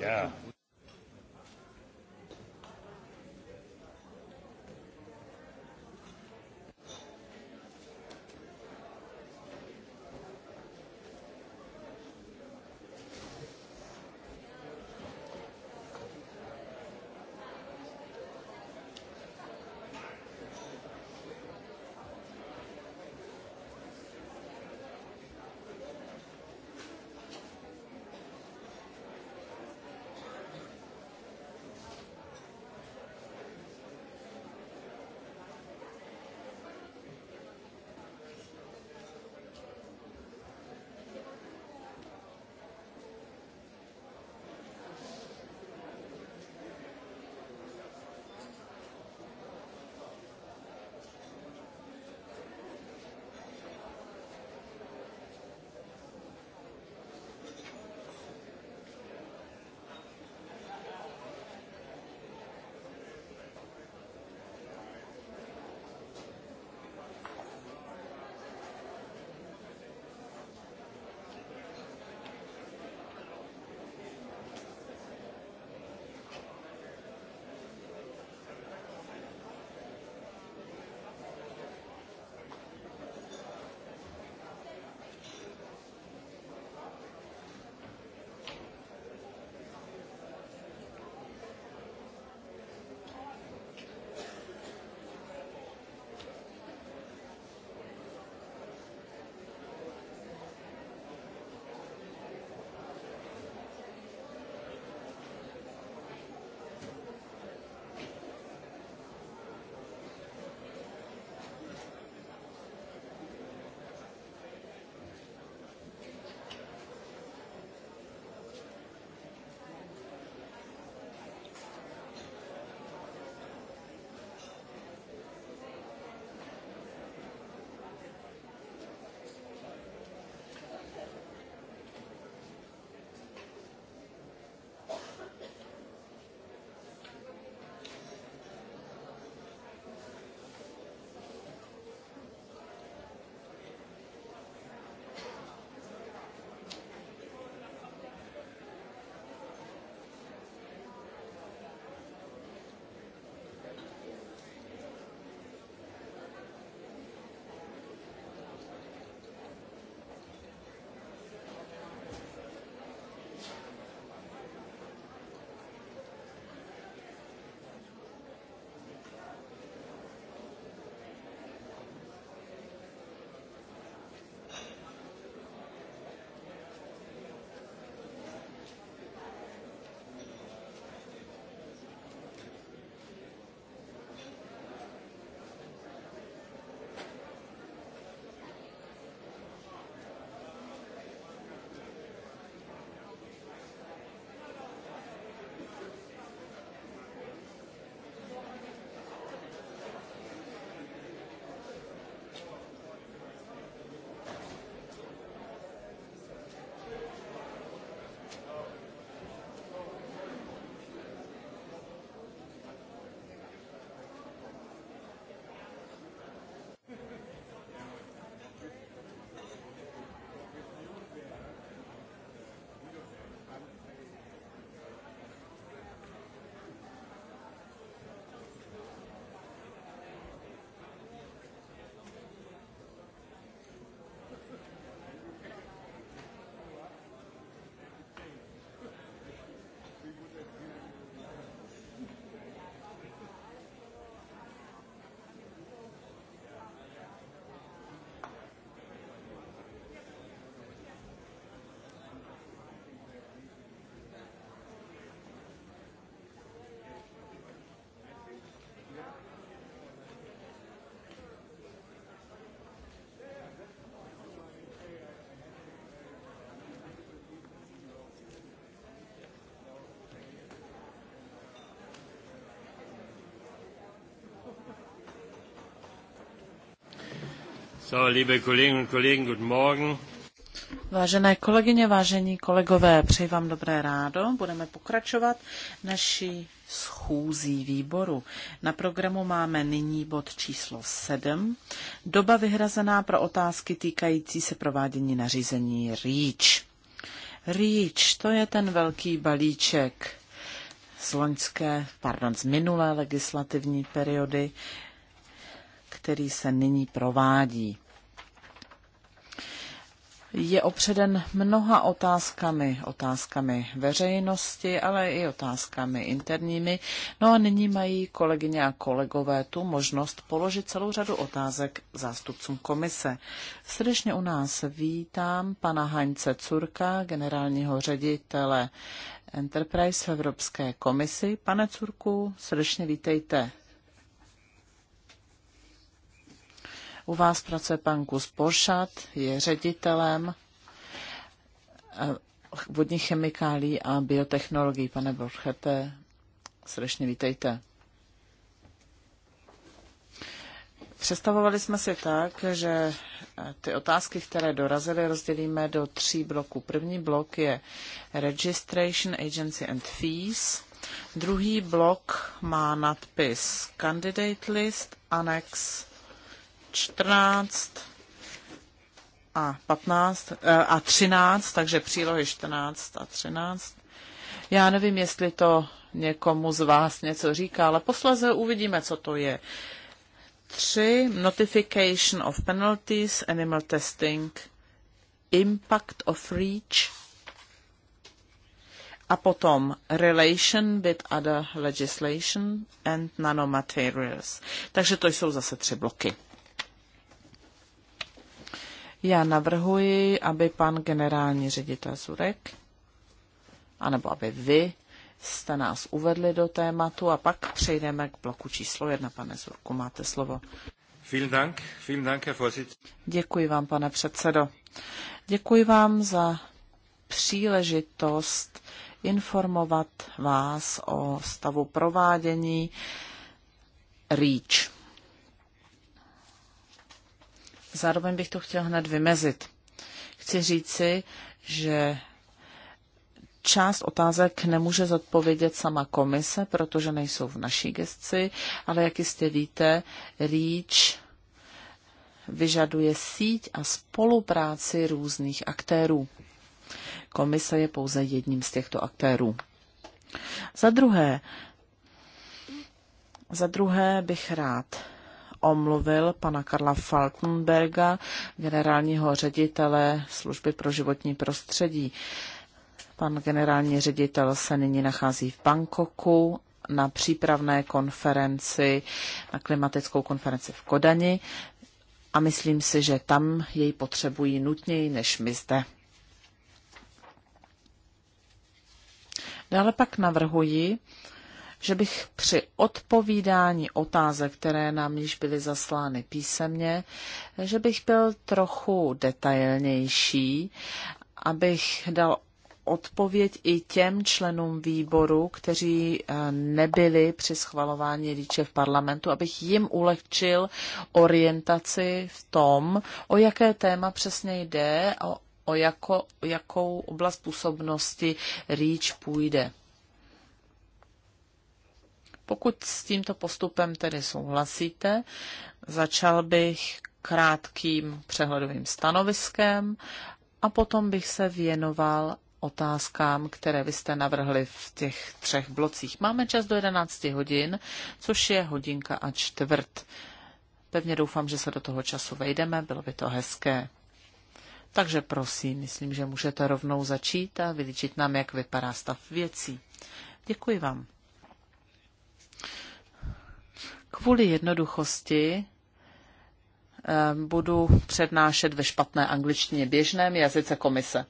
Yeah. Vážené kolegyně, vážení kolegové, přeji vám dobré rádo. Budeme pokračovat naší schůzí výboru. Na programu máme nyní bod číslo 7. Doba vyhrazená pro otázky týkající se provádění nařízení REACH. REACH, to je ten velký balíček z loňské, pardon, z minulé legislativní periody, který se nyní provádí. Je opředen mnoha otázkami, otázkami veřejnosti, ale i otázkami interními. No a nyní mají kolegyně a kolegové tu možnost položit celou řadu otázek zástupcům komise. Srdečně u nás vítám pana Haňce Curka, generálního ředitele Enterprise v Evropské komisi. Pane Curku, srdečně vítejte. U vás pracuje pan Kus Boršat, je ředitelem eh, vodních chemikálí a biotechnologií. Pane Borchete, srdečně vítejte. Představovali jsme si tak, že eh, ty otázky, které dorazily, rozdělíme do tří bloků. První blok je Registration, Agency and Fees. Druhý blok má nadpis Candidate List, Annex 14 a 15 eh, a 13, takže přílohy 14 a 13. Já nevím, jestli to někomu z vás něco říká, ale posleze uvidíme, co to je. 3. Notification of penalties, animal testing, impact of reach a potom relation with other legislation and nanomaterials. Takže to jsou zase tři bloky. Já navrhuji, aby pan generální ředitel Zurek, anebo aby vy jste nás uvedli do tématu a pak přejdeme k bloku číslo jedna. Pane Zurku, máte slovo. Děkuji vám, pane předsedo. Děkuji vám za příležitost informovat vás o stavu provádění REACH. Zároveň bych to chtěl hned vymezit. Chci říci, že část otázek nemůže zodpovědět sama komise, protože nejsou v naší gesci, ale jak jistě víte, REACH vyžaduje síť a spolupráci různých aktérů. Komise je pouze jedním z těchto aktérů. Za druhé, za druhé bych rád omluvil pana Karla Falkenberga, generálního ředitele služby pro životní prostředí. Pan generální ředitel se nyní nachází v Bangkoku na přípravné konferenci, na klimatickou konferenci v Kodani a myslím si, že tam jej potřebují nutněji než my zde. Dále pak navrhuji, že bych při odpovídání otázek, které nám již byly zaslány písemně, že bych byl trochu detailnější, abych dal odpověď i těm členům výboru, kteří eh, nebyli při schvalování líče v parlamentu, abych jim ulehčil orientaci v tom, o jaké téma přesně jde, o, o jako, jakou oblast působnosti rýč půjde. Pokud s tímto postupem tedy souhlasíte, začal bych krátkým přehledovým stanoviskem a potom bych se věnoval otázkám, které vy jste navrhli v těch třech blocích. Máme čas do 11 hodin, což je hodinka a čtvrt. Pevně doufám, že se do toho času vejdeme, bylo by to hezké. Takže prosím, myslím, že můžete rovnou začít a vylíčit nám, jak vypadá stav věcí. Děkuji vám kvůli jednoduchosti eh, budu přednášet ve špatné angličtině běžném jazyce komise.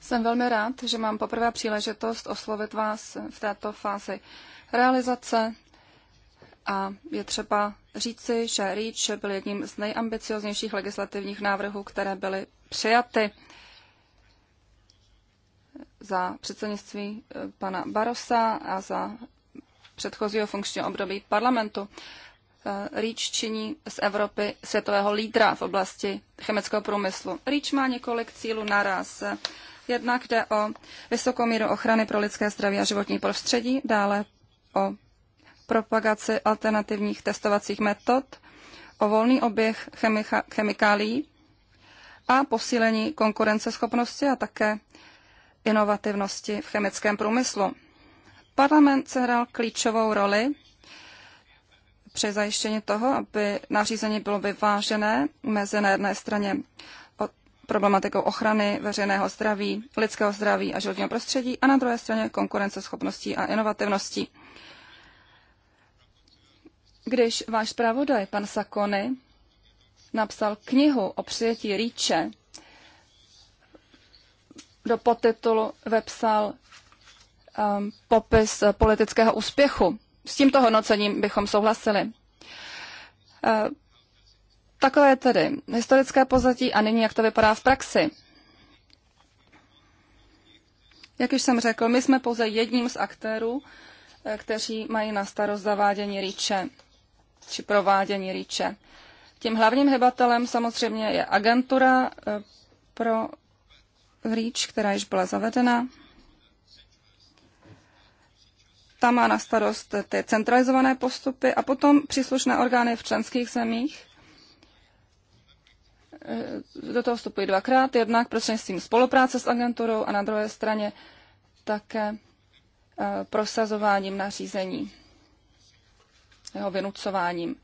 Jsem velmi rád, že mám poprvé příležitost oslovit vás v této fázi realizace a je třeba říci, že REACH byl jedním z nejambicioznějších legislativních návrhů, které byly přijaty za předsednictví eh, pana Barosa a za předchozího funkčního období parlamentu. Eh, REACH činí z Evropy světového lídra v oblasti chemického průmyslu. REACH má několik cílů naraz. Jednak jde o vysokou míru ochrany pro lidské zdraví a životní prostředí, dále o propagaci alternativních testovacích metod, o volný oběh chemika- chemikálií a posílení konkurenceschopnosti a také inovativnosti v chemickém průmyslu. Parlament sehrál klíčovou roli při zajištění toho, aby nařízení bylo vyvážené mezi na jedné straně problematikou ochrany veřejného zdraví, lidského zdraví a životního prostředí a na druhé straně konkurenceschopností a inovativností. Když váš zpravodaj, pan Sakony, napsal knihu o přijetí rýče, do podtitulu vepsal Um, popis politického úspěchu. S tímto hodnocením bychom souhlasili. Uh, takové je tedy historické pozadí a nyní, jak to vypadá v praxi. Jak už jsem řekl, my jsme pouze jedním z aktérů, eh, kteří mají na starost zavádění rýče či provádění rýče. Tím hlavním hybatelem samozřejmě je agentura eh, pro rýč, která již byla zavedena. Ta má na starost ty centralizované postupy a potom příslušné orgány v členských zemích. E, do toho vstupují dvakrát, jednak prostřednictvím spolupráce s agenturou a na druhé straně také e, prosazováním nařízení, jeho vynucováním.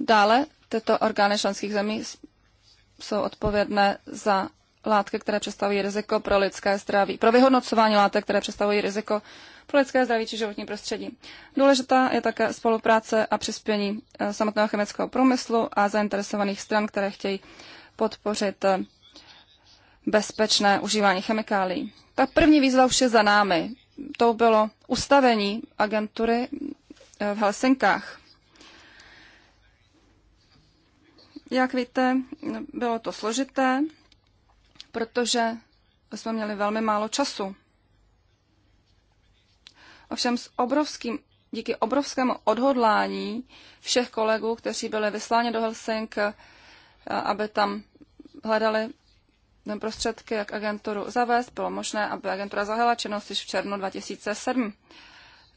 Dále tyto orgány členských zemí jsou odpovědné za látky, které představují riziko pro lidské zdraví, pro vyhodnocování látek, které představují riziko pro lidské zdraví či životní prostředí. Důležitá je také spolupráce a přispění eh, samotného chemického průmyslu a zainteresovaných stran, které chtějí podpořit eh, bezpečné užívání chemikálií. Ta první výzva už je za námi. To bylo ustavení agentury eh, v Helsinkách. Jak víte, bylo to složité, protože jsme měli velmi málo času. Ovšem s obrovským, díky obrovskému odhodlání všech kolegů, kteří byli vysláni do Helsink, eh, aby tam hledali prostředky, jak agenturu zavést, bylo možné, aby agentura zahájila činnost již v červnu 2007.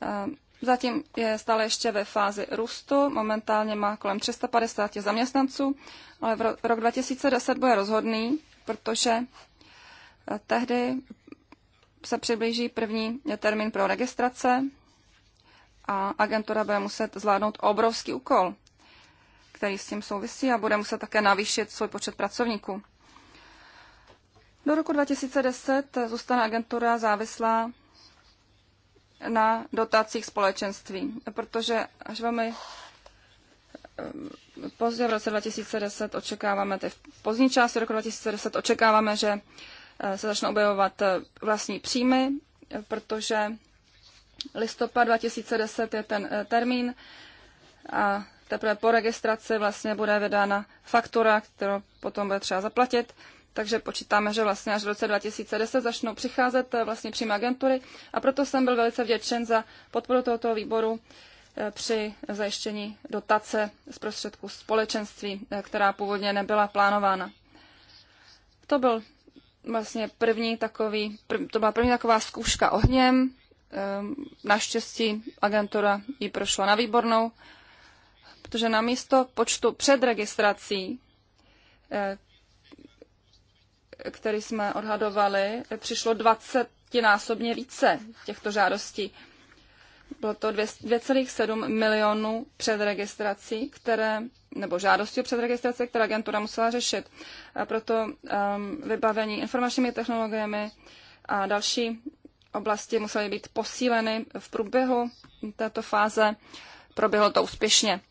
Eh, zatím je stále ještě ve fázi růstu, momentálně má kolem 350 zaměstnanců, ale v rok 2010 bude rozhodný protože eh, tehdy se přiblíží první termín pro registrace a agentura bude muset zvládnout obrovský úkol, který s tím souvisí a bude muset také navýšit svůj počet pracovníků. Do roku 2010 zůstane agentura závislá na dotacích společenství, protože až velmi pozdě v roce 2010 očekáváme, v pozdní části roku 2010 očekáváme, že eh, se začnou objevovat eh, vlastní příjmy, protože listopad 2010 je ten eh, termín a teprve po registraci vlastně bude vydána faktura, kterou potom bude třeba zaplatit. Takže počítáme, že vlastně až v roce 2010 začnou přicházet vlastně příjmy agentury a proto jsem byl velice vděčen za podporu tohoto výboru Eh, při zajištění dotace z prostředků společenství, eh, která původně nebyla plánována. To byl vlastně první takový, prv, to byla první taková zkouška ohněm. Ehm, naštěstí agentura ji prošla na výbornou, protože na místo počtu předregistrací, eh, který jsme odhadovali, přišlo 20 násobně více těchto žádostí bylo to 2,7 milionů předregistrací, které, nebo žádostí o předregistrace, které agentura musela řešit. A proto um, vybavení informačními technologiemi a další oblasti musely být posíleny v průběhu této fáze. Proběhlo to úspěšně.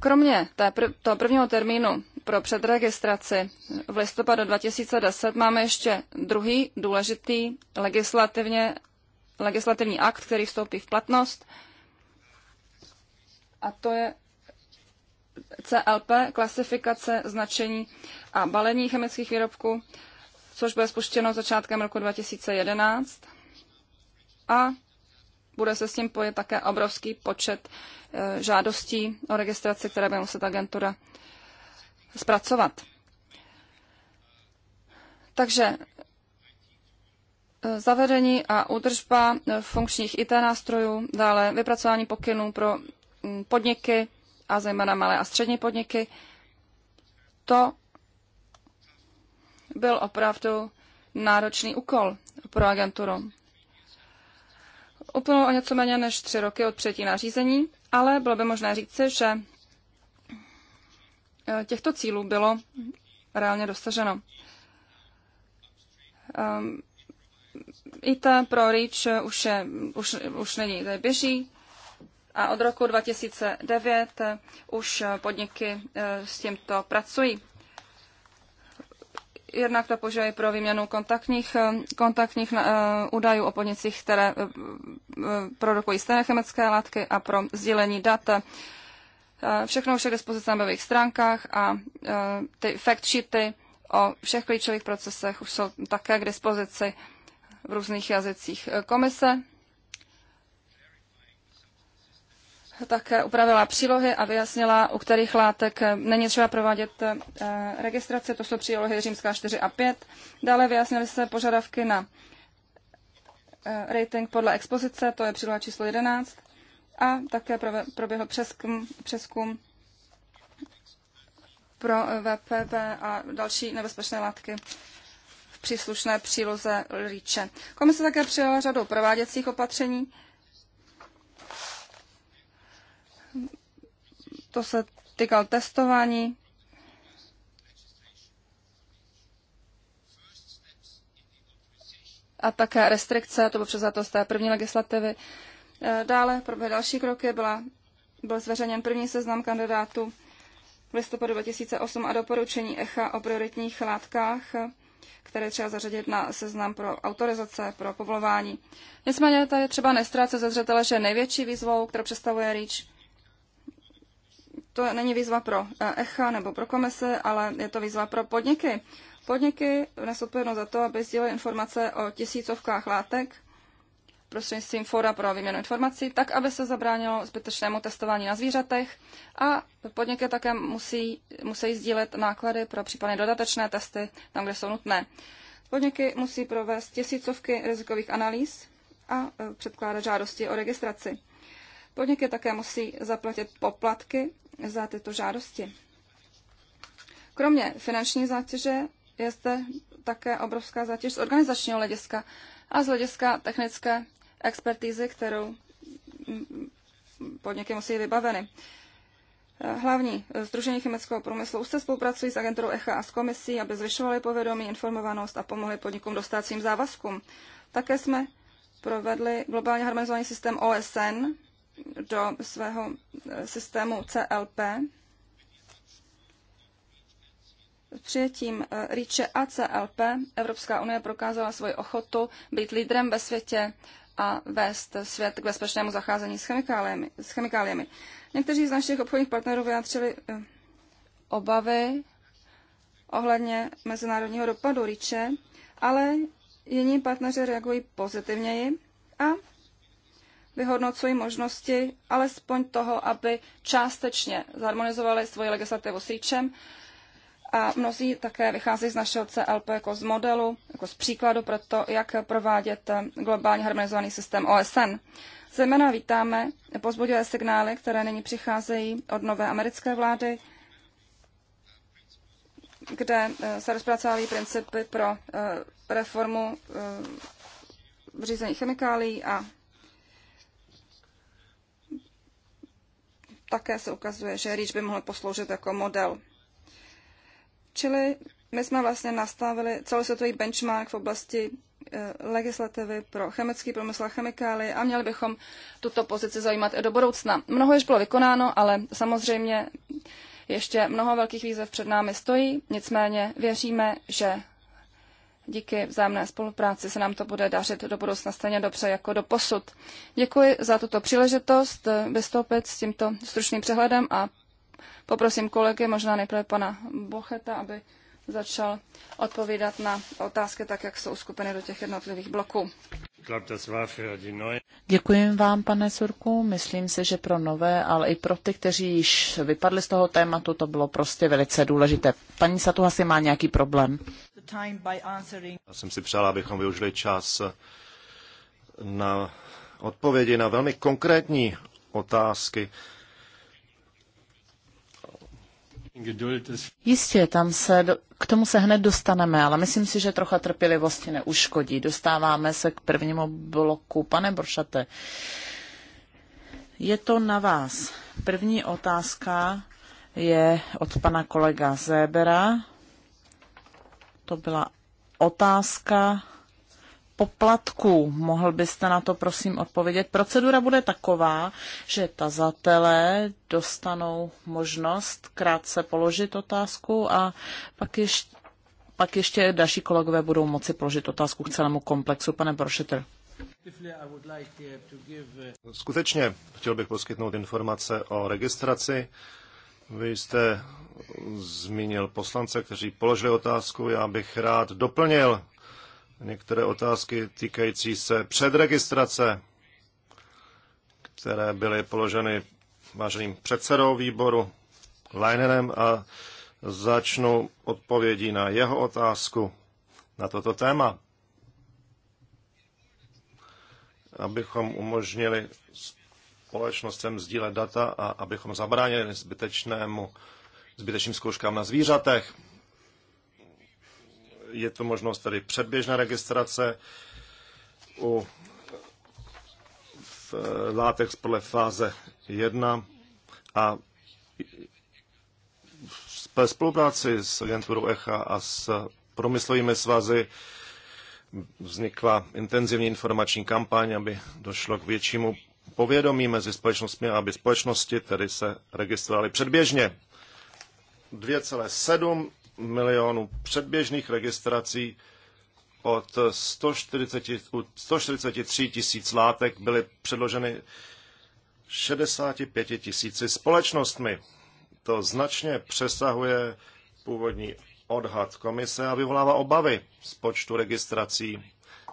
Kromě té pr- toho prvního termínu pro předregistraci v listopadu 2010 máme ještě druhý důležitý legislativně legislativní akt, který vstoupí v platnost. A to je CLP, klasifikace, značení a balení chemických výrobků, což bude spuštěno začátkem roku 2011. A bude se s tím pojet také obrovský počet eh, žádostí o registraci, které by muset agentura zpracovat. Takže Zavedení a údržba e, funkčních IT nástrojů, dále vypracování pokynů pro mm, podniky a zejména malé a střední podniky. To byl opravdu náročný úkol pro agenturu. Uplynulo o něco méně než tři roky od přijetí nařízení, ale bylo by možné říci, že e, těchto cílů bylo reálně dosaženo. Ehm, IT pro REACH už, je, už, už není, to běží. A od roku 2009 už podniky eh, s tímto pracují. Jednak to požaduje pro výměnu kontaktních, eh, kontaktních eh, údajů o podnicích, které produkují stejné chemické látky a pro sdílení dat. Všechno už je k dispozici na webových stránkách a ty fact sheety o všech klíčových procesech už jsou také k dispozici v různých jazycích. Komise také upravila přílohy a vyjasnila, u kterých látek není třeba provádět eh, registrace, to jsou přílohy římská 4 a 5. Dále vyjasnily se požadavky na eh, rating podle expozice, to je příloha číslo 11. A také proběhl přeskum, přeskum pro eh, VPP a další nebezpečné látky příslušné příloze líče. Komise také přijala řadu prováděcích opatření. To se týkal testování, a také restrikce, to bylo převzato z té první legislativy. Eh, dále pro další kroky, byla, byl zveřejněn první seznam kandidátů v listopadu 2008 a doporučení ECHA o prioritních látkách které třeba zařadit na seznam pro autorizace, pro povolování. Nicméně tady třeba nestrácet ze zřetele, že největší výzvou, kterou představuje REACH, to není výzva pro eh, ECHA nebo pro komise, ale je to výzva pro podniky. Podniky nesou za to, aby sdělili informace o tisícovkách látek, prostřednictvím fóra pro výměnu informací, tak, aby se zabránilo zbytečnému testování na zvířatech a podniky také musí, musí sdílet náklady pro případné dodatečné testy tam, kde jsou nutné. Podniky musí provést tisícovky rizikových analýz a e, předkládat žádosti o registraci. Podniky také musí zaplatit poplatky za tyto žádosti. Kromě finanční zátěže je zde také obrovská zátěž z organizačního hlediska a z hlediska technické expertízy, kterou mm, mm, podniky musí vybaveny. Eh, Hlavní eh, Združení chemického průmyslu už se spolupracují s agenturou ECHA a s komisí, aby zvyšovali povědomí, informovanost a pomohli podnikům dostat svým závazkům. Také jsme provedli globálně harmonizovaný systém OSN do svého eh, systému CLP. Přijetím REACHE a CLP Evropská unie prokázala svoji ochotu být lídrem ve světě a vést svět k bezpečnému zacházení s chemikáliemi. S chemikáliemi. Někteří z našich obchodních partnerů vyjádřili eh, obavy ohledně mezinárodního dopadu RIČE, ale jiní partneři reagují pozitivněji a vyhodnocují možnosti alespoň toho, aby částečně zharmonizovali svoji legislativu s RIČem a mnozí také vychází z našeho CLP jako z modelu, jako z příkladu pro to, jak provádět eh, globálně harmonizovaný systém OSN. Zejména vítáme pozbudivé signály, které nyní přicházejí od nové americké vlády, kde eh, se rozpracovávají principy pro eh, reformu řízení chemikálií a také se ukazuje, že REACH by mohl posloužit jako model Čili my jsme vlastně nastavili celosvětový benchmark v oblasti eh, legislativy pro chemický průmysl a chemikály a měli bychom tuto pozici zajímat i do budoucna. Mnoho již bylo vykonáno, ale samozřejmě ještě mnoho velkých výzev před námi stojí, nicméně věříme, že díky vzájemné spolupráci se nám to bude dařit do budoucna stejně dobře jako do posud. Děkuji za tuto příležitost eh, vystoupit s tímto stručným přehledem a poprosím kolegy, možná nejprve pana Bocheta, aby začal odpovídat na otázky tak, jak jsou uskupeny do těch jednotlivých bloků. Děkuji vám, pane Surku. Myslím si, že pro nové, ale i pro ty, kteří již vypadli z toho tématu, to bylo prostě velice důležité. Paní Satu asi má nějaký problém. Já jsem si přála, abychom využili čas na odpovědi na velmi konkrétní otázky. Jistě, tam se do, k tomu se hned dostaneme, ale myslím si, že trocha trpělivosti neuškodí. Dostáváme se k prvnímu bloku. Pane Boršate, je to na vás. První otázka je od pana kolega Zébera. To byla otázka poplatků. Mohl byste na to prosím odpovědět? Procedura bude taková, že tazatelé dostanou možnost krátce položit otázku a pak ještě, pak ještě další kolegové budou moci položit otázku k celému komplexu. Pane Brošetr. Skutečně chtěl bych poskytnout informace o registraci. Vy jste zmínil poslance, kteří položili otázku. Já bych rád doplnil některé otázky týkající se předregistrace, které byly položeny váženým předsedou výboru Leinenem a začnu odpovědí na jeho otázku na toto téma. Abychom umožnili společnostem sdílet data a abychom zabránili zbytečnému, zbytečným zkouškám na zvířatech je to možnost tedy předběžné registrace u látek podle fáze 1 a ve spolupráci s agenturou ECHA a s promyslovými svazy vznikla intenzivní informační kampaň, aby došlo k většímu povědomí mezi společnostmi, aby společnosti tedy se registrovaly předběžně milionů předběžných registrací od 140, 143 tisíc látek byly předloženy 65 tisíci společnostmi. To značně přesahuje původní odhad komise a vyvolává obavy z počtu registrací,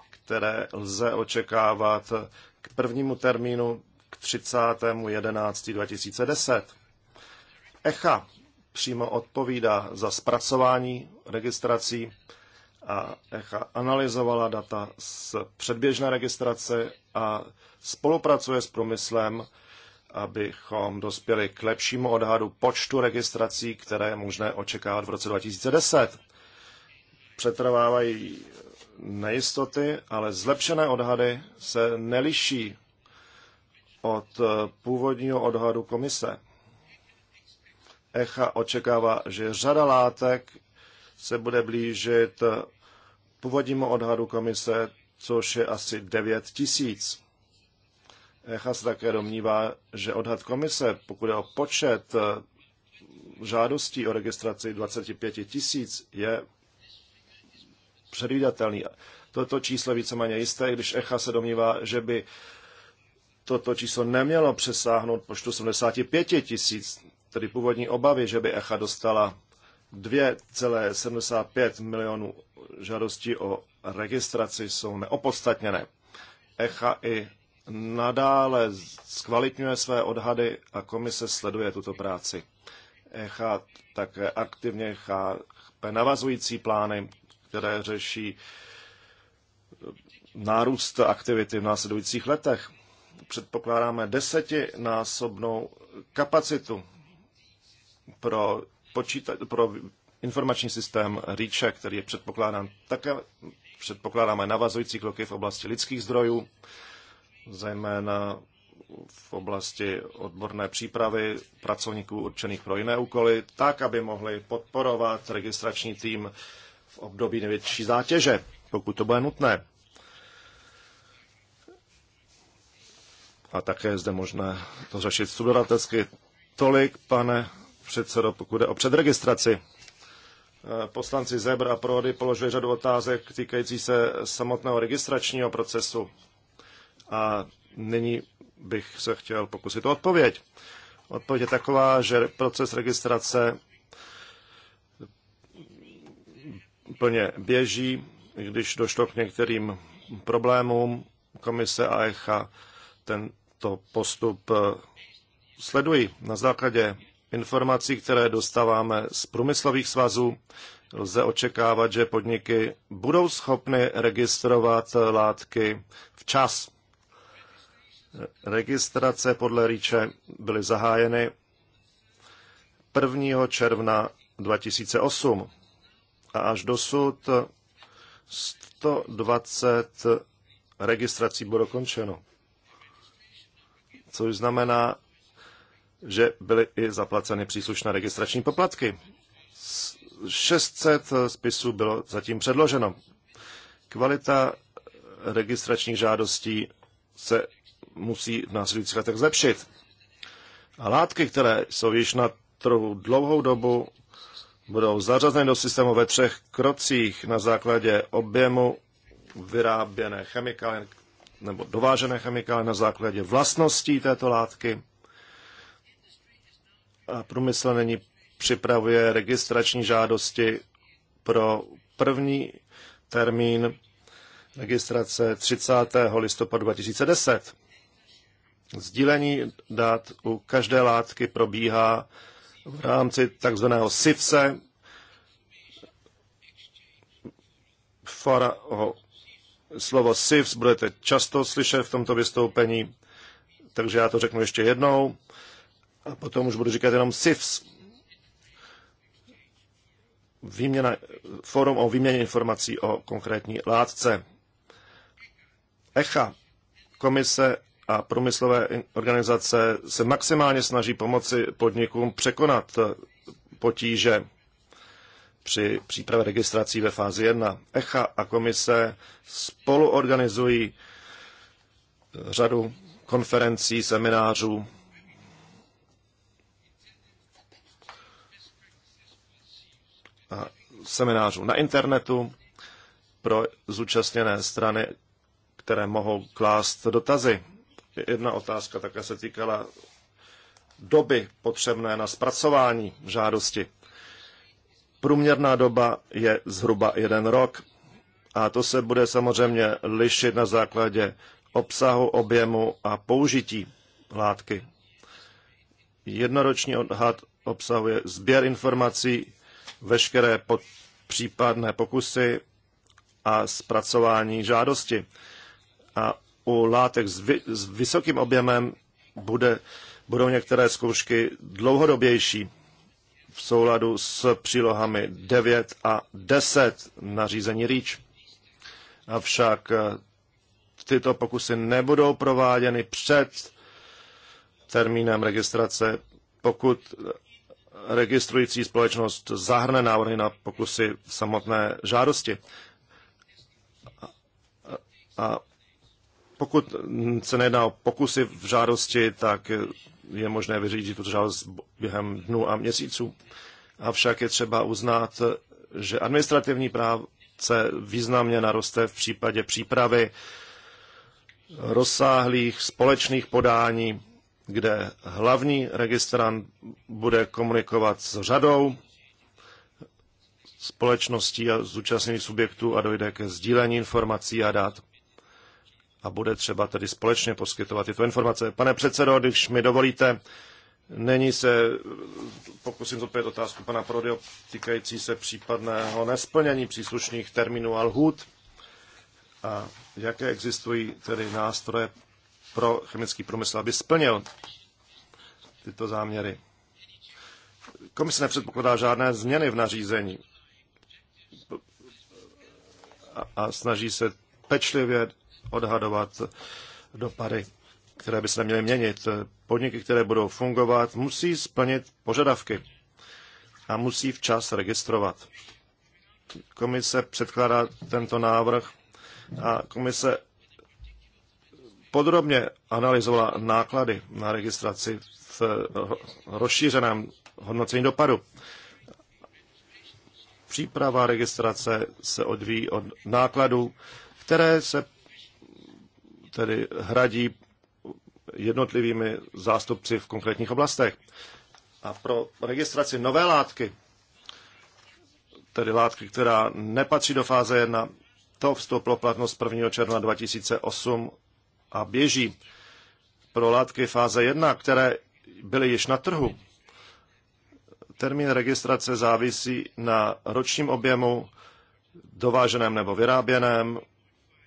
které lze očekávat k prvnímu termínu k 30. 11. 2010. ECHA přímo odpovídá za zpracování registrací a ECHA analyzovala data z předběžné registrace a spolupracuje s průmyslem, abychom dospěli k lepšímu odhadu počtu registrací, které je možné očekávat v roce 2010. Přetrvávají nejistoty, ale zlepšené odhady se neliší od původního odhadu komise. ECHA očekává, že řada látek se bude blížit původnímu odhadu komise, což je asi 9 tisíc. ECHA se také domnívá, že odhad komise, pokud je o počet eh, žádostí o registraci 25 tisíc, je předvídatelný. Toto číslo je víceméně jisté, když ECHA se domnívá, že by toto číslo nemělo přesáhnout počtu 75 tisíc tedy původní obavy, že by ECHA dostala 2,75 milionů žádostí o registraci, jsou neopodstatněné. ECHA i nadále zkvalitňuje své odhady a komise sleduje tuto práci. ECHA také aktivně chápe navazující plány, které řeší nárůst aktivity v následujících letech. Předpokládáme desetinásobnou kapacitu pro, počíta, pro informační systém REACHE, který je předpokládán také, předpokládáme navazující kroky v oblasti lidských zdrojů, zejména v oblasti odborné přípravy pracovníků určených pro jiné úkoly, tak, aby mohli podporovat registrační tým v období největší zátěže, pokud to bude nutné. A také je zde možné to řešit subdodatelsky. Tolik, pane předsedo, pokud jde o předregistraci. Eh, poslanci Zebra a Prody položili řadu otázek týkající se samotného registračního procesu. A nyní bych se chtěl pokusit o odpověď. Odpověď je taková, že proces registrace plně běží, když došlo k některým problémům, komise a ECHA tento postup eh, sledují na základě informací, které dostáváme z průmyslových svazů, lze očekávat, že podniky budou schopny registrovat látky včas. Registrace podle Ríče byly zahájeny 1. června 2008 a až dosud 120 registrací bylo dokončeno, což znamená že byly i zaplaceny příslušné registrační poplatky. 600 spisů bylo zatím předloženo. Kvalita registračních žádostí se musí v následujících letech zlepšit. A látky, které jsou již na trhu dlouhou dobu, budou zařazeny do systému ve třech krocích na základě objemu vyráběné chemikálie nebo dovážené chemikálie na základě vlastností této látky a průmysl není připravuje registrační žádosti pro první termín registrace 30. listopadu 2010. Sdílení dat u každé látky probíhá v rámci takzvaného SIFSE, Fora, oh, slovo SIFS budete často slyšet v tomto vystoupení, takže já to řeknu ještě jednou. A potom už budu říkat jenom SIFS. Výměna, forum o výměně informací o konkrétní látce. ECHA, komise a průmyslové organizace se maximálně snaží pomoci podnikům překonat potíže při přípravě registrací ve fázi 1. ECHA a komise spolu organizují řadu konferencí, seminářů seminářů na internetu pro zúčastněné strany, které mohou klást dotazy. Jedna otázka také se týkala doby potřebné na zpracování žádosti. Průměrná doba je zhruba jeden rok a to se bude samozřejmě lišit na základě obsahu, objemu a použití látky. Jednoroční odhad obsahuje sběr informací, veškeré pod případné pokusy a zpracování žádosti. A u látek s, vy, s vysokým objemem bude, budou některé zkoušky dlouhodobější v souladu s přílohami 9 a 10 nařízení REACH. Avšak eh, tyto pokusy nebudou prováděny před termínem registrace, pokud registrující společnost zahrne návrhy na pokusy v samotné žádosti. A, pokud se nejedná o pokusy v žádosti, tak je možné vyřídit tuto žádost během dnů a měsíců. Avšak je třeba uznat, že administrativní práce významně naroste v případě přípravy rozsáhlých společných podání kde hlavní registrant bude komunikovat s řadou společností a zúčastněných subjektů a dojde ke sdílení informací a dat. A bude třeba tedy společně poskytovat tyto informace. Pane předsedo, když mi dovolíte, není se, pokusím zopět otázku pana Prodio týkající se případného nesplnění příslušných termínů a lhůt a jaké existují tedy nástroje pro chemický průmysl, aby splnil tyto záměry. Komise nepředpokládá žádné změny v nařízení a snaží se pečlivě odhadovat dopady, které by se neměly měnit. Podniky, které budou fungovat, musí splnit požadavky a musí včas registrovat. Komise předkládá tento návrh a komise podrobně analyzovala náklady na registraci v rozšířeném hodnocení dopadu. Příprava registrace se odvíjí od nákladů, které se tedy hradí jednotlivými zástupci v konkrétních oblastech. A pro registraci nové látky, tedy látky, která nepatří do fáze 1, to vstoupilo platnost 1. června 2008 a běží pro látky fáze 1, které byly již na trhu. Termín registrace závisí na ročním objemu, dováženém nebo vyráběném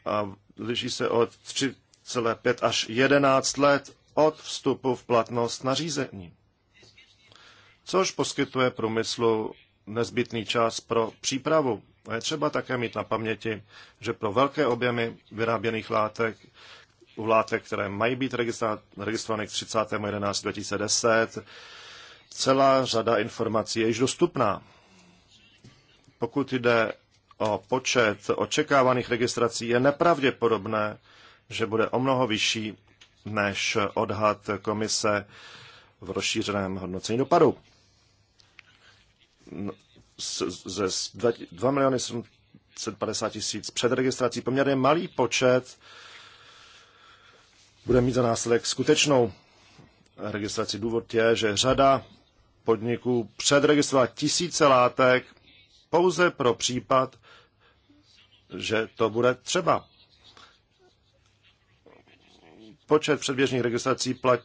a liší se od 3,5 až 11 let od vstupu v platnost nařízení, což poskytuje průmyslu nezbytný čas pro přípravu. A je třeba také mít na paměti, že pro velké objemy vyráběných látek u látek, které mají být registrované k 30.11.2010. Celá řada informací je již dostupná. Pokud jde o počet očekávaných registrací, je nepravděpodobné, že bude o mnoho vyšší než odhad komise v rozšířeném hodnocení dopadu. Ze 2 miliony 750 tisíc před registrací poměrně malý počet bude mít za následek skutečnou registraci. Důvod je, že řada podniků předregistrovala tisíce látek pouze pro případ, že to bude třeba. Počet předběžných registrací plat,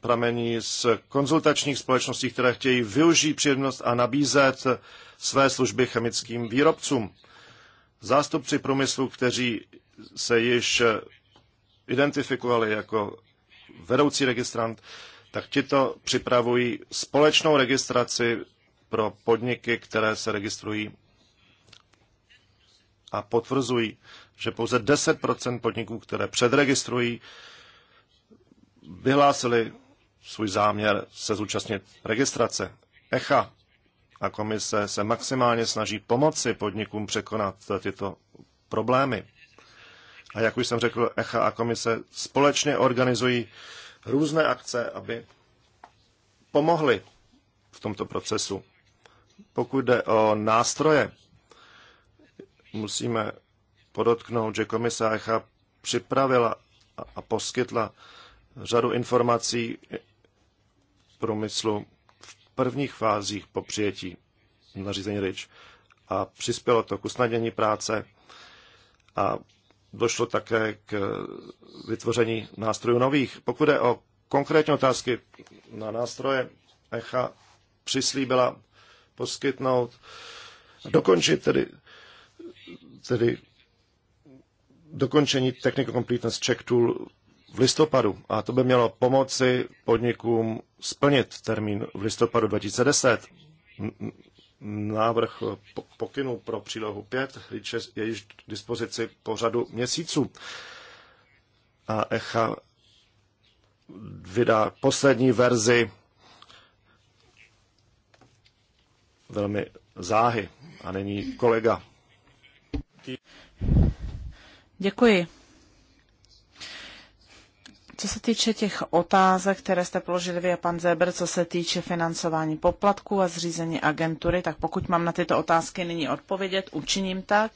pramení z konzultačních společností, které chtějí využít příjemnost a nabízet své služby chemickým výrobcům. Zástupci průmyslu, kteří se již identifikovali jako vedoucí registrant, tak tito připravují společnou registraci pro podniky, které se registrují a potvrzují, že pouze 10 podniků, které předregistrují, vyhlásili svůj záměr se zúčastnit registrace. ECHA a komise se maximálně snaží pomoci podnikům překonat tyto problémy a jak už jsem řekl, ECHA a komise společně organizují různé akce, aby pomohly v tomto procesu. Pokud jde o nástroje, musíme podotknout, že komise ECHA připravila a poskytla řadu informací průmyslu v prvních fázích po přijetí nařízení RIČ a přispělo to k usnadnění práce a došlo také k vytvoření nástrojů nových. Pokud je o konkrétní otázky na nástroje, ECHA přislíbila poskytnout, dokončit tedy, tedy dokončení Technical Completeness Check Tool v listopadu a to by mělo pomoci podnikům splnit termín v listopadu 2010. Návrh pokynu pro přílohu 5 je již k dispozici po řadu měsíců. A ECHA vydá poslední verzi velmi záhy. A není kolega. Děkuji. Co se týče těch otázek, které jste položili vy a pan Zeber, co se týče financování poplatků a zřízení agentury, tak pokud mám na tyto otázky nyní odpovědět, učiním tak.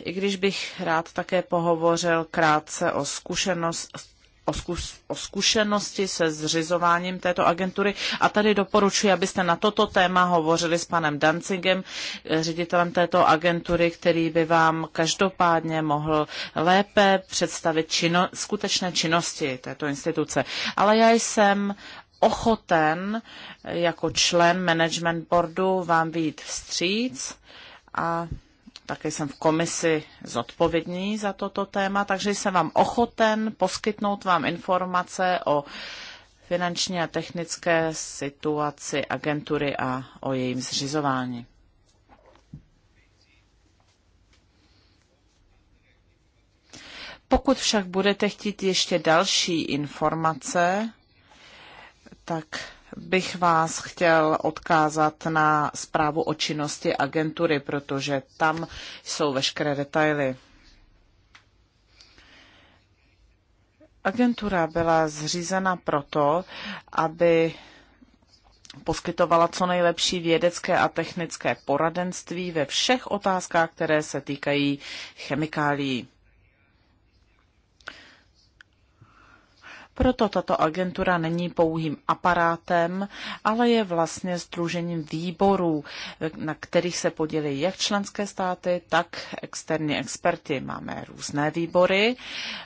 I když bych rád také pohovořil krátce o zkušenost, o, zkus, o zkušenosti se zřizováním této agentury a tady doporučuji, abyste na toto téma hovořili s panem Dancingem, eh, ředitelem této agentury, který by vám každopádně mohl lépe představit čino, skutečné činnosti této instituce. Ale já jsem ochoten eh, jako člen management boardu vám vyjít vstříc a také jsem v komisi zodpovědný za toto téma, takže jsem vám ochoten poskytnout vám informace o finanční a technické situaci agentury a o jejím zřizování. Pokud však budete chtít ještě další informace, tak bych vás chtěl odkázat na zprávu o činnosti agentury, protože tam jsou veškeré detaily. Agentura byla zřízena proto, aby poskytovala co nejlepší vědecké a technické poradenství ve všech otázkách, které se týkají chemikálií. Proto tato agentura není pouhým aparátem, ale je vlastně združením výborů, na kterých se podělí jak členské státy, tak externí experti. Máme různé výbory,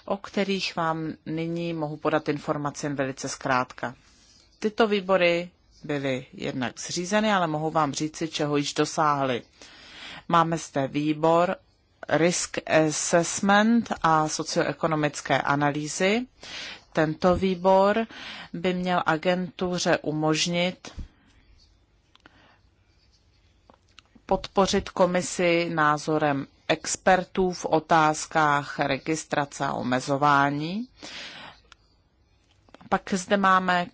o kterých vám nyní mohu podat informaci jen velice zkrátka. Tyto výbory byly jednak zřízeny, ale mohu vám říci, čeho již dosáhly. Máme zde výbor risk assessment a socioekonomické analýzy tento výbor by měl agentuře umožnit podpořit komisi názorem expertů v otázkách registrace a omezování. Pak zde máme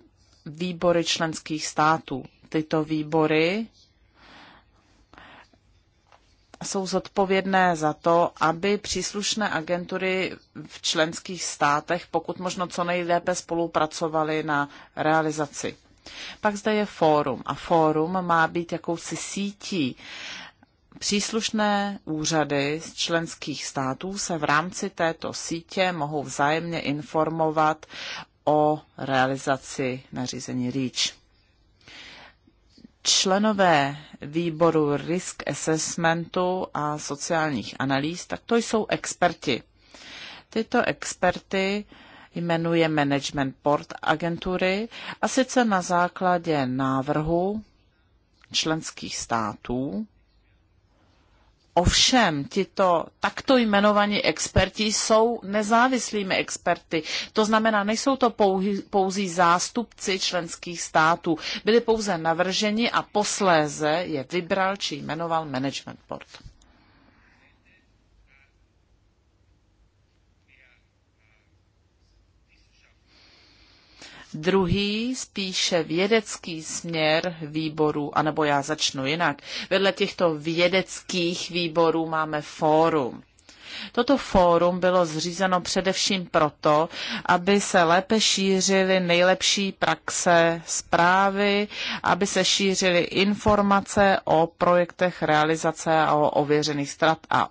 výbory členských států. Tyto výbory jsou zodpovědné za to, aby příslušné agentury v členských státech pokud možno co nejlépe spolupracovaly na realizaci. Pak zde je fórum a fórum má být jakousi sítí. Příslušné úřady z členských států se v rámci této sítě mohou vzájemně informovat o realizaci nařízení REACH členové výboru risk assessmentu a sociálních analýz, tak to jsou experti. Tyto experty jmenuje Management port agentury a sice na základě návrhu členských států Ovšem, tito takto jmenovaní experti jsou nezávislými experty. To znamená, nejsou to pouhý, pouzí zástupci členských států. Byli pouze navrženi a posléze je vybral či jmenoval management board. Druhý spíše vědecký směr výborů, anebo já začnu jinak. Vedle těchto vědeckých výborů máme fórum. Toto fórum bylo zřízeno především proto, aby se lépe šířily nejlepší praxe zprávy, aby se šířily informace o projektech realizace a o ověřených strat a, a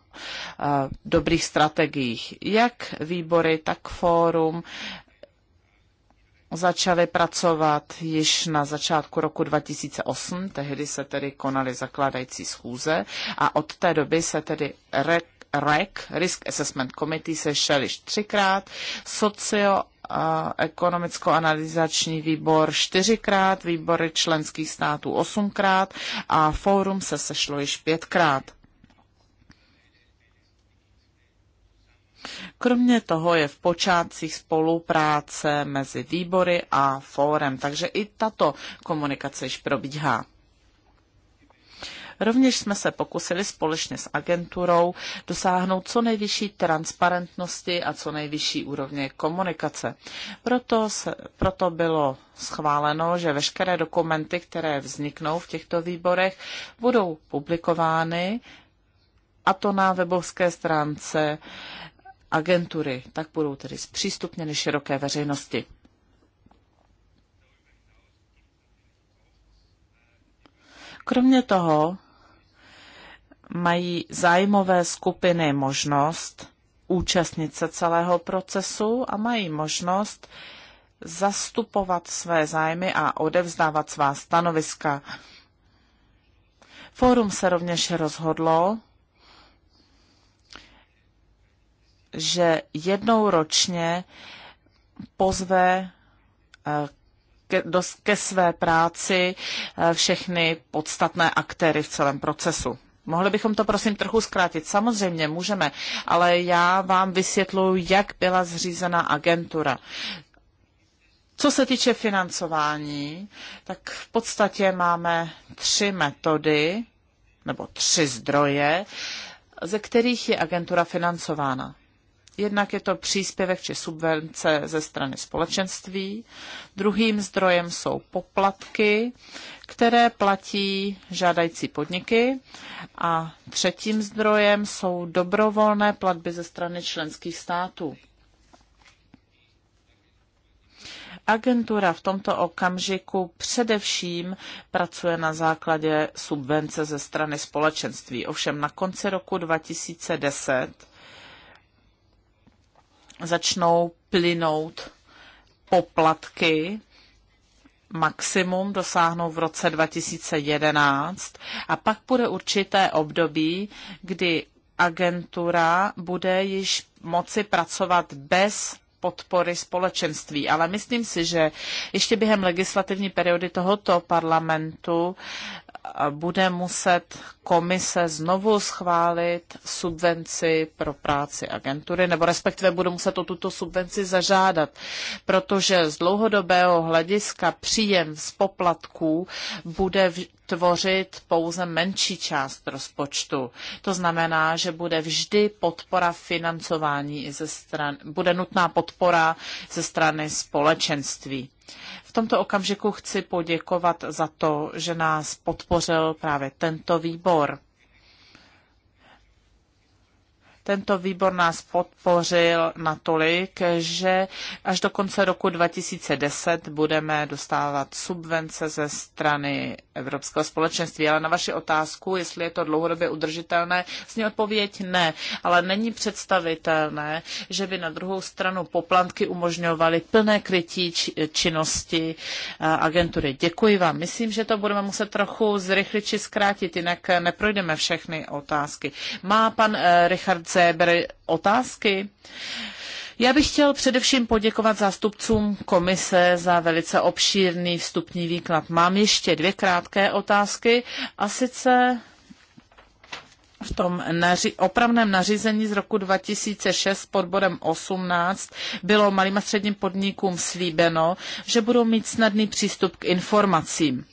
dobrých strategiích. Jak výbory, tak fórum začali pracovat již na začátku roku 2008, tehdy se tedy konaly zakládající schůze a od té doby se tedy REC, REC Risk Assessment Committee, sešel již třikrát, socio ekonomicko-analyzační výbor čtyřikrát, výbory členských států osmkrát a fórum se sešlo již pětkrát. Kromě toho je v počátcích spolupráce mezi výbory a fórem, takže i tato komunikace již probíhá. Rovněž jsme se pokusili společně s agenturou dosáhnout co nejvyšší transparentnosti a co nejvyšší úrovně komunikace. Proto, se, proto bylo schváleno, že veškeré dokumenty, které vzniknou v těchto výborech, budou publikovány a to na webovské stránce agentury, tak budou tedy zpřístupněny široké veřejnosti. Kromě toho mají zájmové skupiny možnost účastnit se celého procesu a mají možnost zastupovat své zájmy a odevzdávat svá stanoviska. Fórum se rovněž rozhodlo, že jednou ročně pozve eh, ke, do, ke své práci eh, všechny podstatné aktéry v celém procesu. Mohli bychom to prosím trochu zkrátit? Samozřejmě můžeme, ale já vám vysvětluji, jak byla zřízena agentura. Co se týče financování, tak v podstatě máme tři metody nebo tři zdroje, ze kterých je agentura financována. Jednak je to příspěvek či subvence ze strany společenství. Druhým zdrojem jsou poplatky, které platí žádající podniky. A třetím zdrojem jsou dobrovolné platby ze strany členských států. Agentura v tomto okamžiku především pracuje na základě subvence ze strany společenství. Ovšem na konci roku 2010 začnou plynout poplatky, maximum dosáhnou v roce 2011 a pak bude určité období, kdy agentura bude již moci pracovat bez podpory společenství. Ale myslím si, že ještě během legislativní periody tohoto parlamentu bude muset komise znovu schválit subvenci pro práci agentury, nebo respektive bude muset o tuto subvenci zažádat, protože z dlouhodobého hlediska příjem z poplatků bude tvořit pouze menší část rozpočtu. To znamená, že bude vždy podpora financování ze stran, bude nutná podpora ze strany společenství. V tomto okamžiku chci poděkovat za to, že nás podpořil právě tento výbor. Tento výbor nás podpořil natolik, že až do konce roku 2010 budeme dostávat subvence ze strany Evropského společenství. Ale na vaši otázku, jestli je to dlouhodobě udržitelné, s ní odpověď ne. Ale není představitelné, že by na druhou stranu poplatky umožňovaly plné krytí činnosti eh, agentury. Děkuji vám. Myslím, že to budeme muset trochu zrychlit či zkrátit, jinak neprojdeme všechny otázky. Má pan eh, Richard CBR otázky. Já bych chtěl především poděkovat zástupcům komise za velice obšírný vstupní výklad. Mám ještě dvě krátké otázky a sice v tom naři- opravném nařízení z roku 2006 pod bodem 18 bylo malým a středním podnikům slíbeno, že budou mít snadný přístup k informacím.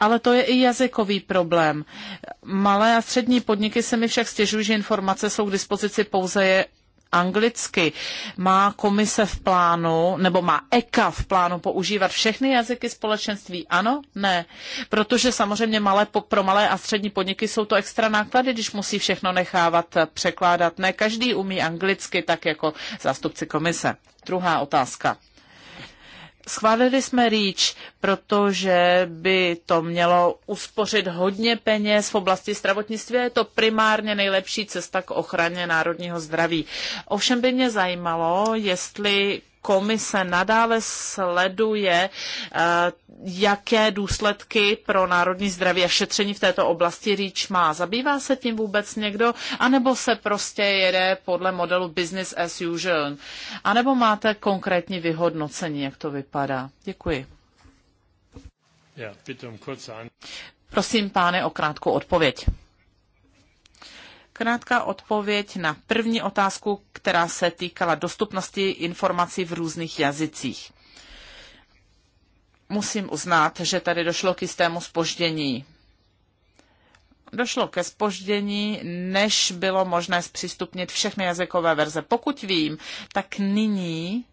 Ale to je i jazykový problém. Malé a střední podniky se mi však stěžují, že informace jsou k dispozici pouze je anglicky. Má komise v plánu, nebo má EKA v plánu používat všechny jazyky společenství? Ano? Ne. Protože samozřejmě malé, pro malé a střední podniky jsou to extra náklady, když musí všechno nechávat eh, překládat. Ne každý umí anglicky, tak jako zástupci komise. Druhá otázka. Schválili jsme REACH, protože by to mělo uspořit hodně peněz v oblasti zdravotnictví. Je to primárně nejlepší cesta k ochraně národního zdraví. Ovšem by mě zajímalo, jestli komise nadále sleduje, eh, jaké důsledky pro národní zdraví a šetření v této oblasti REACH má. Zabývá se tím vůbec někdo, A nebo se prostě jede podle modelu business as usual? A nebo máte konkrétní vyhodnocení, jak to vypadá? Děkuji. Prosím, pány, o krátkou odpověď. Krátká odpověď na první otázku, která se týkala dostupnosti informací v různých jazycích. Musím uznat, že tady došlo k jistému spoždění. Došlo ke spoždění, než bylo možné zpřístupnit všechny jazykové verze. Pokud vím, tak nyní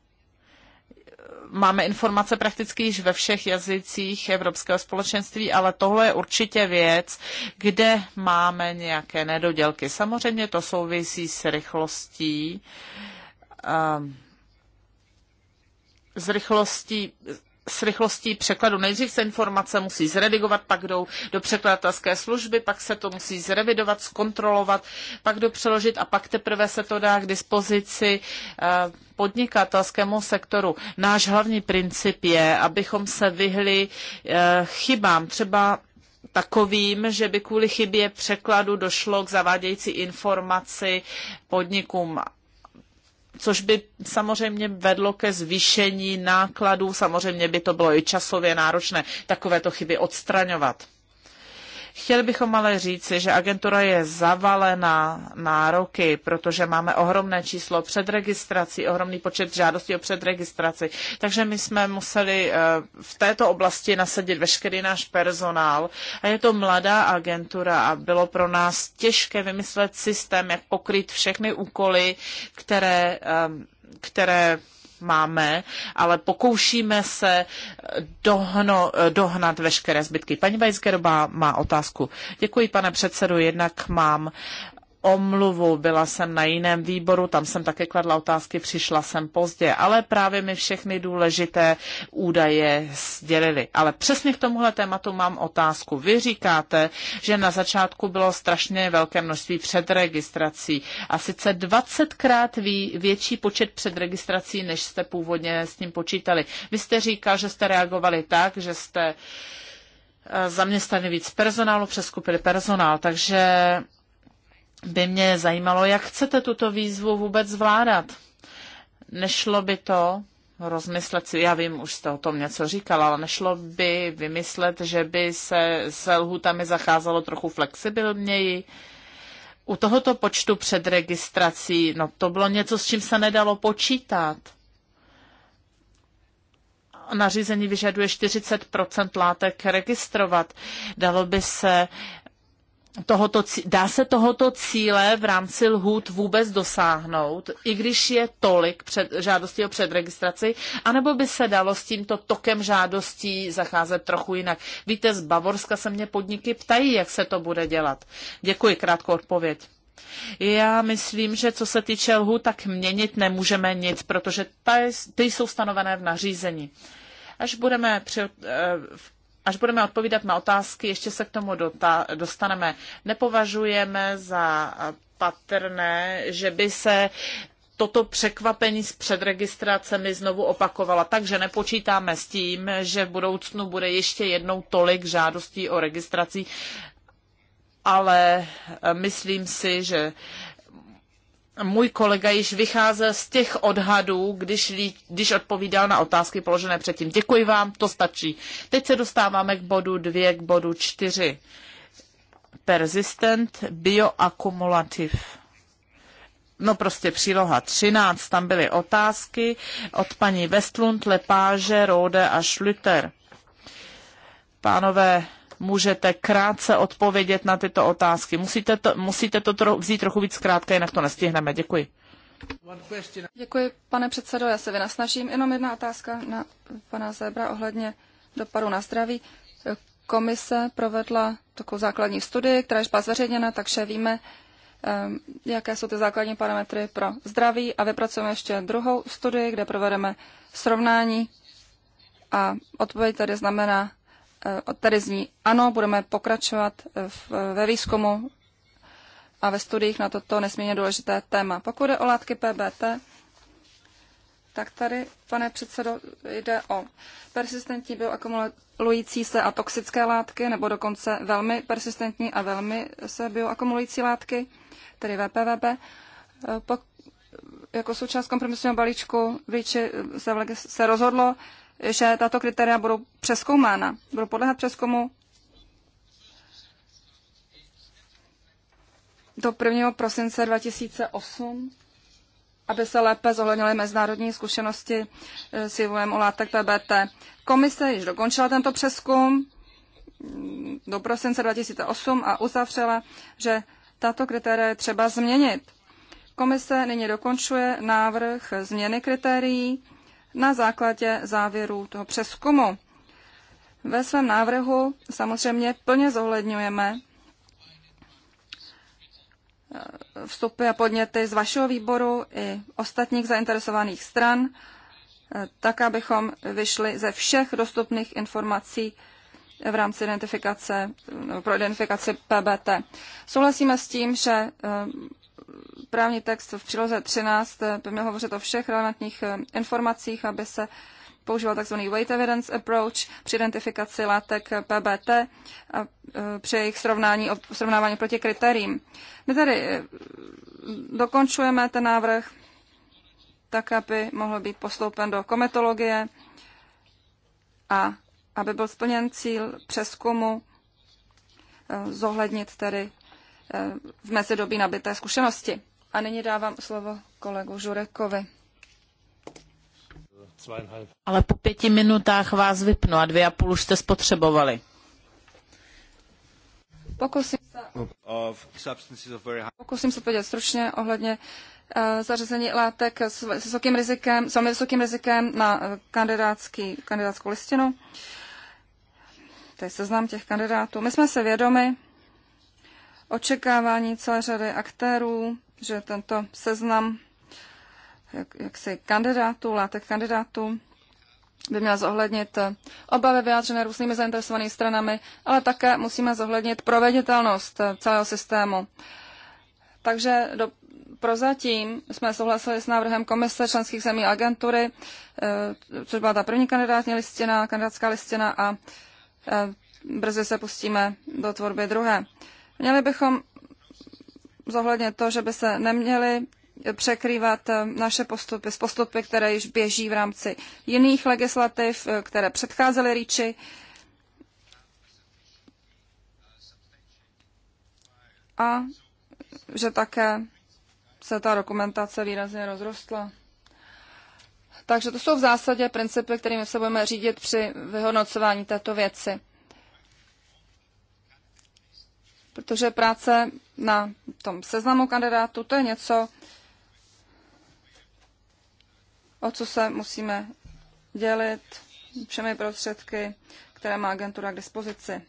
máme informace prakticky již ve všech jazycích Evropského společenství, ale tohle je určitě věc, kde máme nějaké nedodělky. Samozřejmě to souvisí s rychlostí. Um, s rychlostí, s rychlostí překladu. Nejdřív se informace musí zredigovat, pak jdou do překladatelské služby, pak se to musí zrevidovat, zkontrolovat, pak do přeložit a pak teprve se to dá k dispozici eh, podnikatelskému sektoru. Náš hlavní princip je, abychom se vyhli eh, chybám, třeba takovým, že by kvůli chybě překladu došlo k zavádějící informaci podnikům což by samozřejmě vedlo ke zvýšení nákladů, samozřejmě by to bylo i časově náročné takovéto chyby odstraňovat. Chtěli bychom ale říci, že agentura je zavalená nároky, protože máme ohromné číslo předregistrací, ohromný počet žádostí o předregistraci. Takže my jsme museli eh, v této oblasti nasadit veškerý náš personál. A je to mladá agentura a bylo pro nás těžké vymyslet systém, jak pokryt všechny úkoly, které, eh, které máme, ale pokoušíme se eh, dohno, eh, dohnat veškeré zbytky. Paní Bajsgerová má otázku. Děkuji, pane předsedu, jednak mám omluvu. Byla jsem na jiném výboru, tam jsem také kladla otázky, přišla jsem pozdě, ale právě mi všechny důležité údaje sdělili. Ale přesně k tomuhle tématu mám otázku. Vy říkáte, že na začátku bylo strašně velké množství předregistrací a sice 20 krát ví, větší počet předregistrací, než jste původně s tím počítali. Vy jste říkal, že jste reagovali tak, že jste e, zaměstnali víc personálu, přeskupili personál, takže by mě zajímalo, jak chcete tuto výzvu vůbec zvládat. Nešlo by to rozmyslet si, já vím, už jste o tom něco říkal, ale nešlo by vymyslet, že by se s lhutami zacházelo trochu flexibilněji. U tohoto počtu před registrací, no to bylo něco, s čím se nedalo počítat. Nařízení vyžaduje 40 látek registrovat. Dalo by se tohoto, dá se tohoto cíle v rámci lhůt vůbec dosáhnout, i když je tolik před, žádostí o předregistraci, anebo by se dalo s tímto tokem žádostí zacházet trochu jinak. Víte, z Bavorska se mě podniky ptají, jak se to bude dělat. Děkuji, krátkou odpověď. Já myslím, že co se týče lhu, tak měnit nemůžeme nic, protože ty jsou stanovené v nařízení. Až budeme při, eh, až budeme odpovídat na otázky, ještě se k tomu dostaneme. Nepovažujeme za patrné, že by se toto překvapení s předregistracemi znovu opakovala, takže nepočítáme s tím, že v budoucnu bude ještě jednou tolik žádostí o registraci, ale eh, myslím si, že můj kolega již vycházel z těch odhadů, když, když odpovídal na otázky položené předtím. Děkuji vám, to stačí. Teď se dostáváme k bodu dvě, k bodu čtyři. Persistent bioakumulativ. No prostě příloha 13, tam byly otázky od paní Westlund, Lepáže, Rode a Schlüter. Pánové, můžete krátce odpovědět na tyto otázky. Musíte to, musíte to tro, vzít trochu víc krátké, jinak to nestihneme. Děkuji. Děkuji, pane předsedo, já se vynasnažím. Jenom jedna otázka na pana Zebra ohledně dopadu na zdraví. Komise provedla takovou základní studii, která je byla zveřejněna, takže víme, ehm, jaké jsou ty základní parametry pro zdraví a vypracujeme ještě druhou studii, kde provedeme srovnání a odpověď tady znamená Eh, tady zní ano, budeme pokračovat eh, v, eh, ve výzkumu a ve studiích na toto nesmírně důležité téma. Pokud jde o látky PBT, tak tady, pane předsedo, jde o persistentní bioakumulující se a toxické látky, nebo dokonce velmi persistentní a velmi se bioakumulující látky, tedy VPVP. Jako součást kompromisního balíčku se, se rozhodlo že tato kritéria budou přeskoumána, budou podlehat přeskumu do 1. prosince 2008, aby se lépe zohlednily mezinárodní zkušenosti eh, s jevem o látek PBT. Komise již dokončila tento přeskum mm, do prosince 2008 a uzavřela, že tato kritéria je třeba změnit. Komise nyní dokončuje návrh změny kritérií na základě závěrů toho přeskumu. Ve svém návrhu samozřejmě plně zohledňujeme eh, vstupy a podněty z vašeho výboru i ostatních zainteresovaných stran, eh, tak abychom vyšli ze všech dostupných informací v rámci identifikace, pro identifikaci PBT. Souhlasíme s tím, že eh, právní text v příloze 13 by měl hovořit o všech relevantních eh, informacích, aby se používal tzv. weight evidence approach při identifikaci látek eh, PBT a eh, při jejich srovnání, srovnávání proti kritériím. My tady dokončujeme ten návrh tak, aby mohl být postoupen do kometologie a aby byl splněn cíl přeskumu zohlednit tedy v mezidobí nabité zkušenosti. A nyní dávám slovo kolegu Žurekovi. Ale po pěti minutách vás vypnu a dvě a půl už jste spotřebovali. Pokusím se, pokusím se podělat stručně ohledně eh, zařazení látek s vysokým rizikem, s vysokým rizikem na eh, kandidátský, kandidátskou listinu. Tady seznam těch kandidátů. My jsme se vědomi očekávání celé řady aktérů, že tento seznam jak, jaksi kandidátů, látek kandidátů by měla zohlednit obavy vyjádřené různými zainteresovanými stranami, ale také musíme zohlednit proveditelnost celého systému. Takže do, prozatím jsme souhlasili s návrhem Komise členských zemí agentury, eh, což byla ta první kandidátní listina, kandidátská listina a eh, brzy se pustíme do tvorby druhé. Měli bychom zohlednit to, že by se neměly překrývat eh, naše postupy s postupy, které již běží v rámci jiných legislativ, eh, které předcházely REACHy. A že také se ta dokumentace výrazně rozrostla. Takže to jsou v zásadě principy, kterými se budeme řídit při vyhodnocování této věci protože práce na tom seznamu kandidátů, to je něco, o co se musíme dělit všemi prostředky, které má agentura k dispozici.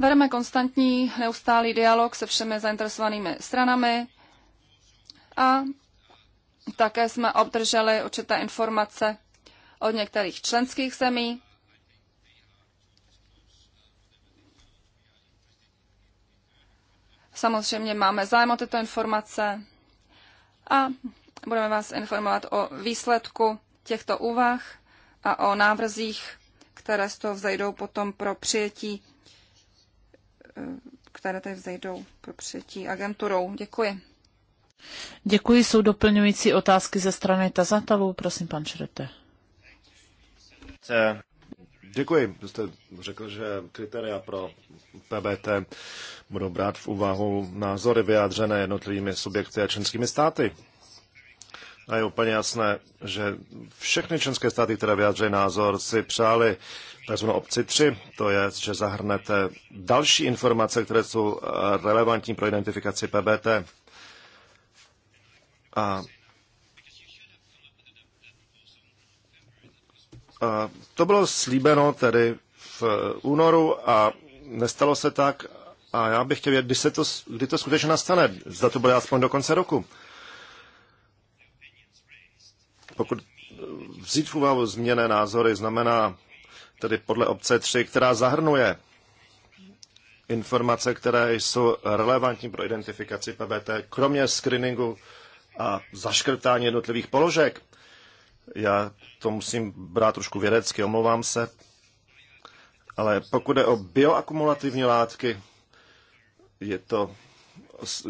Vedeme konstantní, neustálý dialog se všemi zainteresovanými stranami a také jsme obdrželi určité informace od některých členských zemí, Samozřejmě máme zájem o tyto informace a budeme vás informovat o výsledku těchto úvah a o návrzích, které z toho vzejdou potom pro přijetí, eh, které tady vzejdou pro přijetí agenturou. Děkuji. Děkuji. Jsou doplňující otázky ze strany tazatelů. Prosím, pan Šrete. Eh, Děkuji. Jste řekl, že kritéria pro PBT budou brát v úvahu názory vyjádřené jednotlivými subjekty a členskými státy. A je úplně jasné, že všechny členské státy, které vyjádřily názor, si přáli tzv. obci 3, to je, že zahrnete další informace, které jsou relevantní pro identifikaci PBT. A to bylo slíbeno tedy v únoru a nestalo se tak a já bych chtěl vědět, kdy, se to, kdy to skutečně nastane. Zda to bude aspoň do konce roku. Pokud vzít v úvahu změné názory znamená tedy podle obce 3, která zahrnuje informace, které jsou relevantní pro identifikaci PBT, kromě screeningu a zaškrtání jednotlivých položek. Já to musím brát trošku vědecky, omlouvám se. Ale pokud je o bioakumulativní látky, je to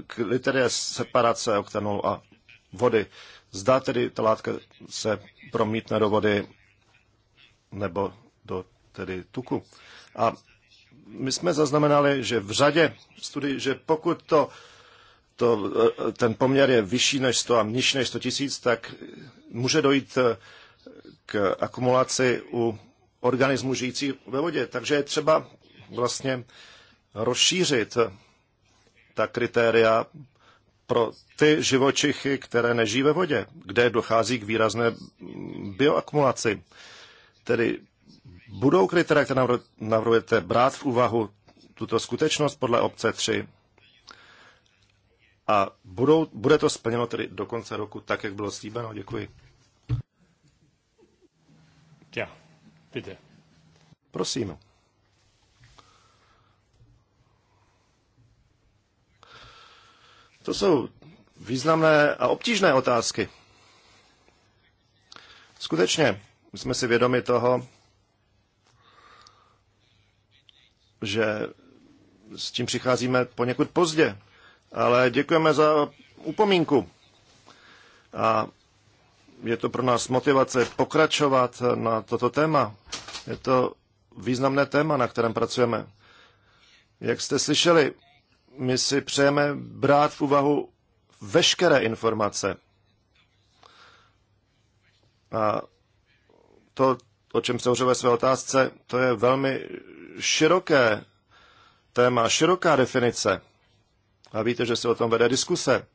kriterie separace oktanolu a vody. Zdá tedy ta látka se promítne do vody nebo do tedy tuku. A my jsme zaznamenali, že v řadě studií, že pokud to to, eh, ten poměr je vyšší než 100 a nižší než 100 tisíc, tak může dojít eh, k akumulaci u organismů žijících ve vodě. Takže je třeba vlastně rozšířit eh, ta kritéria pro ty živočichy, které nežijí ve vodě, kde dochází k výrazné bioakumulaci. Tedy budou kritéria, které navrhujete, brát v úvahu tuto skutečnost podle obce 3? a budou, bude to splněno tedy do konce roku, tak jak bylo slíbeno. Děkuji. Ja, bitte. Prosím. To jsou významné a obtížné otázky. Skutečně jsme si vědomi toho, že s tím přicházíme poněkud pozdě ale děkujeme za upomínku. A je to pro nás motivace pokračovat na toto téma. Je to významné téma, na kterém pracujeme. Jak jste slyšeli, my si přejeme brát v úvahu veškeré informace. A to, o čem se hovořil ve své otázce, to je velmi široké téma, široká definice. A víte, že se o tom vede diskuse.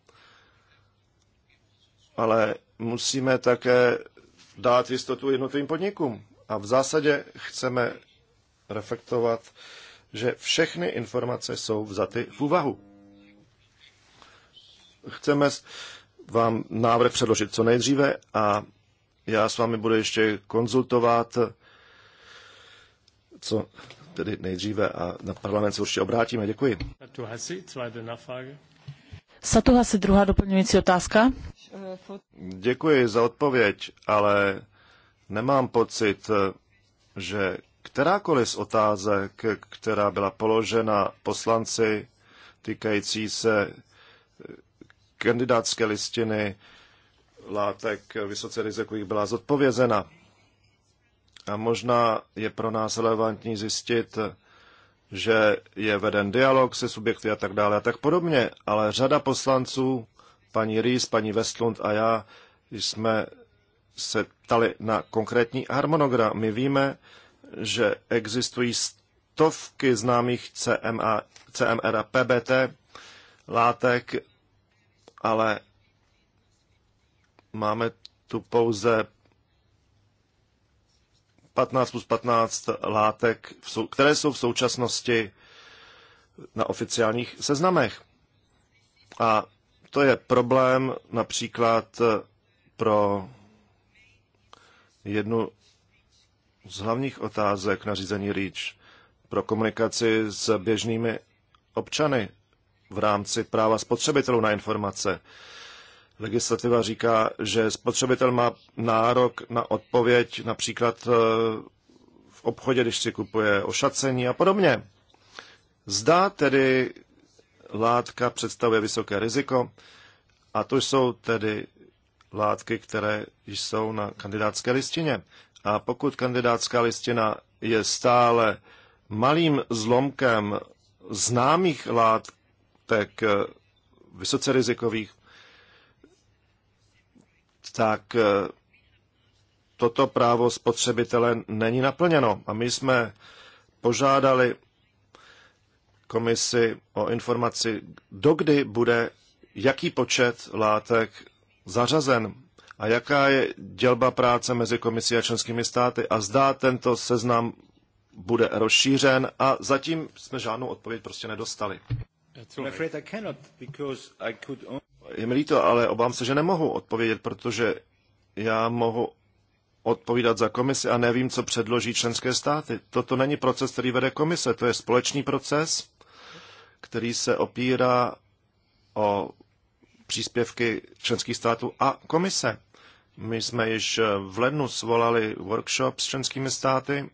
Ale musíme také dát jistotu jednotlivým podnikům. A v zásadě chceme reflektovat, že všechny informace jsou vzaty v úvahu. Chceme vám návrh předložit co nejdříve a já s vámi budu ještě konzultovat co tedy nejdříve a na parlament se určitě obrátíme. Děkuji. Satuha se druhá doplňující otázka. Děkuji za odpověď, ale nemám pocit, že kterákoliv z otázek, která byla položena poslanci týkající se kandidátské listiny látek vysoce rizikových, byla zodpovězena. A možná je pro nás relevantní zjistit, že je veden dialog se subjekty a tak dále a tak podobně, ale řada poslanců, paní Rýs, paní Westlund a já jsme se ptali na konkrétní harmonogram. My víme, že existují stovky známých CMA, CMR a PBT látek, ale máme tu pouze 15 plus 15 látek, které jsou v současnosti na oficiálních seznamech. A to je problém například eh, pro jednu z hlavních otázek na řízení REACH pro komunikaci s běžnými občany v rámci práva spotřebitelů na informace legislativa říká, že spotřebitel má nárok na odpověď například eh, v obchodě, když si kupuje ošacení a podobně. Zdá tedy látka představuje vysoké riziko a to jsou tedy látky, které jsou na kandidátské listině. A pokud kandidátská listina je stále malým zlomkem známých látek eh, vysoce rizikových, tak eh, toto právo spotřebitele není naplněno. A my jsme požádali komisi o informaci, dokdy bude jaký počet látek zařazen a jaká je dělba práce mezi komisí a členskými státy a zdá tento seznam bude rozšířen a zatím jsme žádnou odpověď prostě nedostali. Je mi líto, ale obávám se, že nemohu odpovědět, protože já mohu odpovídat za komisi a nevím, co předloží členské státy. Toto není proces, který vede komise, to je společný proces, který se opírá o příspěvky členských států a komise. My jsme již v lednu svolali workshop s členskými státy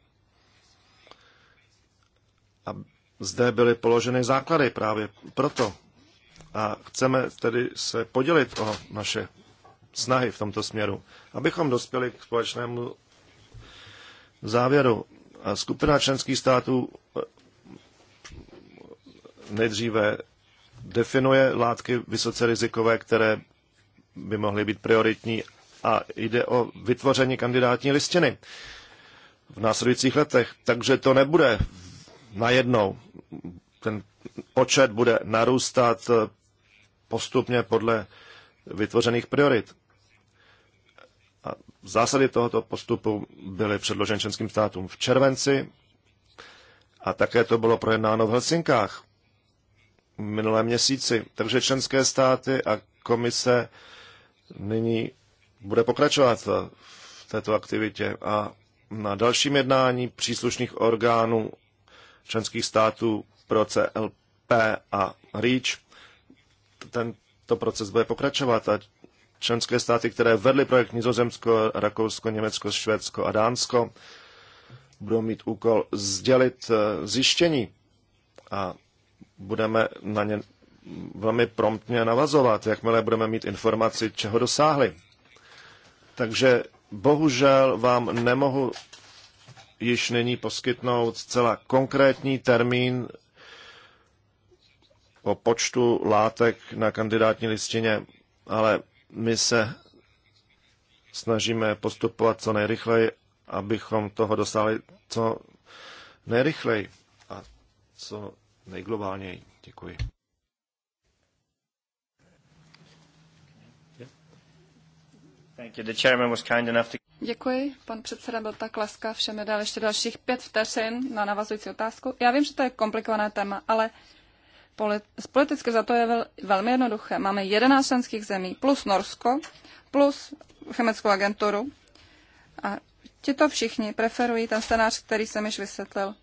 a zde byly položeny základy právě proto, a chceme tedy se podělit o naše snahy v tomto směru, abychom dospěli k společnému závěru. A skupina členských států eh, nejdříve definuje látky vysoce rizikové, které by mohly být prioritní a jde o vytvoření kandidátní listiny v následujících letech. Takže to nebude najednou. Ten počet bude narůstat postupně podle vytvořených priorit. A zásady tohoto postupu byly předloženy členským státům v červenci a také to bylo projednáno v Helsinkách v minulém měsíci. Takže členské státy a komise nyní bude pokračovat v této aktivitě a na dalším jednání příslušných orgánů členských států pro CLP a REACH tento proces bude pokračovat a členské státy, které vedly projekt Nizozemsko, Rakousko, Německo, Švédsko a Dánsko, budou mít úkol sdělit eh, zjištění a budeme na ně velmi promptně navazovat, jakmile budeme mít informaci, čeho dosáhli. Takže bohužel vám nemohu již nyní poskytnout zcela konkrétní termín o počtu látek na kandidátní listině, ale my se snažíme postupovat co nejrychleji, abychom toho dostali co nejrychleji a co nejglobálněji. Děkuji. Děkuji. Pan předseda byl tak laskav, že mi dal ještě dalších pět vteřin na navazující otázku. Já vím, že to je komplikované téma, ale z politicky za to je vel, velmi jednoduché. Máme 11 členských zemí plus Norsko, plus chemickou agenturu a tito všichni preferují ten scénář, který jsem již vysvětlil.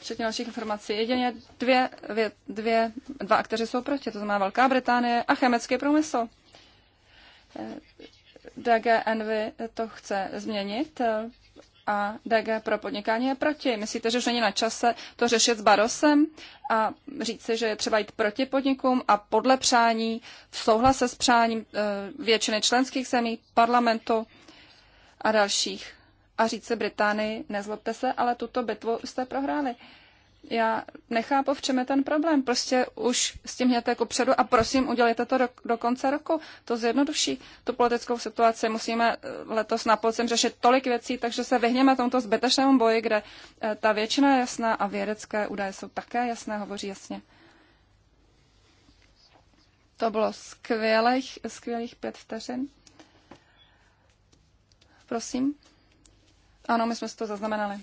Včetně dalších informací. Jedině dvě, dvě, dvě, dva akteři jsou proti, to znamená Velká Británie a chemický průmysl. Eh, DG Envy to chce změnit. Eh, a DG pro podnikání je proti. Myslíte, že už není na čase to řešit s Barosem a říct si, že je třeba jít proti podnikům a podle přání, v souhlase s přáním eh, většiny členských zemí, parlamentu a dalších a říct si Británii, nezlobte se, ale tuto bitvu jste prohráli já nechápu, v čem je ten problém. Prostě už s tím hněte jako předu a prosím, udělejte to do, do konce roku. To zjednoduší tu politickou situaci. Musíme eh, letos na podzim řešit tolik věcí, takže se vyhněme tomuto zbytečnému boji, kde eh, ta většina je jasná a vědecké údaje jsou také jasné, hovoří jasně. To bylo skvělých, skvělých pět vteřin. Prosím. Ano, my jsme si to zaznamenali.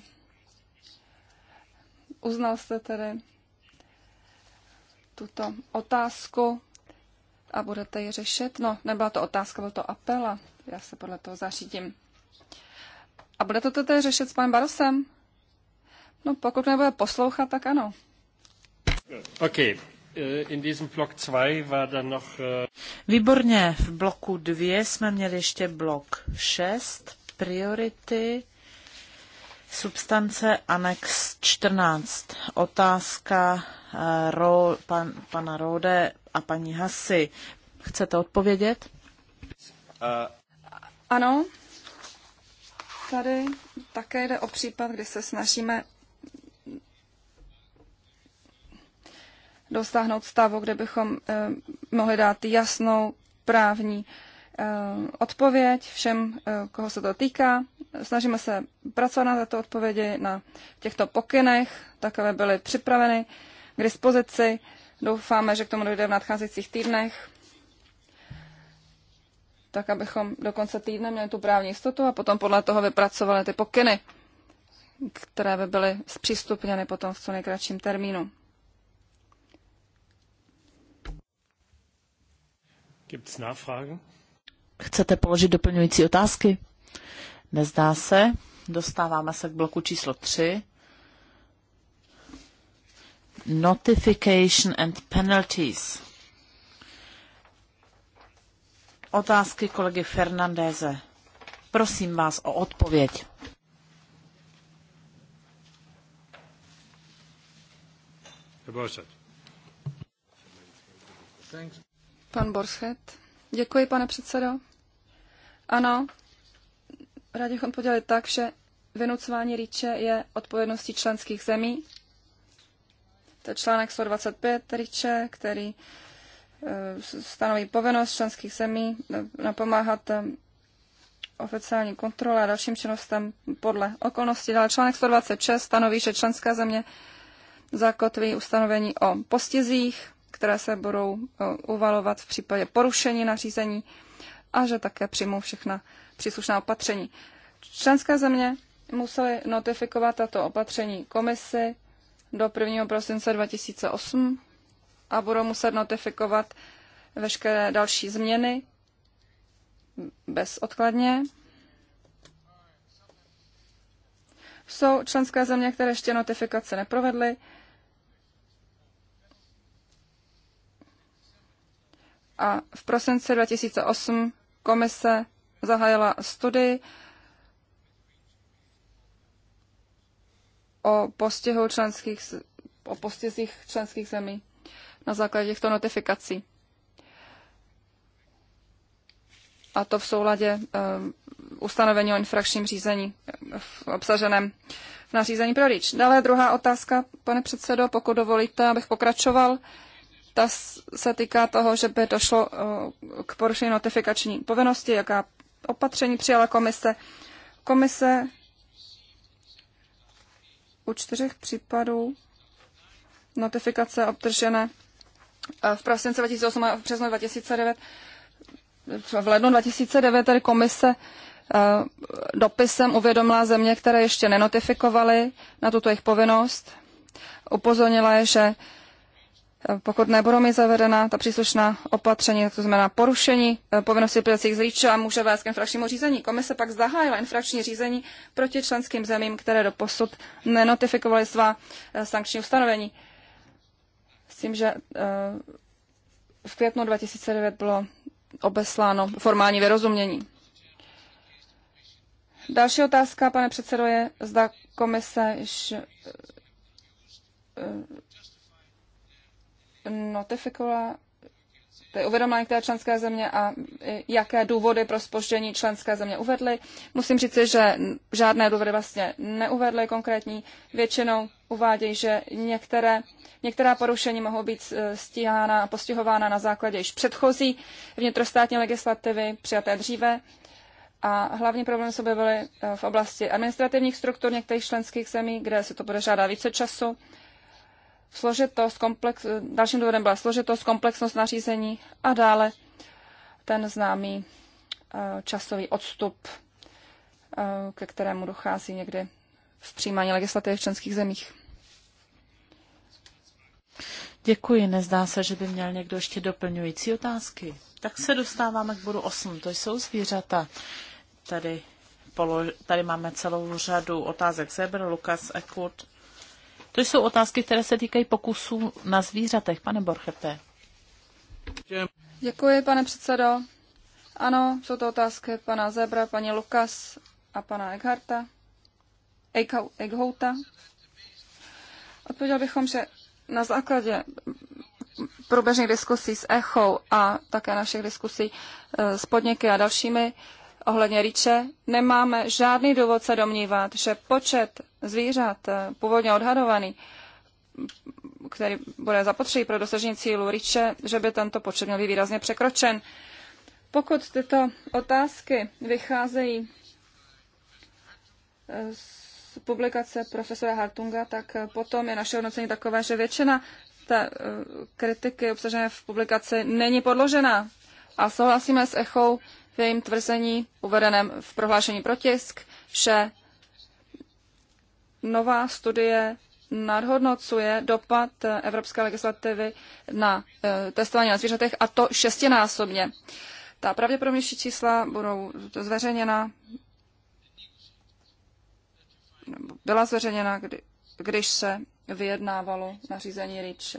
Uznal jste tedy tuto otázku a budete ji řešit? No, nebyla to otázka, byl to apel a já se podle toho zařídím. A budete to tedy řešit s panem Barosem? No, pokud nebude poslouchat, tak ano. OK. Eh, in diesem block 2 war dann noch... Eh, Výborně, v bloku 2 jsme měli ještě blok 6, priority Substance anex 14. Otázka eh, ro, pan, pana Rode a paní Hasy. Chcete odpovědět? Uh. Ano. Tady také jde o případ, kdy se snažíme dosáhnout stavu, kde bychom eh, mohli dát jasnou právní eh, Eh, odpověď všem, eh, koho se to týká. Snažíme se pracovat na této odpovědi, na těchto pokynech, tak, aby byly připraveny k dispozici. Doufáme, že k tomu dojde v nadcházejících týdnech, tak abychom do konce týdne měli tu právní jistotu a potom podle toho vypracovali ty pokyny, které by byly zpřístupněny potom v co nejkratším termínu. es Nachfragen? Chcete položit doplňující otázky? Nezdá se. Dostáváme se k bloku číslo 3. Notification and penalties. Otázky kolegy Fernandéze. Prosím vás o odpověď. Pan Borschet. Děkuji, pane předsedo. Ano, rádi bychom podělili tak, že vynucování rýče je odpovědností členských zemí. To je článek 125 rýče, který eh, stanoví povinnost členských zemí eh, napomáhat eh, oficiální kontrole a dalším činnostem podle okolností. Dále článek 126 stanoví, že členská země zakotví ustanovení o postizích, které se budou uvalovat v případě porušení nařízení a že také přijmou všechna příslušná opatření. Členské země musely notifikovat tato opatření komisi do 1. prosince 2008 a budou muset notifikovat veškeré další změny bezodkladně. Jsou členské země, které ještě notifikace neprovedly. A v prosinci 2008 komise zahájila studii o postihu členských, o postizích členských zemí na základě těchto notifikací. A to v souladě uh, ustanovení o infrakčním řízení ehm, v obsaženém v nařízení pro Dále druhá otázka, pane předsedo, pokud dovolíte, abych pokračoval. Uh, ta se týká toho, že by došlo eh, k porušení notifikační povinnosti, jaká opatření přijala komise. Komise u čtyřech případů notifikace obdržené eh, v prosince 2008 a v březnu 2009, v lednu 2009 tedy komise eh, dopisem uvědomila země, které ještě nenotifikovaly na tuto jejich povinnost. Upozornila je, že Eh, pokud nebudou mít zavedena ta příslušná opatření, to znamená porušení eh, povinnosti plících zlíče a může vést k infrakčnímu řízení. Komise pak zahájila infrakční řízení proti členským zemím, které do posud nenotifikovaly svá eh, sankční ustanovení. S tím, že v květnu 2009 bylo obesláno formální vyrozumění. Další otázka, pane předsedo, je, zda komise již notifikovala, tedy uvědomila některé členské země a jaké důvody pro spoždění členské země uvedly. Musím říci, že žádné důvody vlastně neuvedly konkrétní. Většinou uvádějí, že některé, některá porušení mohou být stíhána a postihována na základě již předchozí vnitrostátní legislativy přijaté dříve. A hlavní problém se objevily eh, v oblasti administrativních struktur některých členských zemí, kde se to bude žádat více času složitost, komplex, dalším důvodem byla složitost, komplexnost nařízení a dále ten známý eh, časový odstup, eh, ke kterému dochází někdy v přijímání legislativy v členských zemích. Děkuji, nezdá se, že by měl někdo ještě doplňující otázky. Tak se dostáváme k bodu 8, to jsou zvířata. Tady, polo, tady máme celou řadu otázek Zebr, Lukas, Ekut, to jsou otázky, které se týkají pokusů na zvířatech. Pane Borchete. Děkuji, pane předsedo. Ano, jsou to otázky pana Zebra, paní Lukas a pana Eckharta. Eckhouta. Odpověděl bychom, že na základě průběžných diskusí s Echo a také našich diskusí eh, s podniky a dalšími ohledně rýče nemáme žádný důvod se domnívat, že počet zvířat eh, původně odhadovaný, který bude zapotřebí pro dosažení cílu rýče, že by tento počet měl být výrazně překročen. Pokud tyto otázky vycházejí eh, z publikace profesora Hartunga, tak eh, potom je naše hodnocení takové, že většina té kritiky obsažené v publikaci není podložená. A souhlasíme s Echou, v jejím tvrzení uvedeném v prohlášení protisk, že nová studie nadhodnocuje dopad evropské legislativy na eh, testování na zvířatech a to šestinásobně. Ta pravděpodobnější čísla budou zveřejněna, byla zveřejněna, kdy, když se vyjednávalo nařízení REACH.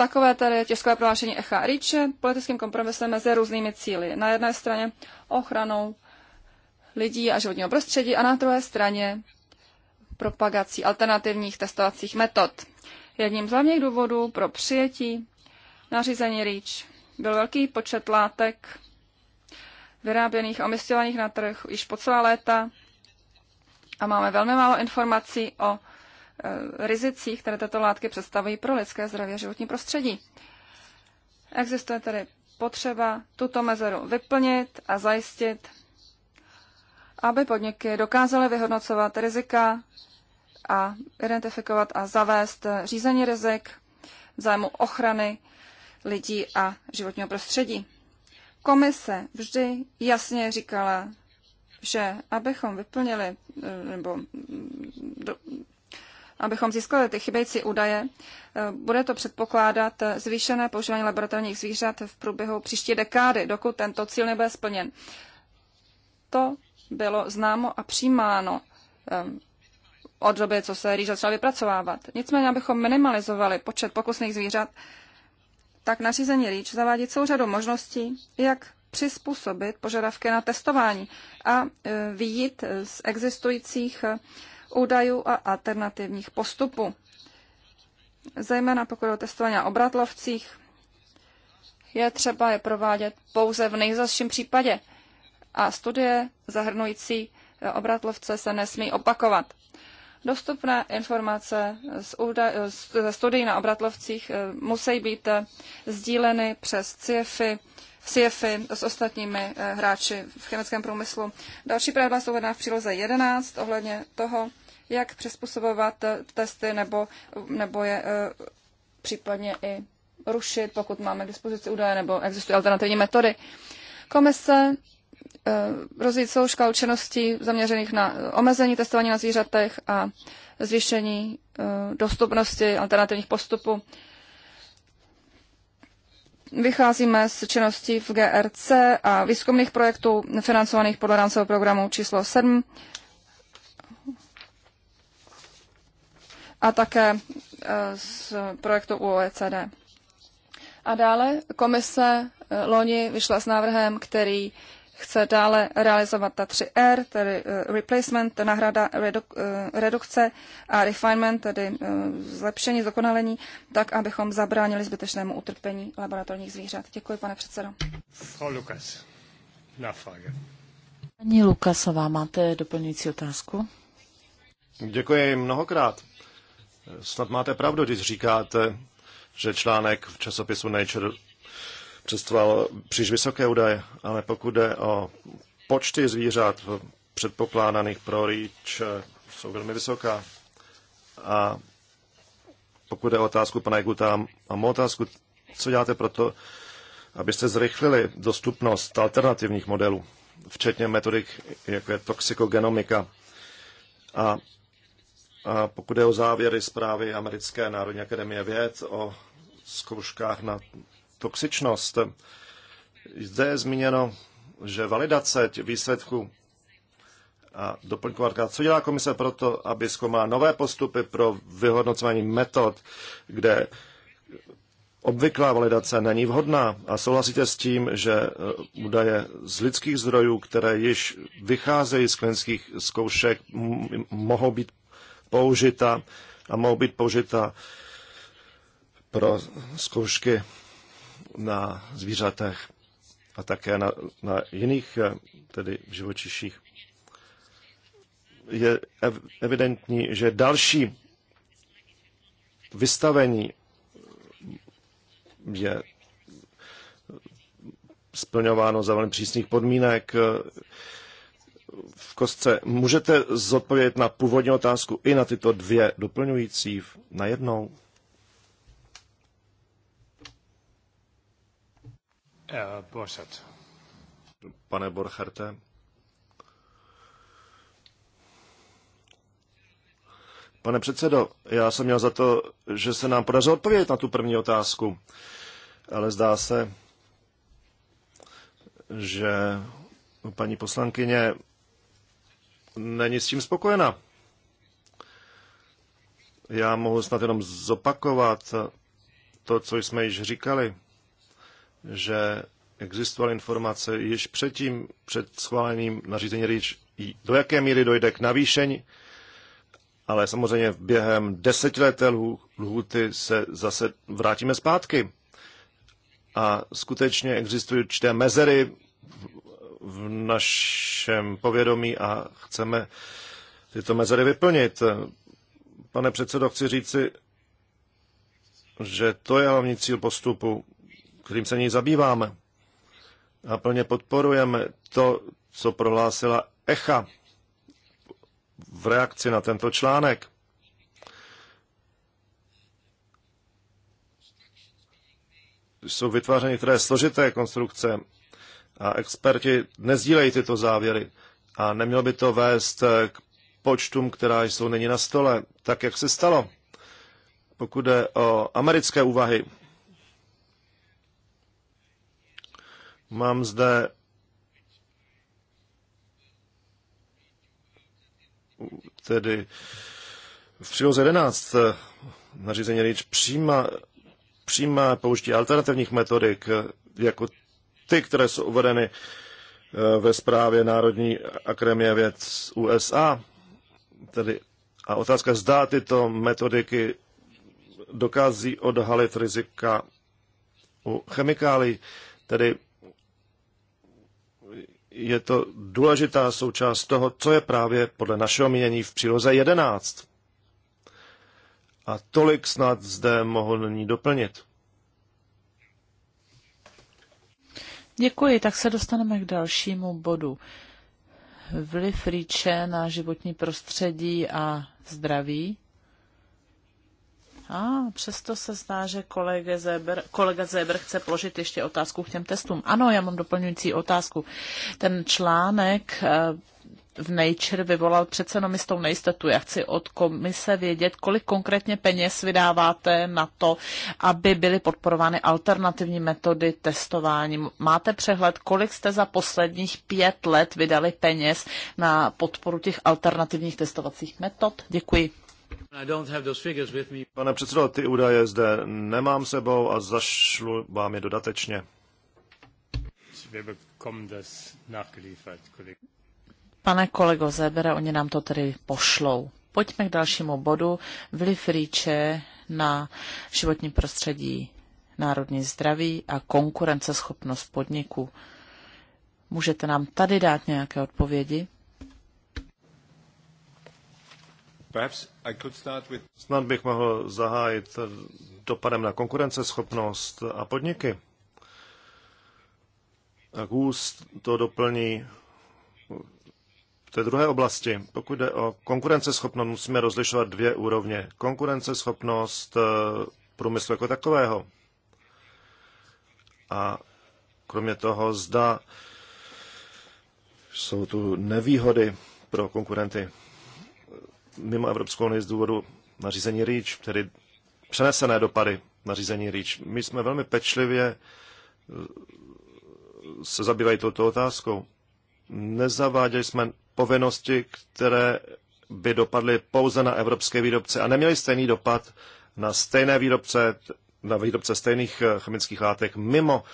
Takové tedy tiskové prohlášení Echa Riče politickým kompromisem mezi různými cíly. Na jedné straně ochranou lidí a životního prostředí a na druhé straně propagací alternativních testovacích metod. Jedním z hlavních důvodů pro přijetí nařízení REACH byl velký počet látek vyráběných a omistovaných na trh již po celá léta a máme velmi málo informací o Eh, rizicích, které tato látky představují pro lidské zdraví a životní prostředí. Existuje tedy potřeba tuto mezeru vyplnit a zajistit, aby podniky dokázaly vyhodnocovat rizika a identifikovat a zavést řízení rizik v zájmu ochrany lidí a životního prostředí. Komise vždy jasně říkala, že abychom vyplnili eh, nebo mm, abychom získali ty chybějící údaje, eh, bude to předpokládat eh, zvýšené používání laboratorních zvířat v průběhu příští dekády, dokud tento cíl nebude splněn. To bylo známo a přijímáno eh, od doby, co se rýž začala vypracovávat. Nicméně, abychom minimalizovali počet pokusných zvířat, tak nařízení REACH zavádí celou řadu možností, jak přizpůsobit požadavky na testování a vyjít z existujících údajů a alternativních postupů. Zejména pokud o testování na obratlovcích, je třeba je provádět pouze v nejzazším případě a studie zahrnující eh, obratlovce se nesmí opakovat. Dostupné informace z údaj, eh, ze studií na obratlovcích eh, musí být sdíleny přes CIEFy, CIEFy s ostatními hráči v chemickém průmyslu. Další pravidla jsou vedena v příloze 11 ohledně toho, jak přizpůsobovat testy nebo, nebo je eh, případně i rušit, pokud máme k dispozici údaje nebo existují alternativní metody. Komise eh, rozvíjí celou škálu činností zaměřených na omezení testování na zvířatech a zvýšení eh, dostupnosti alternativních postupů. Vycházíme z činností v GRC a výzkumných projektů financovaných podle rámcového programu číslo 7 a také eh, z projektu u OECD. A dále komise eh, loni vyšla s návrhem, který chce dále realizovat ta 3R, tedy eh, replacement, náhrada, redukce a refinement, tedy zlepšení, zdokonalení, tak, abychom zabránili zbytečnému utrpení laboratorních zvířat. Děkuji, pane předsedo. Frau Lukas, Paní Lukasová, máte doplňující otázku? Děkuji mnohokrát. Snad máte pravdu, když říkáte, že článek v časopisu Nature představoval příliš vysoké údaje, ale pokud jde o počty zvířat předpokládaných pro rýč, jsou velmi vysoká. A pokud jde o otázku pana Jekuta a mou otázku, co děláte pro to, abyste zrychlili dostupnost alternativních modelů, včetně metodik, jako je toxikogenomika, a a pokud je o závěry zprávy Americké národní akademie věd o zkouškách na toxičnost, zde je zmíněno, že validace výsledků a doplňkovatka. Co dělá komise pro to, aby zkoumala nové postupy pro vyhodnocování metod, kde obvyklá validace není vhodná a souhlasíte s tím, že eh, údaje z lidských zdrojů, které již vycházejí z klinických zkoušek, mohou být použita a mohou být použita pro zkoušky na zvířatech a také na, na jiných eh, tedy živočiších. Je evidentní, že další vystavení je splňováno za velmi přísných podmínek, eh, v kostce. Můžete zodpovědět na původní otázku i na tyto dvě doplňující na jednou? Eh, Pane Borcharte. Pane předsedo, já jsem měl za to, že se nám podařilo odpovědět na tu první otázku, ale zdá se, že paní poslankyně není s tím spokojena. Já mohu snad jenom zopakovat to, co jsme již říkali, že existovaly informace již předtím, před schválením nařízení RIČ, do jaké míry dojde k navýšení, ale samozřejmě během desetileté lhůty se zase vrátíme zpátky. A skutečně existují určité mezery v našem povědomí a chceme tyto mezery vyplnit. Pane předsedo, chci říci, že to je hlavní cíl postupu, kterým se něj zabýváme. A plně podporujeme to, co prohlásila ECHA v reakci na tento článek. Jsou vytvářeny které složité konstrukce a experti nezdílejí tyto závěry a nemělo by to vést k počtům, která jsou nyní na stole, tak jak se stalo. Pokud jde o americké úvahy, mám zde tedy v příloze 11 eh, nařízení REACH přímá, přímá použití alternativních metodik eh, jako ty, které jsou uvedeny eh, ve zprávě Národní akademie věc USA. Tedy a otázka, zda tyto metodiky dokází odhalit rizika u chemikálií. Tedy je to důležitá součást toho, co je právě podle našeho mínění v příloze 11. A tolik snad zde mohl nyní doplnit. Děkuji, tak se dostaneme k dalšímu bodu. Vliv rýče na životní prostředí a zdraví. A přesto se zdá, že kolega Zeber, kolega Zeber chce položit ještě otázku k těm testům. Ano, já mám doplňující otázku. Ten článek eh, v Nature vyvolal přece jenom jistou nejistotu. Já chci od komise vědět, kolik konkrétně peněz vydáváte na to, aby byly podporovány alternativní metody testování. Máte přehled, kolik jste za posledních pět let vydali peněz na podporu těch alternativních testovacích metod? Děkuji. Pane předsedo, ty údaje zde nemám sebou a zašlu vám je dodatečně. Pane kolego Zebere, oni nám to tedy pošlou. Pojďme k dalšímu bodu. Vliv rýče na životní prostředí, národní zdraví a konkurenceschopnost podniku. Můžete nám tady dát nějaké odpovědi? Snad bych mohl zahájit dopadem na konkurenceschopnost a podniky. A GUS to doplní té druhé oblasti, pokud jde o konkurenceschopnost, musíme rozlišovat dvě úrovně. Konkurenceschopnost eh, průmyslu jako takového. A kromě toho zda jsou tu nevýhody pro konkurenty mimo Evropskou unii z důvodu nařízení REACH, tedy přenesené dopady nařízení REACH. My jsme velmi pečlivě eh, se zabývají touto otázkou. Nezaváděli jsme povinnosti, které by dopadly pouze na evropské výrobce a neměly stejný dopad na stejné výrobce, na výrobce stejných eh, chemických látek mimo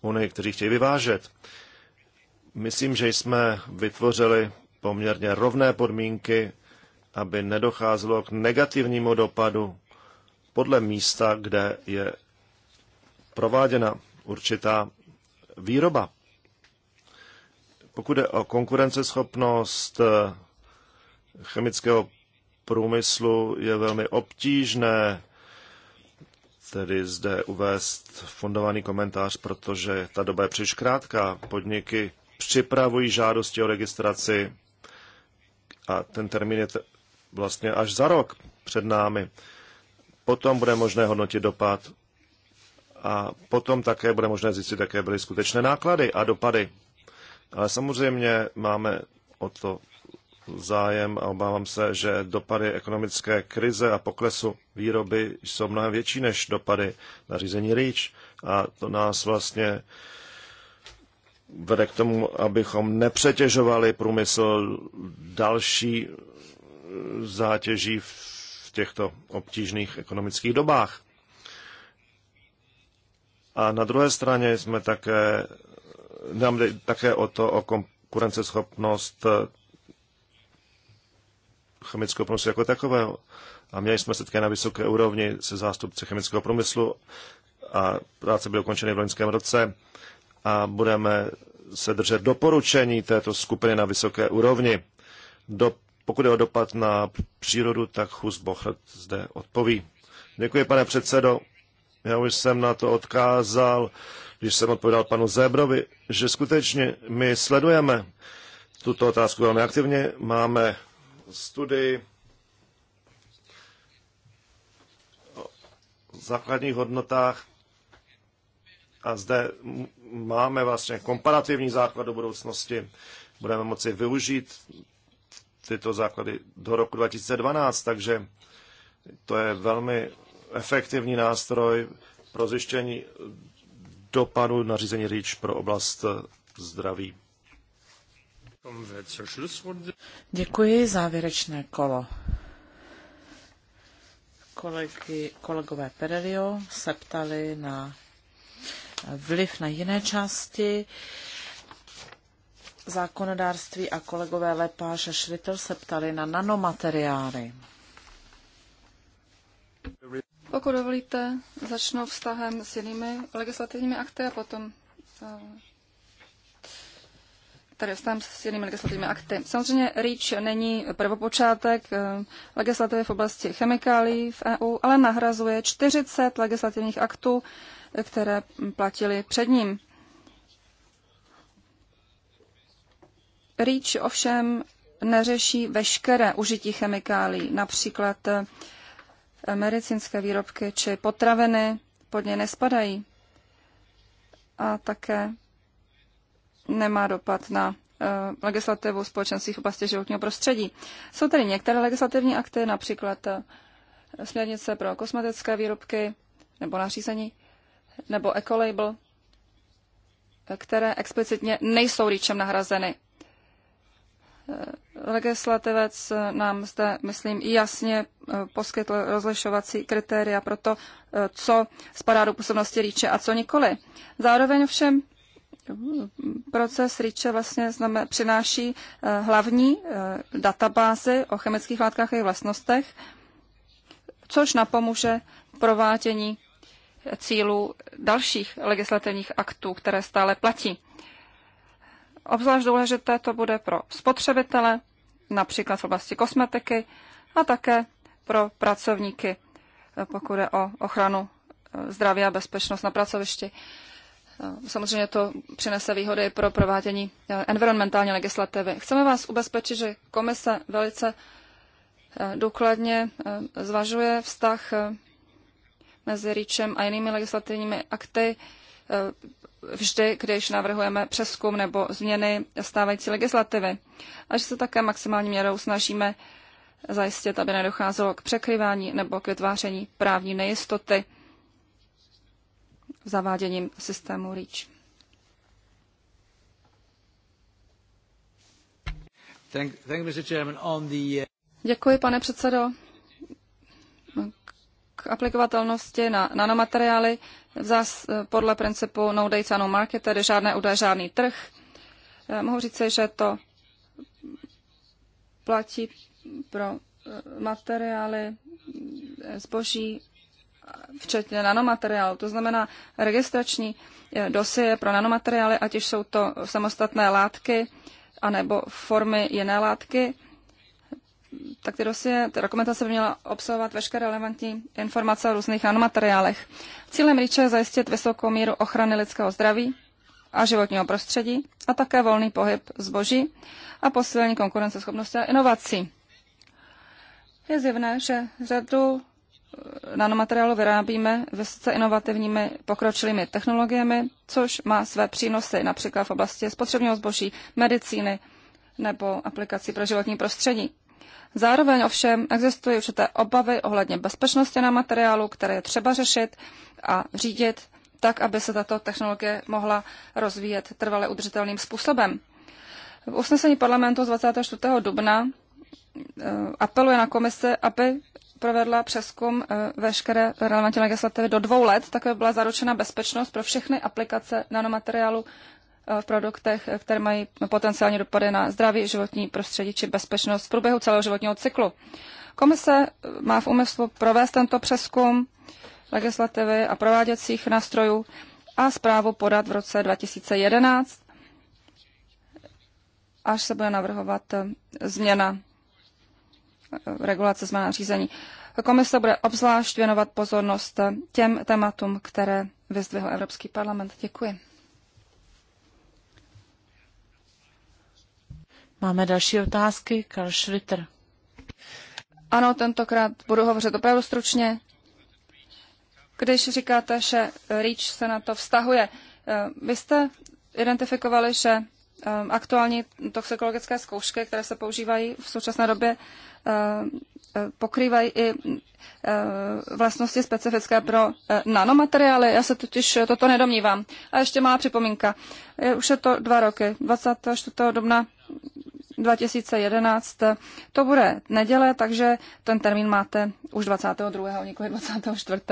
Unii, kteří chtějí vyvážet. Myslím, že jsme vytvořili poměrně rovné podmínky, aby nedocházelo k negativnímu dopadu podle místa, kde je prováděna určitá výroba. Pokud je o konkurenceschopnost eh, chemického průmyslu, je velmi obtížné tedy zde uvést fundovaný komentář, protože ta doba je příliš krátká. Podniky připravují žádosti o registraci a ten termín je vlastně až za rok před námi. Potom bude možné hodnotit dopad a potom také bude možné zjistit, jaké byly skutečné náklady a dopady ale samozřejmě máme o to zájem a obávám se, že dopady ekonomické krize a poklesu výroby jsou mnohem větší než dopady na řízení REACH a to nás vlastně vede k tomu, abychom nepřetěžovali průmysl další zátěží v těchto obtížných ekonomických dobách. A na druhé straně jsme také nám jde také o to, o konkurenceschopnost eh, chemického průmyslu jako takového. A měli jsme setkání na vysoké úrovni se zástupci chemického průmyslu a práce byly ukončeny v loňském roce a budeme se držet doporučení této skupiny na vysoké úrovni. Do, pokud je o dopad na přírodu, tak Hus Bochert zde odpoví. Děkuji, pane předsedo. Já už jsem na to odkázal když jsem odpovídal panu Zébrovi, že skutečně my sledujeme tuto otázku velmi aktivně. Máme studii o základních hodnotách a zde máme vlastně komparativní základ do budoucnosti. Budeme moci využít tyto základy do roku 2012, takže to je velmi efektivní nástroj pro zjištění dopadu nařízení REACH pro oblast zdraví. Děkuji, závěrečné kolo. Kolegy, kolegové Perelio se ptali na vliv na jiné části zákonodárství a kolegové Lepáš a Šritel se ptali na nanomateriály. Pokud dovolíte, začnu vztahem s jinými legislativními akty a potom eh, tady vztahem s jinými legislativními akty. Samozřejmě REACH není prvopočátek eh, legislativy v oblasti chemikálí v EU, ale nahrazuje 40 legislativních aktů, které platily před ním. REACH ovšem neřeší veškeré užití chemikálí, například eh, medicínské výrobky či potraviny pod ně nespadají. A také nemá dopad na eh, legislativu společenských oblastí životního prostředí. Jsou tady některé legislativní akty, například eh, směrnice pro kosmetické výrobky nebo nařízení, nebo ecolabel, eh, které explicitně nejsou rýčem nahrazeny. Legislativec nám zde, myslím, jasně eh, poskytl rozlišovací kritéria pro to, eh, co spadá do působnosti rýče a co nikoli. Zároveň ovšem eh, proces REACHE vlastně znamen, přináší hlavní databázy o chemických látkách a jejich vlastnostech, což napomůže provádění cílů dalších legislativních aktů, které stále platí. Obzvlášť důležité to bude pro spotřebitele, například v oblasti kosmetiky a také pro pracovníky, pokud je o ochranu eh, zdraví a bezpečnost na pracovišti. Eh, samozřejmě to přinese výhody pro provádění eh, environmentální legislativy. Chceme vás ubezpečit, že komise velice důkladně zvažuje vztah mezi REACHem a jinými legislativními akty vždy, když navrhujeme přeskum nebo změny stávající legislativy. A že se také maximální měrou snažíme zajistit, aby nedocházelo k překrývání nebo k vytváření právní nejistoty zaváděním systému REACH. Uh, Děkuji, pane předsedo aplikovatelnosti na nanomateriály zás eh, podle principu no data, no market, tedy žádné údaje, žádný trh. Eh, mohu říci, že to platí pro eh, materiály, zboží, včetně nanomateriálu. To znamená registrační dosie pro nanomateriály, ať už jsou to samostatné látky, anebo formy jiné látky, tak ty dosie, ta dokumentace by měla obsahovat veškeré relevantní informace o různých nanomateriálech. Cílem REACHu je zajistit vysokou míru ochrany lidského zdraví a životního prostředí a také volný pohyb zboží a posílení konkurenceschopnosti a inovací. Je zjevné, že řadu eh, nanomateriálu vyrábíme vysoce inovativními pokročilými technologiemi, což má své přínosy například v oblasti spotřebního zboží, medicíny nebo aplikací pro životní prostředí. Zároveň ovšem existují určité obavy ohledně bezpečnosti na materiálu, které je třeba řešit a řídit tak, aby se tato technologie mohla rozvíjet trvale udržitelným způsobem. V usnesení parlamentu z 24. dubna eh, apeluje na komise, aby provedla přeskum eh, veškeré relevantní legislativy do dvou let, tak aby byla zaručena bezpečnost pro všechny aplikace nanomateriálu Eh, v produktech, eh, které mají potenciální dopady na zdraví, životní prostředí či bezpečnost v průběhu celého životního cyklu. Komise eh, má v úmyslu provést tento přeskum legislativy a prováděcích nástrojů a zprávu podat v roce 2011, až se bude navrhovat změna regulace změna řízení. Komise bude obzvlášť věnovat pozornost těm tématům, které vyzdvihl Evropský parlament. Děkuji. Máme další otázky. Karl Schwitter. Ano, tentokrát budu hovořit opravdu stručně. Když říkáte, že REACH se na to vztahuje, eh, vy jste identifikovali, že eh, aktuální toxikologické zkoušky, které se používají v současné době, eh, pokrývají i vlastnosti specifické pro nanomateriály. Já se totiž toto nedomnívám. A ještě malá připomínka. Už je to dva roky. 24. dubna 2011. To bude neděle, takže ten termín máte už 22. nikoli 24.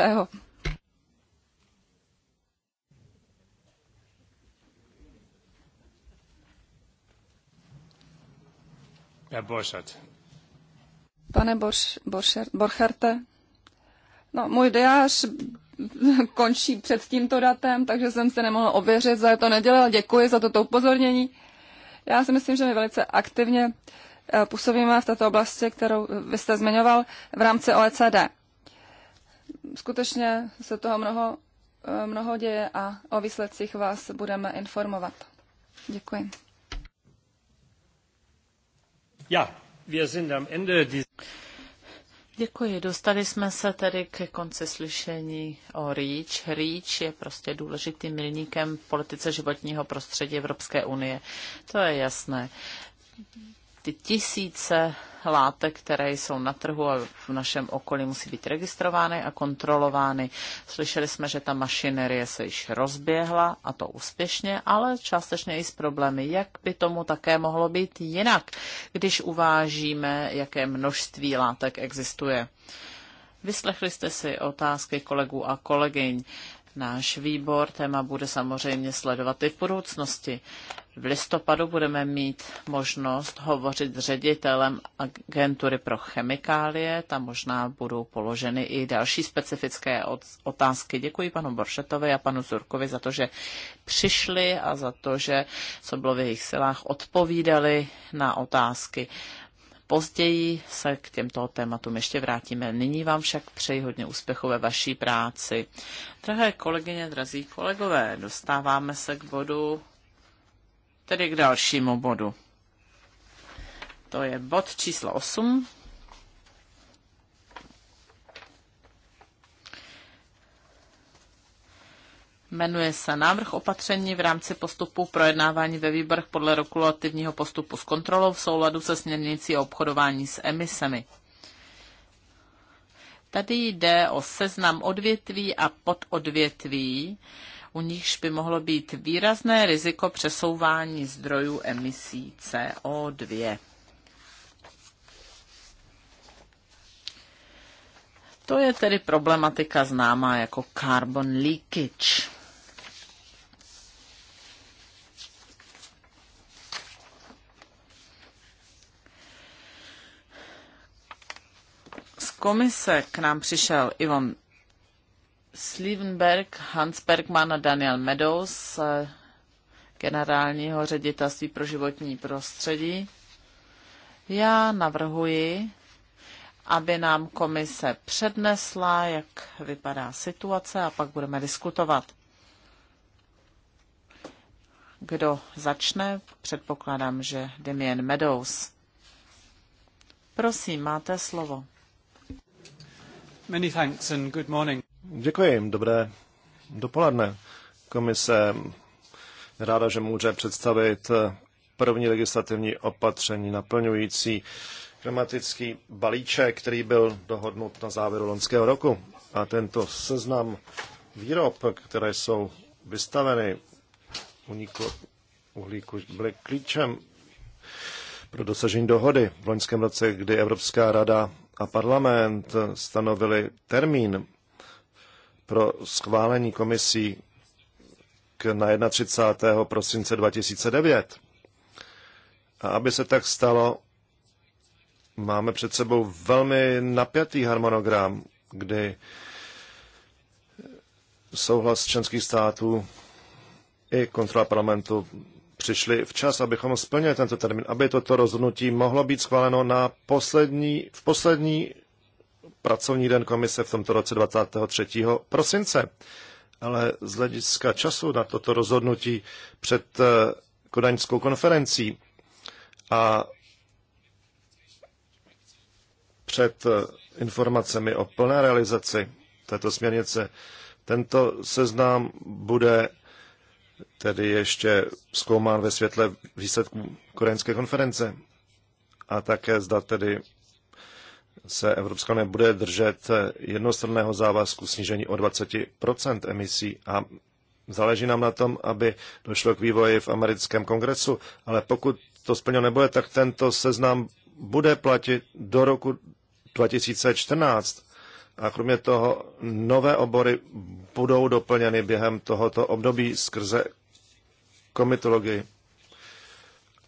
Boršat. Pane Borš, Boršer, Borcherte, no, můj diář končí před tímto datem, takže jsem se nemohla ověřit, za to nedělal. Děkuji za toto upozornění. Já si myslím, že my velice aktivně eh, působíme v této oblasti, kterou vy jste zmiňoval, v rámci OECD. Skutečně se toho mnoho, eh, mnoho děje a o výsledcích vás budeme informovat. Děkuji. Ja, wir sind am Ende Děkuji. Dostali jsme se tedy ke konci slyšení o REACH. REACH je prostě důležitým milníkem v politice životního prostředí Evropské unie. To je jasné ty tisíce látek, které jsou na trhu a v našem okolí musí být registrovány a kontrolovány. Slyšeli jsme, že ta mašinerie se již rozběhla a to úspěšně, ale částečně i s problémy. Jak by tomu také mohlo být jinak, když uvážíme, jaké množství látek existuje? Vyslechli jste si otázky kolegů a kolegyň. Náš výbor téma bude samozřejmě sledovat i v budoucnosti. V listopadu budeme mít možnost hovořit s ředitelem agentury pro chemikálie. Tam možná budou položeny i další specifické otázky. Děkuji panu Boršetovi a panu Zurkovi za to, že přišli a za to, že co bylo v jejich silách odpovídali na otázky. Později se k těmto tématům ještě vrátíme. Nyní vám však přeji hodně úspěchu ve vaší práci. Drahé kolegyně, drazí kolegové, dostáváme se k bodu, tedy k dalšímu bodu. To je bod číslo 8 Jmenuje se návrh opatření v rámci postupu projednávání ve výborech podle regulativního postupu s kontrolou v souladu se směrnicí o obchodování s emisemi. Tady jde o seznam odvětví a pododvětví, u nichž by mohlo být výrazné riziko přesouvání zdrojů emisí CO2. To je tedy problematika známá jako carbon leakage. komise k nám přišel Ivan Slivenberg, Hans Bergman a Daniel Meadows, eh, generálního ředitelství pro životní prostředí. Já navrhuji, aby nám komise přednesla, jak vypadá situace a pak budeme diskutovat. Kdo začne? Předpokládám, že Damien Meadows. Prosím, máte slovo. Many thanks and good morning. Děkuji, dobré dopoledne. Komise ráda, že může představit první legislativní opatření naplňující klimatický balíček, který byl dohodnut na závěru loňského roku. A tento seznam výrob, které jsou vystaveny uniku uhlíku, byly klíčem pro dosažení dohody v loňském roce, kdy Evropská rada a parlament stanovili termín pro schválení komisí k na 31. prosince 2009. A aby se tak stalo, máme před sebou velmi napjatý harmonogram, kdy souhlas členských států i kontrola parlamentu přišli včas, abychom splnili tento termín, aby toto rozhodnutí mohlo být schváleno na poslední, v poslední pracovní den komise v tomto roce 23. prosince. Ale z hlediska času na toto rozhodnutí před eh, kodaňskou konferencí a před eh, informacemi o plné realizaci této směrnice, tento seznam bude tedy ještě zkoumán ve světle výsledků Koreňské konference a také zda tedy se Evropská unie bude držet jednostranného závazku snížení o 20 emisí a záleží nám na tom, aby došlo k vývoji v americkém kongresu, ale pokud to splněno nebude, tak tento seznam bude platit do roku 2014 a kromě toho nové obory budou doplněny během tohoto období skrze komitologii.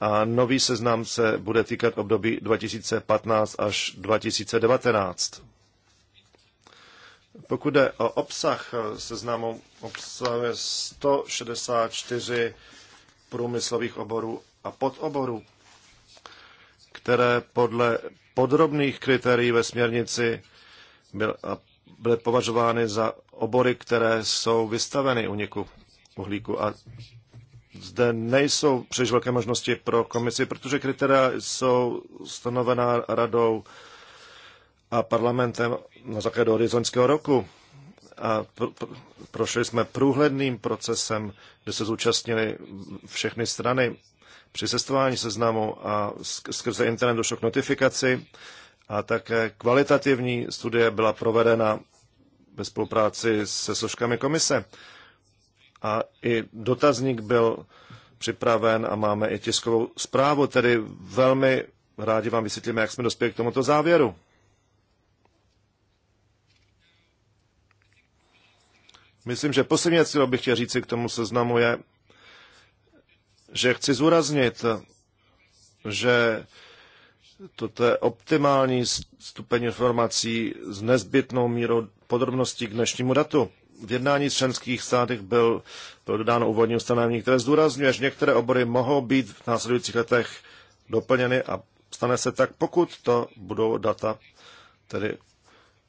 A nový seznam se bude týkat období 2015 až 2019. Pokud jde o obsah seznamu, obsahuje 164 průmyslových oborů a podoborů, které podle podrobných kritérií ve směrnici byl, byly považovány za obory, které jsou vystaveny uniku uhlíku. A zde nejsou příliš velké možnosti pro komisi, protože kritéria jsou stanovená radou a parlamentem na základě horizontského roku. A pro, pro, prošli jsme průhledným procesem, kde se zúčastnili všechny strany při sestování seznamu a skrze internet došlo k notifikaci a také kvalitativní studie byla provedena ve spolupráci se složkami komise. A i dotazník byl připraven a máme i tiskovou zprávu, tedy velmi rádi vám vysvětlíme, jak jsme dospěli k tomuto závěru. Myslím, že poslední věc, kterou bych chtěl říci k tomu seznamu, je, že chci zúraznit, že toto je optimální stupeň informací s nezbytnou mírou podrobností k dnešnímu datu. V jednání s členských státech byl, bylo dodáno úvodní ustanovení, které zdůrazňuje, že některé obory mohou být v následujících letech doplněny a stane se tak, pokud to budou data tedy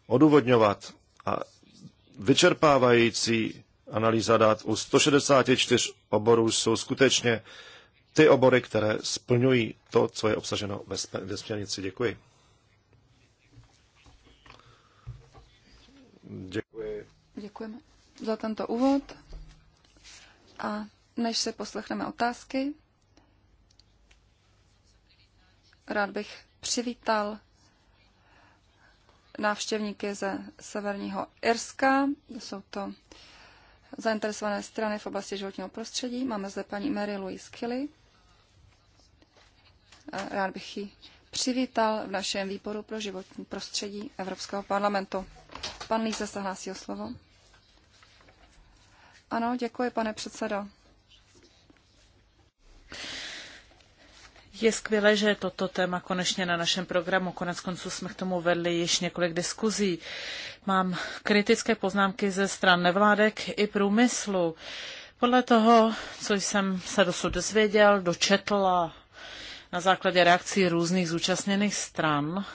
odůvodňovat. A vyčerpávající analýza dat u 164 oborů jsou skutečně uh, ty obory, které splňují to, co je obsaženo ve směrnici. Děkuji. Děkuji. Děkujeme za tento úvod. A než se poslechneme otázky, rád bych přivítal návštěvníky ze severního Irska. Jsou to zainteresované strany v oblasti životního prostředí. Máme zde paní Mary Louise Kelly, Rád bych ji přivítal v našem výboru pro životní prostředí Evropského parlamentu. Pan Líze se hlásí o slovo. Ano, děkuji, pane předsedo. Je skvělé, že je toto téma konečně na našem programu. Konec konců jsme k tomu vedli již několik diskuzí. Mám kritické poznámky ze stran nevládek i průmyslu. Podle toho, co jsem se dosud dozvěděl, dočetla na základě reakcí různých zúčastněných stran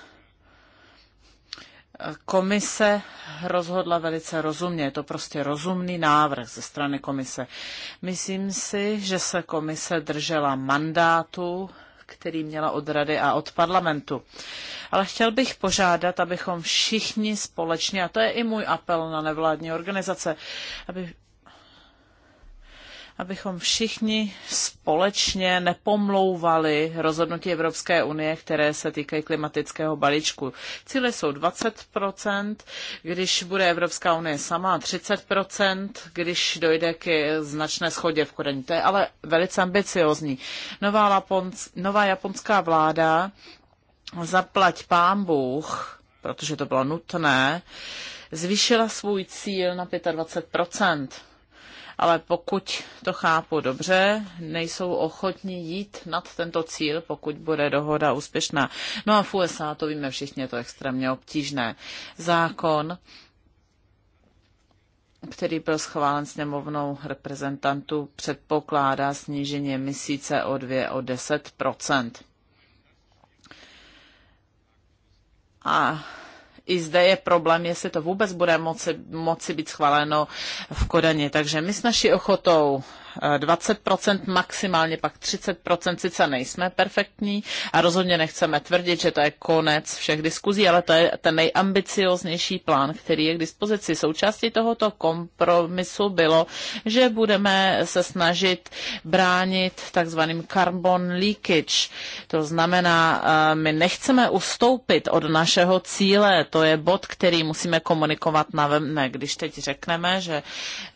komise rozhodla velice rozumně. Je to prostě rozumný návrh ze strany komise. Myslím si, že se komise držela mandátu, který měla od rady a od parlamentu. Ale chtěl bych požádat, abychom všichni společně, a to je i můj apel na nevládní organizace, aby abychom všichni společně nepomlouvali rozhodnutí Evropské unie, které se týkají klimatického balíčku. Cíle jsou 20%, když bude Evropská unie sama 30%, když dojde k značné schodě v Kodaní. To je ale velice ambiciozní. Nová, Lapons, nová japonská vláda zaplať pán Bůh, protože to bylo nutné, zvýšila svůj cíl na 25 ale pokud to chápu dobře, nejsou ochotni jít nad tento cíl, pokud bude dohoda úspěšná. No a v USA, to víme všichni, je to extrémně obtížné. Zákon, který byl schválen sněmovnou reprezentantů, předpokládá snížení emisí CO2 o 10 A i zde je problém, jestli to vůbec bude moci, moci být schváleno v Kodaně. Takže my s naší ochotou 20%, maximálně pak 30%, sice nejsme perfektní a rozhodně nechceme tvrdit, že to je konec všech diskuzí, ale to je ten nejambicioznější plán, který je k dispozici. Součástí tohoto kompromisu bylo, že budeme se snažit bránit takzvaným carbon leakage. To znamená, eh, my nechceme ustoupit od našeho cíle, to je bod, který musíme komunikovat na ne, Když teď řekneme, že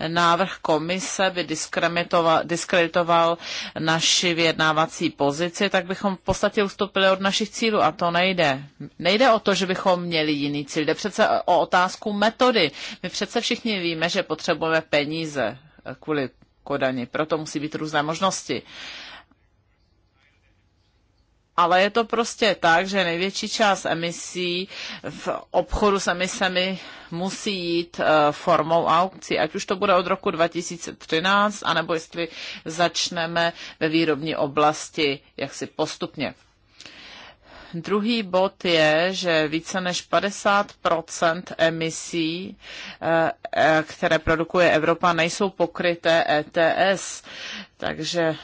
návrh komise by diskriminoval diskreditoval naši vyjednávací pozici, tak bychom v podstatě ustoupili od našich cílů a to nejde. Nejde o to, že bychom měli jiný cíl, jde přece o otázku metody. My přece všichni víme, že potřebujeme peníze kvůli Kodani, proto musí být různé možnosti. Uh, ale je to prostě tak, že největší část emisí v obchodu s emisemi musí jít eh, formou aukcí, ať už to bude od roku 2013, anebo jestli začneme ve výrobní oblasti jaksi postupně. Druhý bod je, že více než 50 emisí, eh, eh, které produkuje Evropa, nejsou pokryté ETS. Takže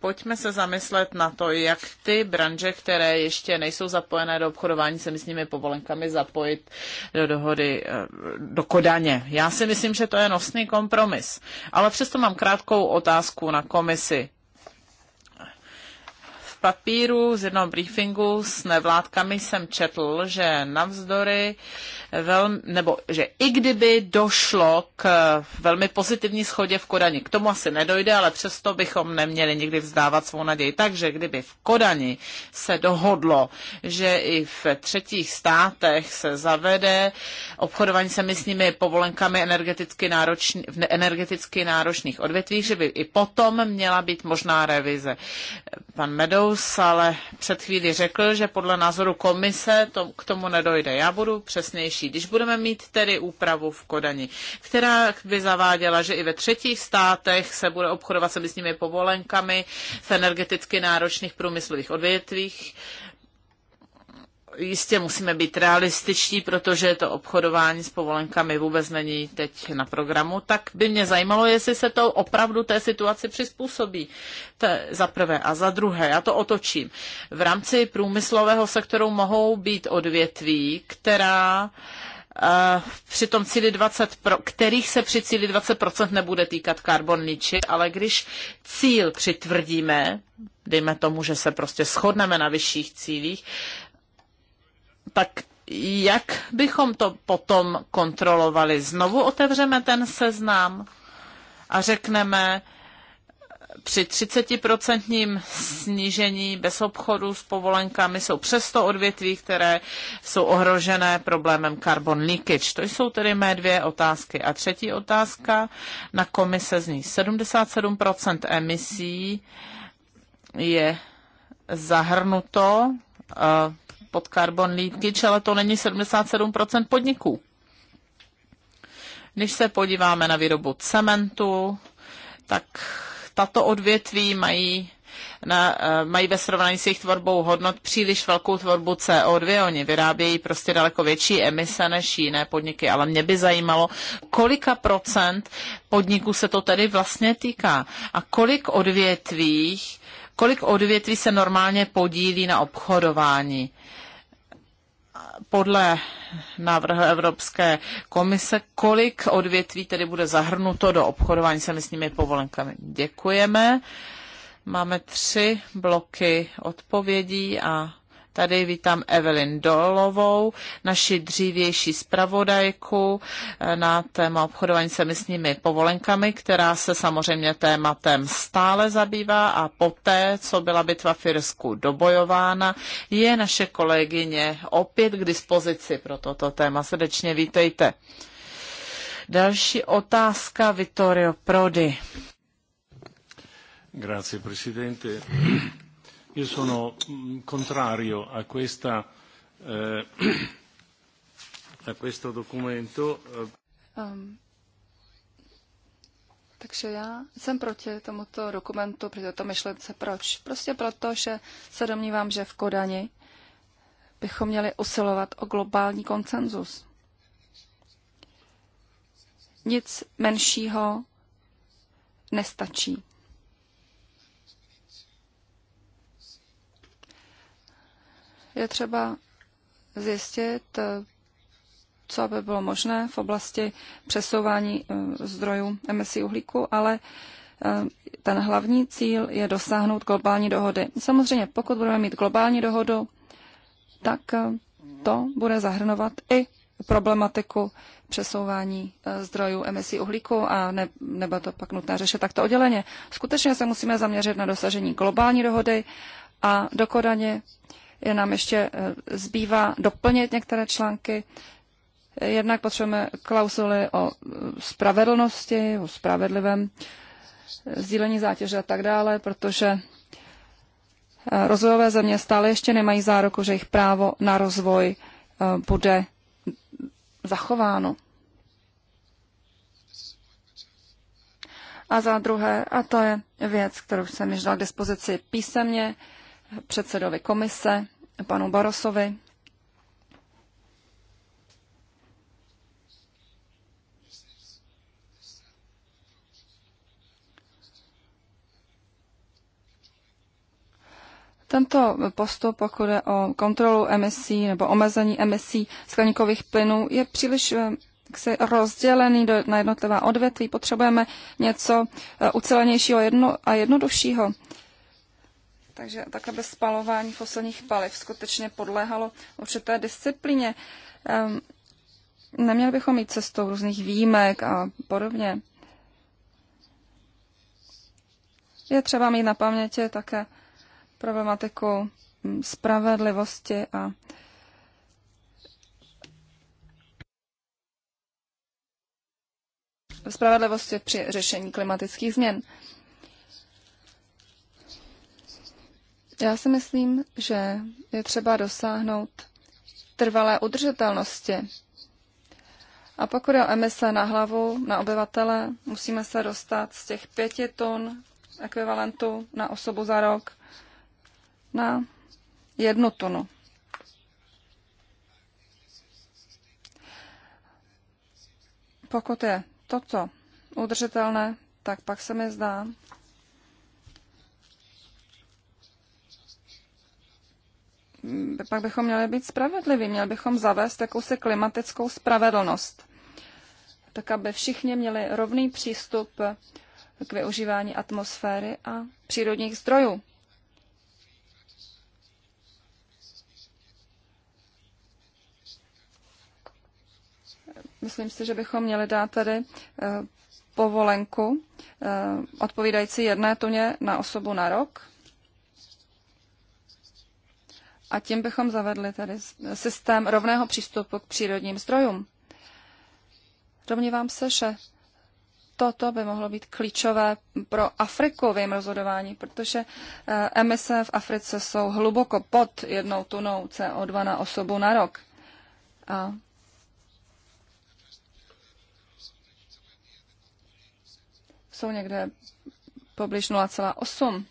pojďme se zamyslet na to, jak ty branže, které ještě nejsou zapojené do obchodování se nimi povolenkami, zapojit do dohody eh, do Kodaně. Já si myslím, že to je nosný kompromis. Ale přesto mám krátkou otázku na komisi papíru z jednoho briefingu s nevládkami jsem četl, že navzdory velmi, nebo že i kdyby došlo k velmi pozitivní schodě v Kodani, k tomu asi nedojde, ale přesto bychom neměli nikdy vzdávat svou naději. Takže kdyby v Kodani se dohodlo, že i v třetích státech se zavede obchodování se místními povolenkami energeticky, náročný, v energeticky náročných odvětvích, že by i potom měla být možná revize. Pan Medou Klaus ale před chvíli řekl, že podle názoru komise to, k tomu nedojde. Já budu přesnější. Když budeme mít tedy úpravu v Kodani, která by zaváděla, že i ve třetích státech se bude obchodovat s emisními povolenkami v energeticky náročných průmyslových odvětvích, jistě musíme být realističtí, protože to obchodování s povolenkami vůbec není teď na programu, tak by mě zajímalo, jestli se to opravdu té situaci přizpůsobí. To za prvé. A za druhé, já to otočím. V rámci průmyslového sektoru mohou být odvětví, která eh, při tom cíli 20, pro, kterých se při cíli 20% nebude týkat carbon niči, ale když cíl přitvrdíme, dejme tomu, že se prostě shodneme na vyšších cílích, tak jak bychom to potom kontrolovali? Znovu otevřeme ten seznam a řekneme, při 30% snížení bez obchodu s povolenkami jsou přesto odvětví, které jsou ohrožené problémem carbon leakage. To jsou tedy mé dvě otázky. A třetí otázka na komise zní 77% emisí je zahrnuto eh, pod carbon leakage, ale to není 77% podniků. Když se podíváme na výrobu cementu, tak tato odvětví mají, na, eh, mají ve srovnání s jejich tvorbou hodnot příliš velkou tvorbu CO2. Oni vyrábějí prostě daleko větší emise než jiné podniky, ale mě by zajímalo, kolika procent podniků se to tedy vlastně týká a kolik odvětvích Kolik odvětví se normálně podílí na obchodování? Podle návrhu Evropské komise, kolik odvětví tedy bude zahrnuto do obchodování se nimi povolenkami? Děkujeme. Máme tři bloky odpovědí a Tady vítám Evelyn Dolovou, naši dřívější zpravodajku eh, na téma obchodování se místními povolenkami, která se samozřejmě tématem stále zabývá a poté, co byla bitva v Irsku dobojována, je naše kolegyně opět k dispozici pro toto téma. Srdečně vítejte. Další otázka Vittorio Prodi. Grazie, presidente. Io sono mm, contrario a, questa, eh, a questo documento. Um, takže já jsem proti tomuto dokumentu, proti této myšlence. Proč? Prostě proto, že se domnívám, že v Kodani bychom měli usilovat o globální konsenzus. Nic menšího nestačí. Je třeba zjistit, co by bylo možné v oblasti přesouvání eh, zdrojů emisí uhlíku, ale eh, ten hlavní cíl je dosáhnout globální dohody. Samozřejmě, pokud budeme mít globální dohodu, tak eh, to bude zahrnovat i problematiku přesouvání zdrojů emisí uhlíku a ne, nebo to pak nutné řešit takto odděleně. Skutečně se musíme zaměřit na dosažení globální dohody a dokodaně Kodaně je nám ještě eh, zbývá doplnit některé články. Jednak potřebujeme klauzuly o eh, spravedlnosti, o spravedlivém eh, sdílení zátěže a tak dále, protože rozvojové země stále ještě nemají záruku, že jejich právo na rozvoj bude zachováno. A za druhé, a to je věc, kterou jsem již dal k dispozici písemně, předsedovi komise, panu Barosovi. Tento postup, pokud je o kontrolu emisí nebo omezení emisí skleníkových plynů, je příliš eh, jaksi rozdělený do, na jednotlivá odvětví. Potřebujeme něco eh, ucelenějšího jedno, a jednoduššího. Takže takhle bez spalování fosilních paliv skutečně podléhalo určité disciplíně. Neměli bychom mít cestou různých výjimek a podobně. Je třeba mít na paměti také problematiku hm, spravedlivosti a spravedlivosti při řešení klimatických změn. Já si myslím, že je třeba dosáhnout trvalé udržitelnosti. A pokud je o emise na hlavu, na obyvatele, musíme se dostat z těch pěti tun ekvivalentu na osobu za rok na jednu tunu. Pokud je toto udržitelné, tak pak se mi zdá, pak bychom měli být spravedliví, měli bychom zavést jakousi klimatickou spravedlnost, tak aby všichni měli rovný přístup k využívání atmosféry a přírodních zdrojů. Myslím si, že bychom měli dát tady eh, povolenku eh, odpovídající jedné tuně na osobu na rok a tím bychom zavedli tady systém rovného přístupu k přírodním zdrojům. Domnívám se, že toto by mohlo být klíčové pro Afriku v jejím rozhodování, protože eh, emise v Africe jsou hluboko pod jednou tunou CO2 na osobu na rok. A jsou někde poblíž 0,8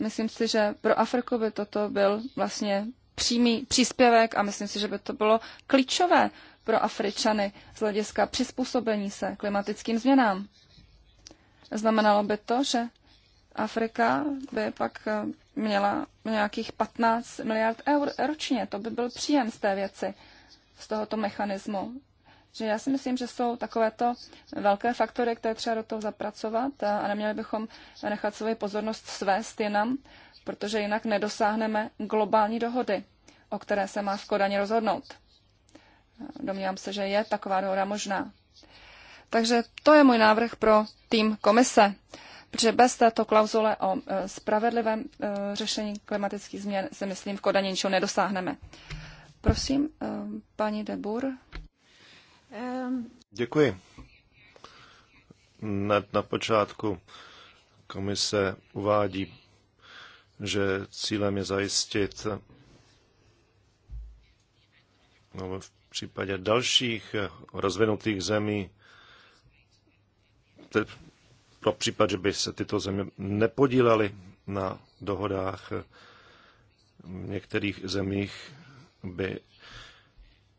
Myslím si, že pro Afriku by toto byl vlastně přímý příspěvek a myslím si, že by to bylo klíčové pro Afričany z hlediska přizpůsobení se klimatickým změnám. Znamenalo by to, že Afrika by pak eh, měla nějakých 15 miliard eur ročně. To by byl příjem z té věci, z tohoto mechanismu že já si myslím, že jsou takovéto velké faktory, které třeba do toho zapracovat a neměli bychom nechat svoji pozornost svést jinam, protože jinak nedosáhneme globální dohody, o které se má v Kodani rozhodnout. Domnívám se, že je taková dohoda možná. Takže to je můj návrh pro tým komise, protože bez této klauzule o e, spravedlivém e, řešení klimatických změn se myslím v Kodani ničeho nedosáhneme. Prosím, e, paní Debur. Ehm. Děkuji. Hned na počátku komise uvádí, že cílem je zajistit no, v případě dalších rozvinutých zemí pro případ, že by se tyto země nepodílely na dohodách v některých zemích by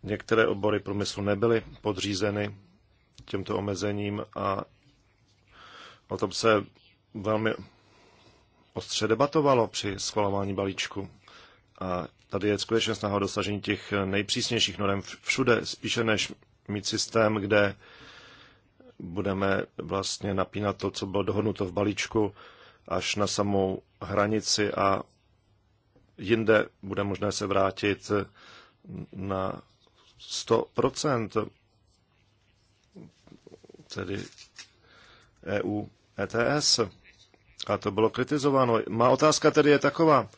Některé obory průmyslu nebyly podřízeny těmto omezením a o tom se velmi ostře debatovalo při schvalování balíčku. A tady je skutečně snaha dosažení těch nejpřísnějších norm všude, spíše než mít systém, kde budeme vlastně napínat to, co bylo dohodnuto v balíčku, až na samou hranici a jinde bude možné se vrátit na 100%, tedy EU ETS. A to bylo kritizováno. Má otázka tedy je taková.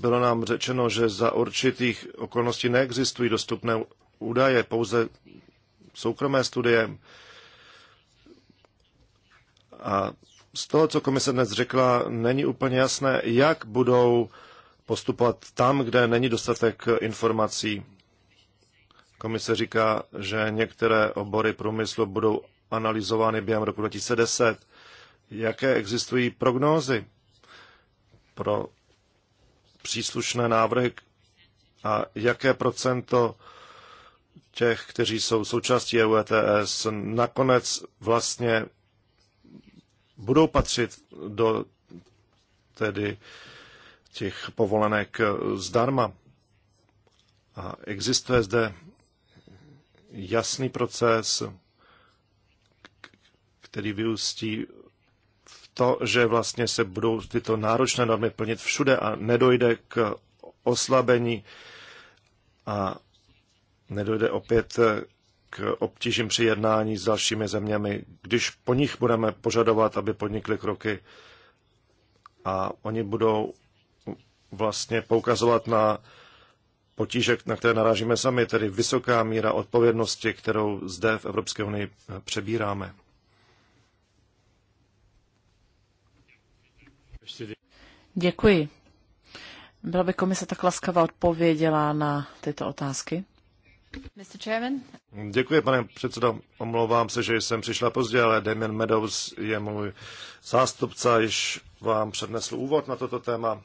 Bylo nám řečeno, že za určitých okolností neexistují dostupné údaje, pouze soukromé studie. A z toho, co komise dnes řekla, není úplně jasné, jak budou postupovat tam, kde není dostatek informací. Komise říká, že některé obory průmyslu budou analyzovány během roku 2010. Jaké existují prognózy pro příslušné návrhy a jaké procento těch, kteří jsou součástí EUTS, e ETS, nakonec vlastně budou patřit do tedy těch povolenek zdarma. A existuje zde jasný proces, který vyústí v to, že vlastně se budou tyto náročné normy plnit všude a nedojde k oslabení a nedojde opět k obtížím při jednání s dalšími zeměmi, když po nich budeme požadovat, aby podnikly kroky a oni budou vlastně poukazovat na potíže, na které narážíme sami, tedy vysoká míra odpovědnosti, kterou zde v Evropské unii eh, přebíráme. Děkuji. Byla by komise tak laskavá odpověděla na tyto otázky? Děkuji, pane předsedo. Omlouvám se, že jsem přišla pozdě, ale Damien Meadows je můj zástupce, již vám přednesl úvod na toto téma.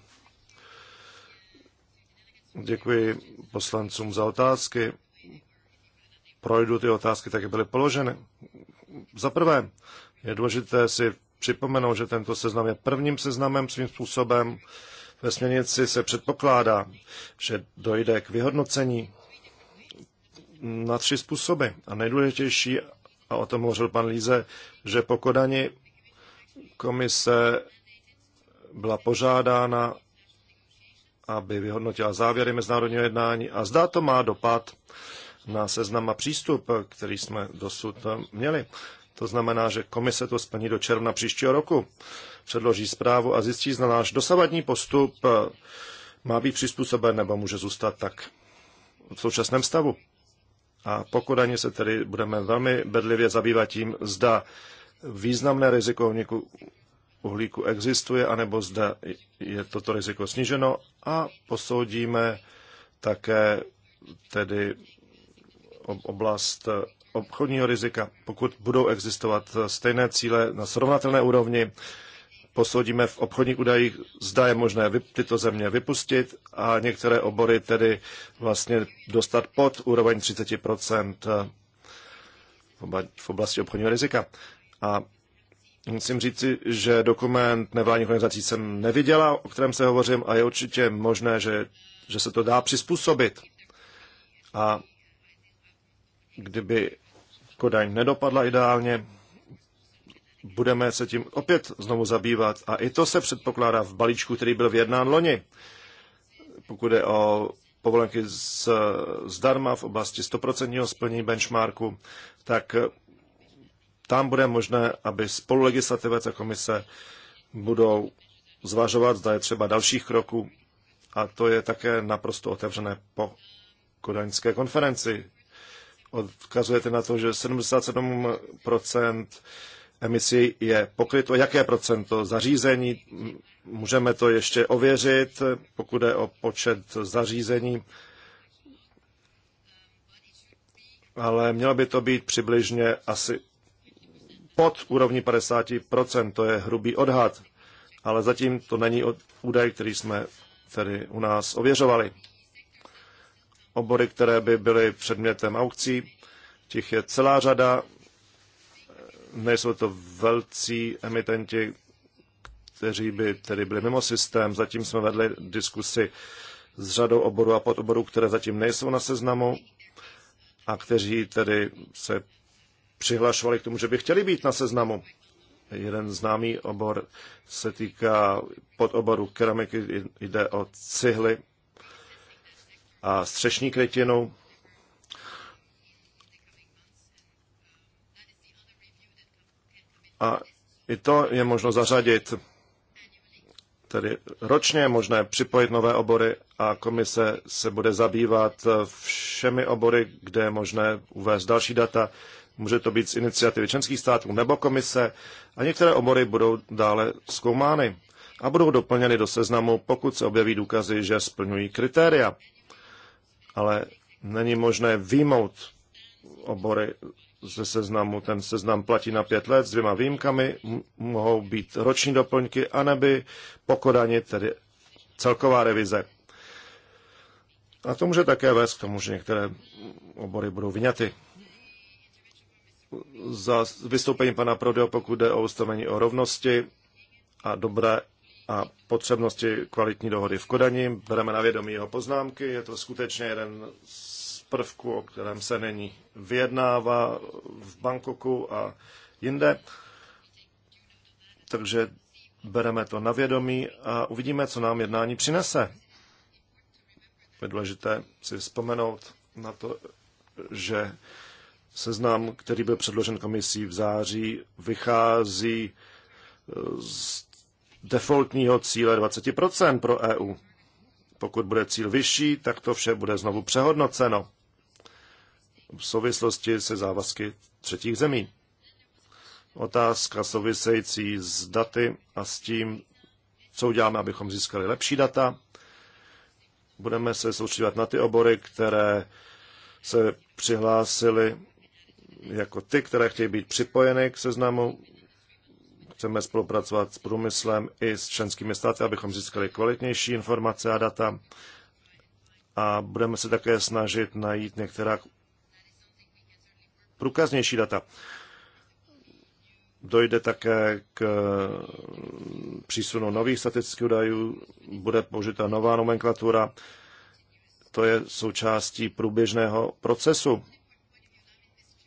Děkuji poslancům za otázky. Projdu ty otázky, tak jak byly položeny. Za prvé, je důležité si připomenout, že tento seznam je prvním seznamem svým způsobem. Ve směrnici se předpokládá, že dojde k vyhodnocení na tři způsoby. A nejdůležitější, a o tom hovořil pan Líze, že po Kodani komise byla požádána aby vyhodnotila závěry mezinárodního jednání a zdá to má dopad na seznam a přístup, který jsme dosud měli. To znamená, že komise to splní do června příštího roku. Předloží zprávu a zjistí, zda náš dosavadní postup má být přizpůsoben nebo může zůstat tak v současném stavu. A pokud ani se tedy budeme velmi bedlivě zabývat tím, zda významné riziko uhlíku existuje, anebo zda je toto riziko sníženo a posoudíme také tedy oblast obchodního rizika. Pokud budou existovat stejné cíle na srovnatelné úrovni, posoudíme v obchodních údajích, zda je možné tyto země vypustit a některé obory tedy vlastně dostat pod úroveň 30 eh, v oblasti obchodního rizika. A Musím říci, že dokument nevládních organizací jsem neviděla, o kterém se hovořím, a je určitě možné, že, že se to dá přizpůsobit. A kdyby Kodaň nedopadla ideálně, budeme se tím opět znovu zabývat. A i to se předpokládá v balíčku, který byl vyjednán loni. Pokud je o povolenky z, zdarma v oblasti 100% splnění benchmarku, tak tam bude možné, aby legislativec a komise budou zvažovat, zda je třeba dalších kroků. A to je také naprosto otevřené po kodaňské konferenci. Odkazujete na to, že 77% emisí je pokryto. Jaké procento zařízení? Můžeme to ještě ověřit, pokud je o počet zařízení. Ale mělo by to být přibližně asi pod úrovni 50%, to je hrubý odhad, ale zatím to není údaj, který jsme tedy u nás ověřovali. Obory, které by byly předmětem aukcí, těch je celá řada, nejsou to velcí emitenti, kteří by tedy byli mimo systém. Zatím jsme vedli diskusy s řadou oborů a podoborů, které zatím nejsou na seznamu a kteří tedy se přihlašovali k tomu, že by chtěli být na seznamu. Jeden známý obor se týká podoboru keramiky, jde o cihly a střešní krytinu. A i to je možno zařadit. Tedy ročně je možné připojit nové obory a komise se bude zabývat všemi obory, kde je možné uvést další data. Může to být z iniciativy členských států nebo komise a některé obory budou dále zkoumány a budou doplněny do seznamu, pokud se objeví důkazy, že splňují kritéria. Ale není možné výmout obory ze seznamu. Ten seznam platí na pět let s dvěma výjimkami. Mohou být roční doplňky, anebo pokodani, tedy celková revize. A to může také vést k tomu, že některé obory budou vyňaty za vystoupení pana Prodeo, pokud jde o ustavení o rovnosti a dobré a potřebnosti kvalitní dohody v Kodani. Bereme na vědomí jeho poznámky. Je to skutečně jeden z prvků, o kterém se není vyjednává v Bangkoku a jinde. Takže bereme to na vědomí a uvidíme, co nám jednání přinese. Je důležité si vzpomenout na to, že Seznam, který byl předložen komisí v září, vychází e, z defaultního cíle 20% pro EU. Pokud bude cíl vyšší, tak to vše bude znovu přehodnoceno v souvislosti se závazky třetích zemí. Otázka související s daty a s tím, co uděláme, abychom získali lepší data. Budeme se soustředovat na ty obory, které se přihlásily jako ty, které chtějí být připojeny k seznamu. Chceme spolupracovat s průmyslem i s členskými státy, abychom získali kvalitnější informace a data. A budeme se také snažit najít některá průkaznější data. Dojde také k přísunu nových statistických údajů, bude použita nová nomenklatura. To je součástí průběžného procesu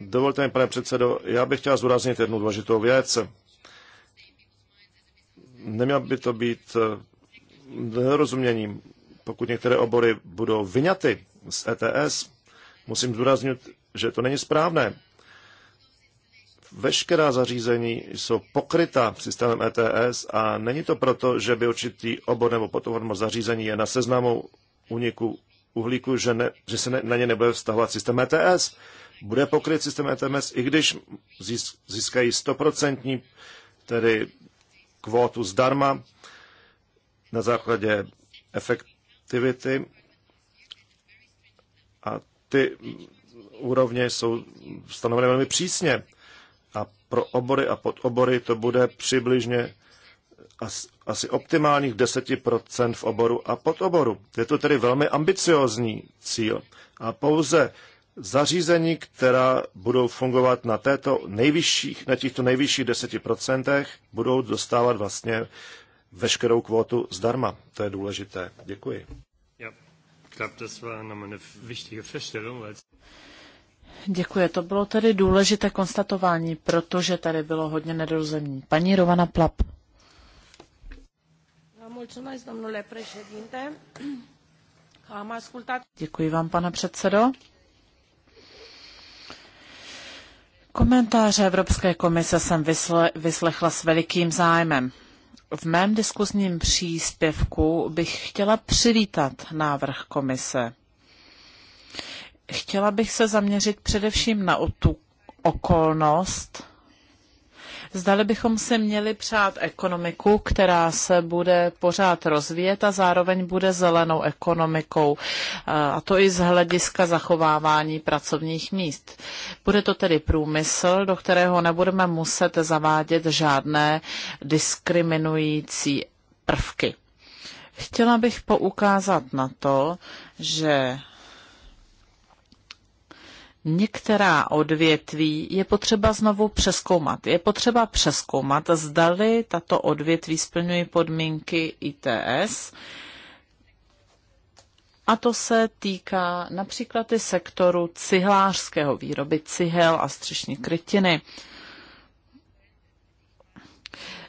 Dovolte mi, pane předsedo, já bych chtěl zúraznit jednu důležitou věc. Neměl by to být eh, nerozuměním, pokud některé obory budou vyňaty z ETS. Musím zdůraznit, že to není správné. Veškerá zařízení jsou pokryta systémem ETS a není to proto, že by určitý obor nebo potom zařízení je na seznamu uniku uhlíku, že, ne, že se ne, na ně nebude vztahovat systém ETS bude pokryt systém ETMS, i když získají 100% tedy kvótu zdarma na základě efektivity a ty úrovně jsou stanoveny velmi přísně a pro obory a podobory to bude přibližně asi optimálních 10% v oboru a podoboru. Je to tedy velmi ambiciozní cíl a pouze zařízení, která budou fungovat na, této nejvyšších, na těchto nejvyšších 10%, budou dostávat vlastně veškerou kvotu zdarma. To je důležité. Děkuji. Děkuji, to bylo tedy důležité konstatování, protože tady bylo hodně nedorozumění. Paní Rovana Plap. Děkuji vám, pane předsedo. Komentáře Evropské komise jsem vysle, vyslechla s velikým zájmem. V mém diskuzním příspěvku bych chtěla přivítat návrh komise. Chtěla bych se zaměřit především na tu okolnost, Zdali bychom si měli přát ekonomiku, která se bude pořád rozvíjet a zároveň bude zelenou ekonomikou. A to i z hlediska zachovávání pracovních míst. Bude to tedy průmysl, do kterého nebudeme muset zavádět žádné diskriminující prvky. Chtěla bych poukázat na to, že některá odvětví je potřeba znovu přeskoumat. Je potřeba přeskoumat, zdali tato odvětví splňují podmínky ITS. A to se týká například i sektoru cihlářského výroby cihel a střešní krytiny.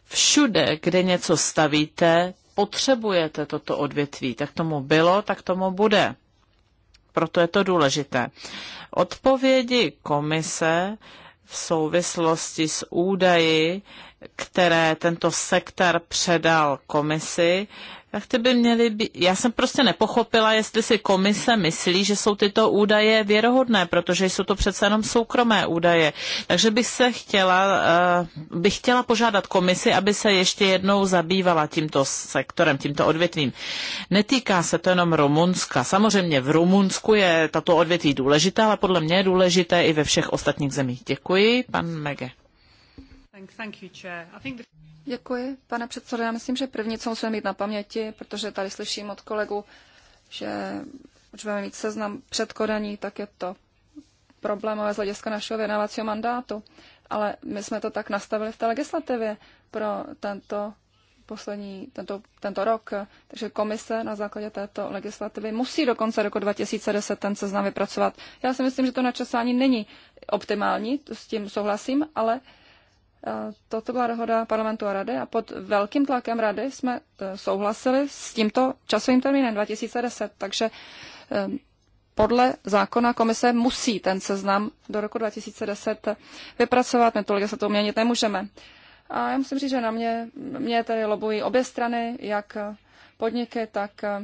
Všude, kde něco stavíte, potřebujete toto odvětví. Tak tomu bylo, tak tomu bude proto je to důležité. Odpovědi komise v souvislosti s údaji které tento sektor předal komisi, tak ty by měly být... Já jsem prostě nepochopila, jestli si komise myslí, že jsou tyto údaje věrohodné, protože jsou to přece jenom soukromé údaje. Takže bych se chtěla, eh, bych chtěla požádat komisi, aby se ještě jednou zabývala tímto sektorem, tímto odvětvím. Netýká se to jenom Rumunska. Samozřejmě v Rumunsku je tato odvětví důležité, ale podle mě je důležité i ve všech ostatních zemích. Děkuji, pan Mege. Děkuji, pane předsedo. Já myslím, že první, co musíme mít na paměti, protože tady slyším od kolegu, že budeme mít seznam předkodaní, tak je to problémové z hlediska našeho vědávacího mandátu. Ale my jsme to tak nastavili v té legislativě pro tento poslední, tento, tento rok. Takže komise na základě této legislativy musí do konce roku 2010 ten seznam vypracovat. Já si myslím, že to načasání není optimální, s tím souhlasím, ale uh, Toto byla dohoda parlamentu a rady a pod velkým tlakem rady jsme e, souhlasili s tímto časovým termínem 2010, takže e, podle zákona komise musí ten seznam do roku 2010 vypracovat, my se to měnit nemůžeme. A já musím říct, že na mě, mě tady lobují obě strany, jak podniky, tak, e,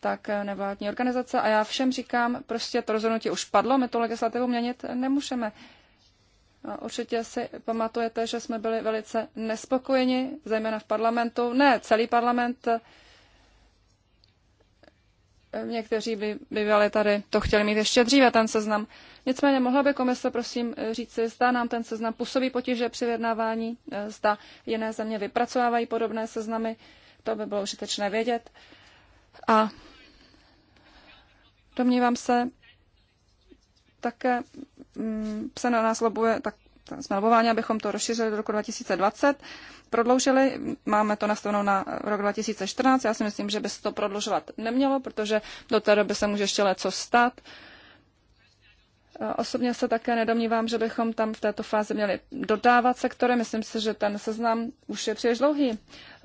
tak nevládní organizace. A já všem říkám, prostě to rozhodnutí už padlo, my tu legislativu měnit nemůžeme. Určitě si pamatujete, že jsme byli velice nespokojeni, zejména v parlamentu. Ne, celý parlament. Někteří by bývali tady, to chtěli mít ještě dříve, ten seznam. Nicméně mohla by komise, prosím, říci, zda nám ten seznam působí potíže při vyjednávání, e, zda jiné země vypracovávají podobné seznamy, to by bylo užitečné vědět. A domnívám se také, Mm, se na nás lobuje, tak jsme lobováni, abychom to rozšířili do roku 2020, prodloužili. Máme to nastaveno na rok 2014. Já si myslím, že by se to prodlužovat nemělo, protože do té doby se může ještě leco stát. E, osobně se také nedomnívám, že bychom tam v této fázi měli dodávat sektory. Myslím si, že ten seznam už je příliš dlouhý.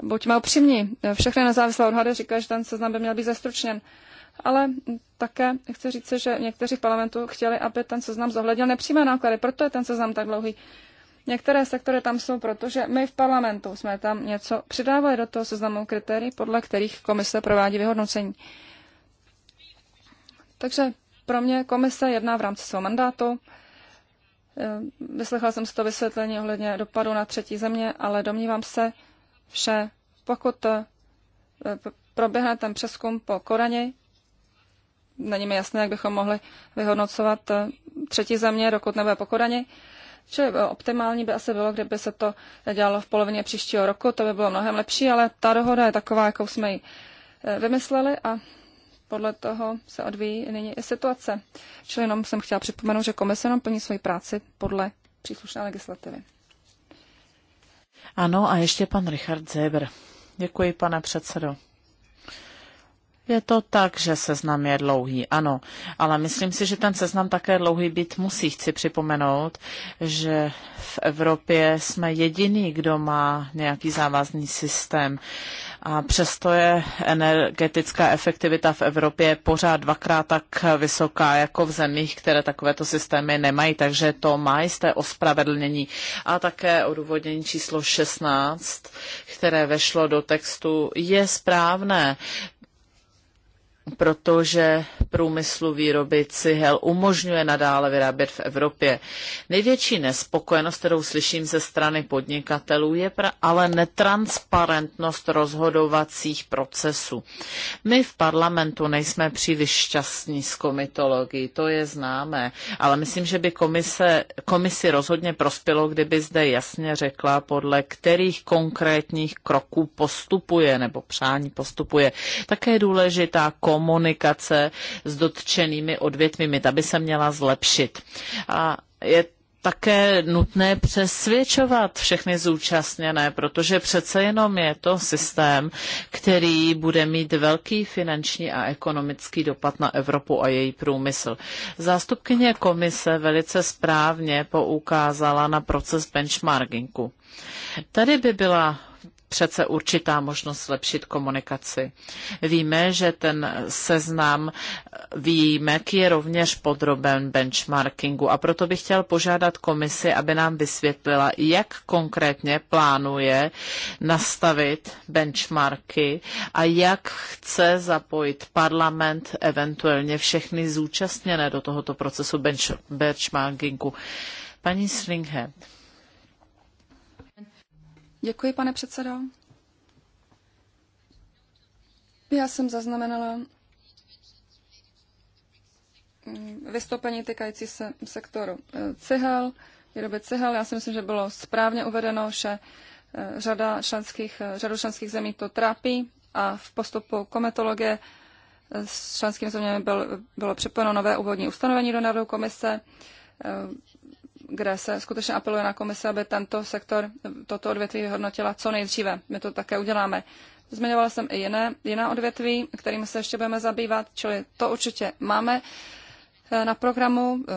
Buďme upřímní. E, všechny nezávislé odhady říkají, že ten seznam by měl být zestručněn ale také chci říct, že někteří v parlamentu chtěli, aby ten seznam zohlednil nepřímé náklady, proto je ten seznam tak dlouhý. Některé sektory tam jsou, protože my v parlamentu jsme tam něco přidávali do toho seznamu kritérií, podle kterých komise provádí vyhodnocení. Takže pro mě komise jedná v rámci svého mandátu. Eh, vyslechla jsem si to vysvětlení ohledně dopadu na třetí země, ale domnívám se, že pokud eh, proběhne ten přeskum po Koraně není mi jasné, jak bychom mohli vyhodnocovat eh, třetí země, dokud nebude pokorani. Čili optimální by asi bylo, kdyby se to dělalo v polovině příštího roku, to by bylo mnohem lepší, ale ta dohoda je taková, jakou jsme ji eh, vymysleli a podle toho se odvíjí nyní i situace. Čili jenom jsem chtěla připomenout, že komise nám plní svoji práci podle příslušné legislativy. Ano, a ještě pan Richard Zebr. Děkuji, pane předsedo. Je to tak, že seznam je dlouhý, ano, ale myslím si, že ten seznam také dlouhý být musí. Chci připomenout, že v Evropě jsme jediný, kdo má nějaký závazný systém. A přesto je energetická efektivita v Evropě pořád dvakrát tak vysoká jako v zemích, které takovéto systémy nemají, takže to má jisté ospravedlnění. A také odůvodnění číslo 16, které vešlo do textu, je správné protože průmyslu výroby cihel umožňuje nadále vyrábět v Evropě. Největší nespokojenost, kterou slyším ze strany podnikatelů, je ale netransparentnost rozhodovacích procesů. My v parlamentu nejsme příliš šťastní s komitologií, to je známé, ale myslím, že by komise, komisi rozhodně prospělo, kdyby zde jasně řekla, podle kterých konkrétních kroků postupuje nebo přání postupuje. Také je důležitá kom komunikace s dotčenými odvětvími. Ta by se měla zlepšit. A je také nutné přesvědčovat všechny zúčastněné, protože přece jenom je to systém, který bude mít velký finanční a ekonomický dopad na Evropu a její průmysl. Zástupkyně komise velice správně poukázala na proces benchmarkingu. Tady by byla přece určitá možnost zlepšit komunikaci. Víme, že ten seznam výjimek je rovněž podroben benchmarkingu a proto bych chtěl požádat komisi, aby nám vysvětlila, jak konkrétně plánuje nastavit benchmarky a jak chce zapojit parlament, eventuálně všechny zúčastněné do tohoto procesu benchmarkingu. Paní Slinghe, Děkuji, pane předsedo. Já jsem zaznamenala vystoupení týkající se sektoru eh, cihel, výroby cihel. Já si myslím, že bylo správně uvedeno, že eh, řada členských, eh, řadu členských zemí to trápí a v postupu kometologie s členskými zeměmi byl, bylo připojeno nové úvodní ustanovení do návrhu komise kde se skutečně apeluje na komise, aby tento sektor, toto odvětví vyhodnotila co nejdříve. My to také uděláme. Zmiňovala jsem i jiné, jiná odvětví, kterými se ještě budeme zabývat, čili to určitě máme eh, na programu. Eh,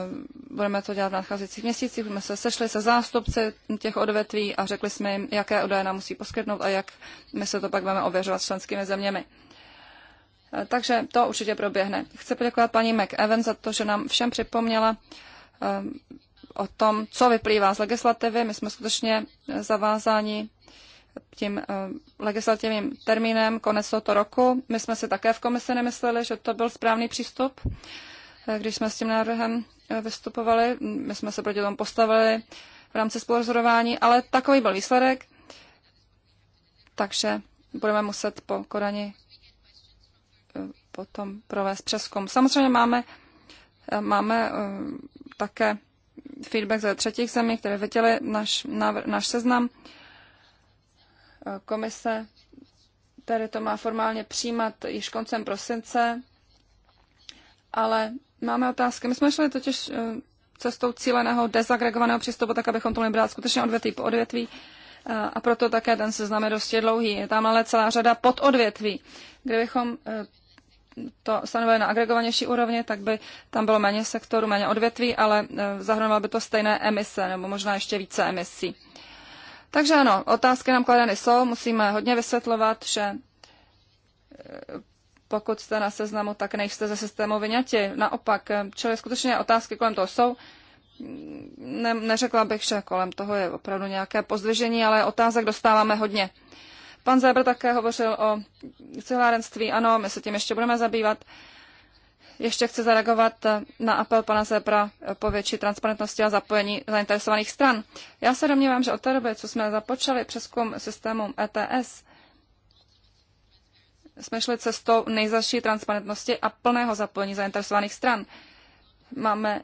budeme to dělat v nadcházejících měsících. Jsme se sešli se zástupci těch odvětví a řekli jsme jim, jaké údaje nám musí poskytnout a jak my se to pak budeme ověřovat s členskými zeměmi. Eh, takže to určitě proběhne. Chci poděkovat paní McEwen za to, že nám všem připomněla o tom, co vyplývá z legislativy. My jsme skutečně zavázáni tím eh, legislativním termínem konec tohoto roku. My jsme si také v komisi nemysleli, že to byl správný přístup, eh, když jsme s tím návrhem eh, vystupovali. My jsme se proti tomu postavili v rámci spolurozhodování, ale takový byl výsledek. Takže budeme muset po Korani potom provést přeskum. Samozřejmě máme, máme také feedback ze třetích zemí, které viděly náš, náš seznam. Eh, komise tady to má formálně přijímat již koncem prosince, ale máme otázky. My jsme šli totiž eh, cestou cíleného dezagregovaného přístupu, tak abychom to nebrali skutečně odvětví po odvětví eh, a proto také ten seznam je dosti dlouhý. Je tam ale celá řada pododvětví. Kdybychom to stanovili na agregovanější úrovni, tak by tam bylo méně sektorů, méně odvětví, ale eh, zahrnovalo by to stejné emise nebo možná ještě více emisí. Takže ano, otázky nám kladeny jsou, musíme hodně vysvětlovat, že eh, pokud jste na seznamu, tak nejste ze systému vyňati. Naopak, eh, čili skutečně otázky kolem toho jsou. Ne, neřekla bych, že kolem toho je opravdu nějaké pozdvižení, ale otázek dostáváme hodně. Pan Zebr také hovořil o celárenství. Ano, my se tím ještě budeme zabývat. Ještě chci zareagovat na apel pana Zebra po větší transparentnosti a zapojení zainteresovaných stran. Já se domnívám, že od té doby, co jsme započali přeskum systému ETS, jsme šli cestou nejzaší transparentnosti a plného zapojení zainteresovaných stran. Máme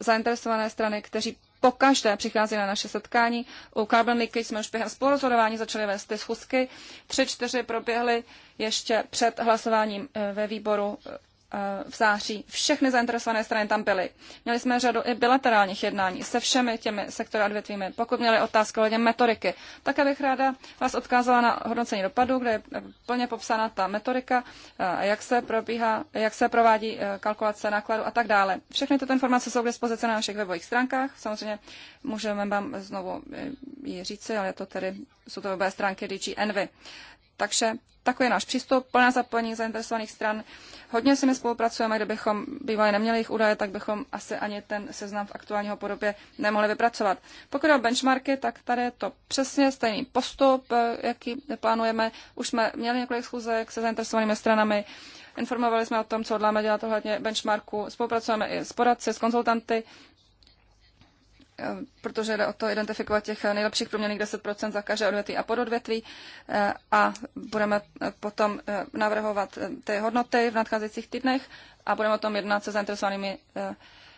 zainteresované strany, kteří pokaždé přichází na naše setkání. U Carbon Leaky jsme už během spolurozhodování začali vést ty schůzky. Tři, čtyři proběhly ještě před hlasováním eh, ve výboru eh, v září. Všechny zainteresované strany tam byly. Měli jsme řadu i bilaterálních jednání se všemi těmi sektory a Pokud měli otázky hledně metodiky, tak abych ráda vás odkázala na hodnocení dopadu, kde je plně popsána ta metodika, eh, jak se, probíhá, jak se provádí eh, kalkulace nákladů a tak dále. Všechny tyto informace jsou k dispozici na našich webových stránkách. Samozřejmě můžeme vám znovu eh, ji říci, ale je to tedy, jsou to webové stránky DG Envy. Takže takový je náš přístup, plné zapojení zainteresovaných stran. Hodně s nimi spolupracujeme, kdybychom bývali neměli jich údaje, tak bychom asi ani ten seznam v aktuálního podobě nemohli vypracovat. Pokud o benchmarky, tak tady je to přesně stejný postup, jaký plánujeme. Už jsme měli několik schůzek se zainteresovanými stranami, informovali jsme o tom, co hodláme dělat ohledně benchmarku, spolupracujeme i s poradci, s konzultanty, Ehm, protože jde o to identifikovat těch nejlepších proměných 10% za každé odvětví a pododvětví eh, a budeme eh, potom eh, navrhovat ty hodnoty v nadcházejících týdnech a budeme o tom jednat se zainteresovanými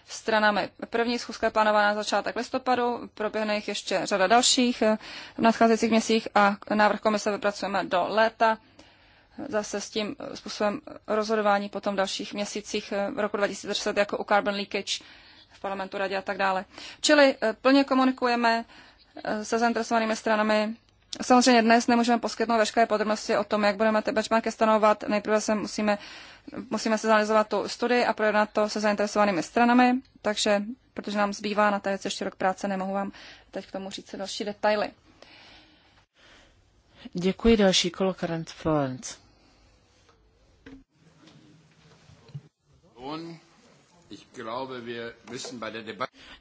stranami. První schůzka je plánovaná na začátek listopadu, proběhne jich ještě řada dalších v nadcházejících měsících a návrh komise vypracujeme do léta. Zase s tím způsobem rozhodování potom v dalších měsících v roku 2010 jako u carbon leakage v parlamentu, radě a tak dále. Čili eh, plně komunikujeme eh, se zainteresovanými stranami. Samozřejmě dnes nemůžeme poskytnout veškeré podrobnosti o tom, jak budeme ty benchmarky stanovat. Nejprve se musíme, musíme se zanalizovat tu studii a projednat to se zainteresovanými stranami, takže protože nám zbývá na té věci ještě rok práce, nemohu vám teď k tomu říct další detaily. Děkuji další kolo Florence.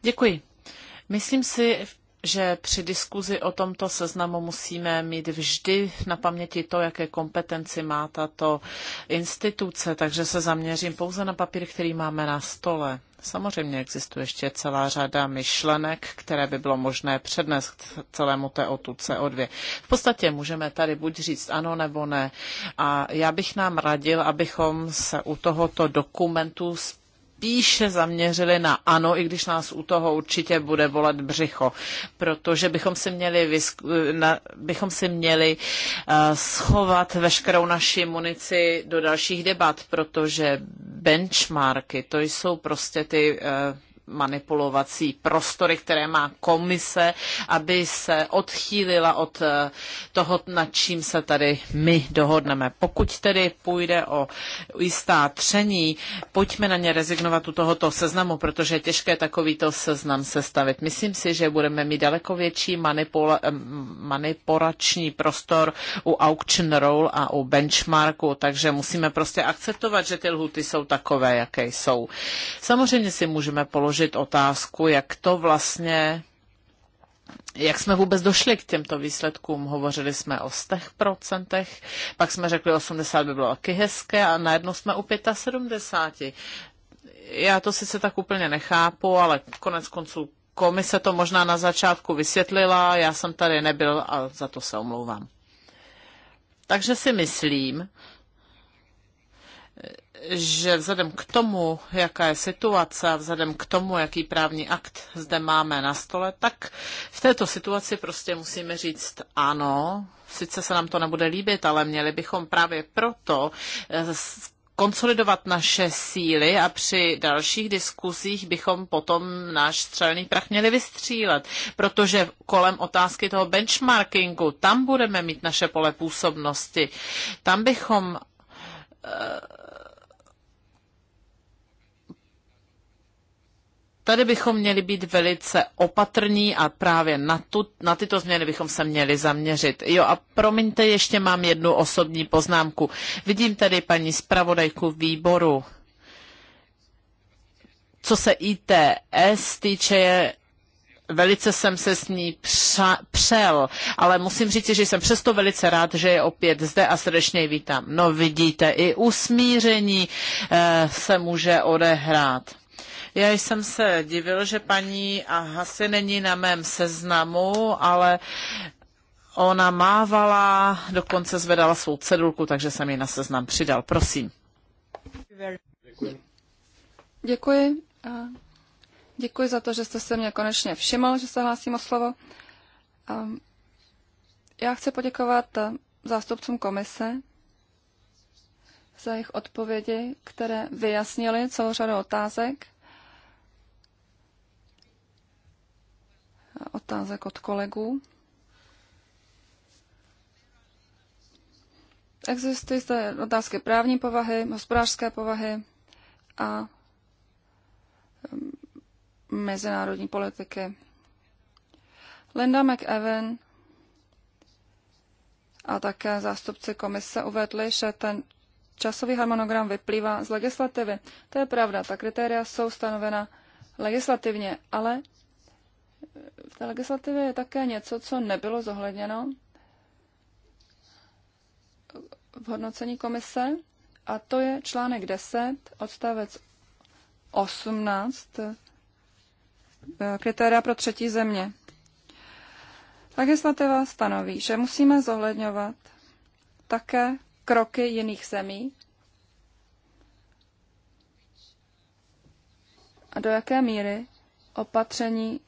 Děkuji. Myslím si, že při diskuzi o tomto seznamu musíme mít vždy na paměti to, jaké kompetenci má tato instituce, takže se zaměřím pouze na papír, který máme na stole. Samozřejmě existuje ještě celá řada myšlenek, které by bylo možné přednést k celému TOTu CO2. V podstatě můžeme tady buď říct ano nebo ne. A já bych nám radil, abychom se u tohoto dokumentu spíše zaměřili na ano, i když nás u toho určitě bude volat břicho, protože bychom si měli, vysk- na, bychom si měli uh, schovat veškerou naši munici do dalších debat, protože benchmarky, to jsou prostě ty uh, manipulovací prostory, které má komise, aby se odchýlila od eh, toho, nad čím se tady my dohodneme. Pokud tedy půjde o jistá tření, pojďme na ně rezignovat u tohoto seznamu, protože je těžké takovýto seznam sestavit. Myslím si, že budeme mít daleko větší manipula- eh, manipulační prostor u auction roll a u benchmarku, takže musíme prostě akceptovat, že ty lhuty jsou takové, jaké jsou. Samozřejmě si můžeme položit položit otázku, jak to vlastně, jak jsme vůbec došli k těmto výsledkům. Hovořili jsme o stech procentech, pak jsme řekli 80 by bylo taky hezké a najednou jsme u 75. Já to sice tak úplně nechápu, ale konec konců komise to možná na začátku vysvětlila, já jsem tady nebyl a za to se omlouvám. Takže si myslím, že vzhledem k tomu, jaká je situace, vzhledem k tomu, jaký právní akt zde máme na stole, tak v této situaci prostě musíme říct ano, sice se nám to nebude líbit, ale měli bychom právě proto eh, konsolidovat naše síly a při dalších diskuzích bychom potom náš střelný prach měli vystřílet, protože kolem otázky toho benchmarkingu, tam budeme mít naše pole působnosti, tam bychom eh, Tady bychom měli být velice opatrní a právě na, tu, na tyto změny bychom se měli zaměřit. Jo a promiňte, ještě mám jednu osobní poznámku. Vidím tady paní zpravodajku výboru. Co se ITS týče, velice jsem se s ní přa, přel, ale musím říct, že jsem přesto velice rád, že je opět zde a srdečně ji vítám. No vidíte, i usmíření e, se může odehrát. Já jsem se divil, že paní Hasi není na mém seznamu, ale ona mávala, dokonce zvedala svou cedulku, takže jsem ji na seznam přidal. Prosím. Děkuji. Děkuji. za to, že jste se mě konečně všiml, že se hlásím o slovo. já chci poděkovat zástupcům komise za jejich odpovědi, které vyjasnily celou řadu otázek. otázek od kolegů. Existují zde otázky právní povahy, hospodářské povahy a mm, mezinárodní politiky. Linda McEwen a také zástupci komise uvedli, že ten časový harmonogram vyplývá z legislativy. To je pravda, ta kritéria jsou stanovena legislativně, ale v té legislativě je také něco, co nebylo zohledněno v hodnocení komise, a to je článek 10, odstavec 18, eh, kritéria pro třetí země. Legislativa stanoví, že musíme zohledňovat také kroky jiných zemí a do jaké míry opatření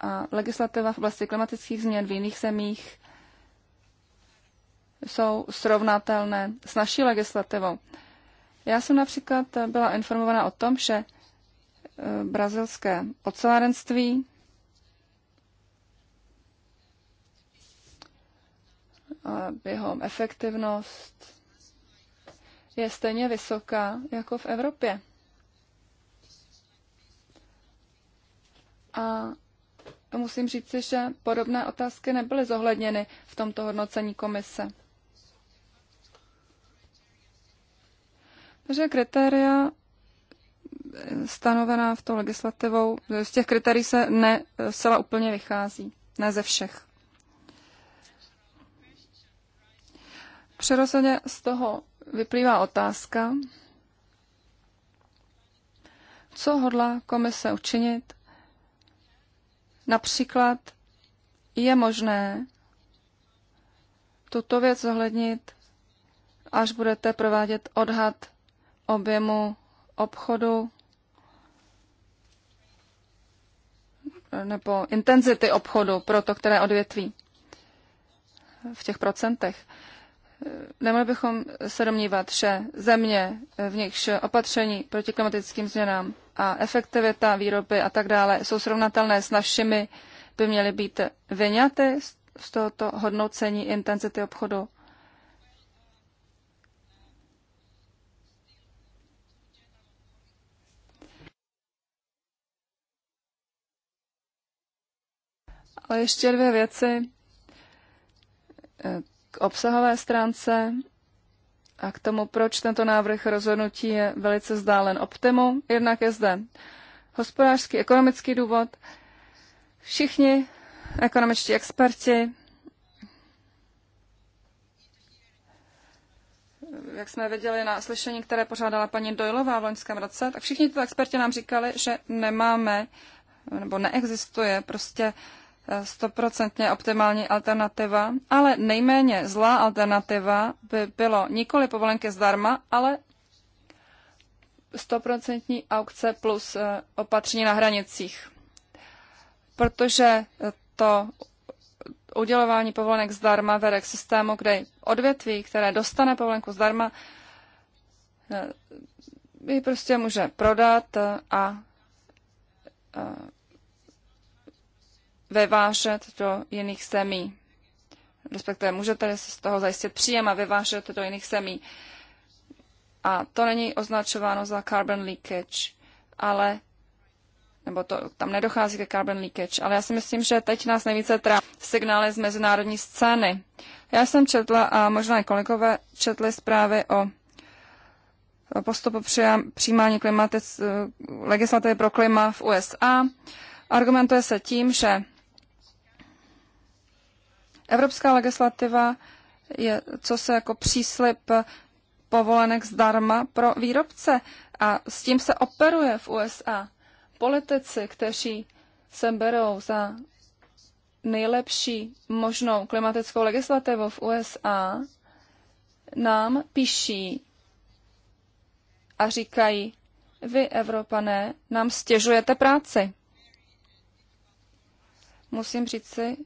a legislativa v oblasti klimatických změn v jiných zemích jsou srovnatelné s naší legislativou. Já jsem například byla informovaná o tom, že eh, brazilské ocelárenství a jeho efektivnost je stejně vysoká jako v Evropě. A musím říct, že podobné otázky nebyly zohledněny v tomto hodnocení komise. Takže kritéria stanovená v tou legislativou, z těch kritérií se ne zcela úplně vychází, ne ze všech. Přirozeně z toho vyplývá otázka, co hodlá komise učinit, Například je možné tuto věc zohlednit, až budete provádět odhad objemu obchodu nebo intenzity obchodu pro to, které odvětví v těch procentech nemohli bychom se domnívat, že země, v nichž opatření proti klimatickým změnám a efektivita výroby a tak dále jsou srovnatelné s našimi, by měly být vyňaty z tohoto hodnocení intenzity obchodu. Ale ještě dvě věci k obsahové stránce a k tomu, proč tento návrh rozhodnutí je velice zdálen optimu. Jednak je zde hospodářský, ekonomický důvod. Všichni ekonomičtí experti, jak jsme viděli na slyšení, které pořádala paní Dojlová v loňském roce, tak všichni tyto experti nám říkali, že nemáme nebo neexistuje prostě stoprocentně optimální alternativa, ale nejméně zlá alternativa by bylo nikoli povolenky zdarma, ale stoprocentní aukce plus eh, opatření na hranicích. Protože to udělování povolenek zdarma vede k systému, kde odvětví, které dostane povolenku zdarma, eh, ji prostě může prodat eh, a vyvážet do jiných zemí. Respektive můžete z toho zajistit příjem a vyvážet do jiných zemí. A to není označováno za carbon leakage, ale nebo to, tam nedochází ke carbon leakage, ale já si myslím, že teď nás nejvíce trápí signály z mezinárodní scény. Já jsem četla a možná i kolegové četli zprávy o postupu přijímání klimatic, eh, legislativy pro klima v USA. Argumentuje se tím, že Evropská legislativa je, co se jako příslip povolenek zdarma pro výrobce a s tím se operuje v USA. Politici, kteří se berou za nejlepší možnou klimatickou legislativu v USA, nám píší a říkají, vy, Evropané, nám stěžujete práci. Musím říci,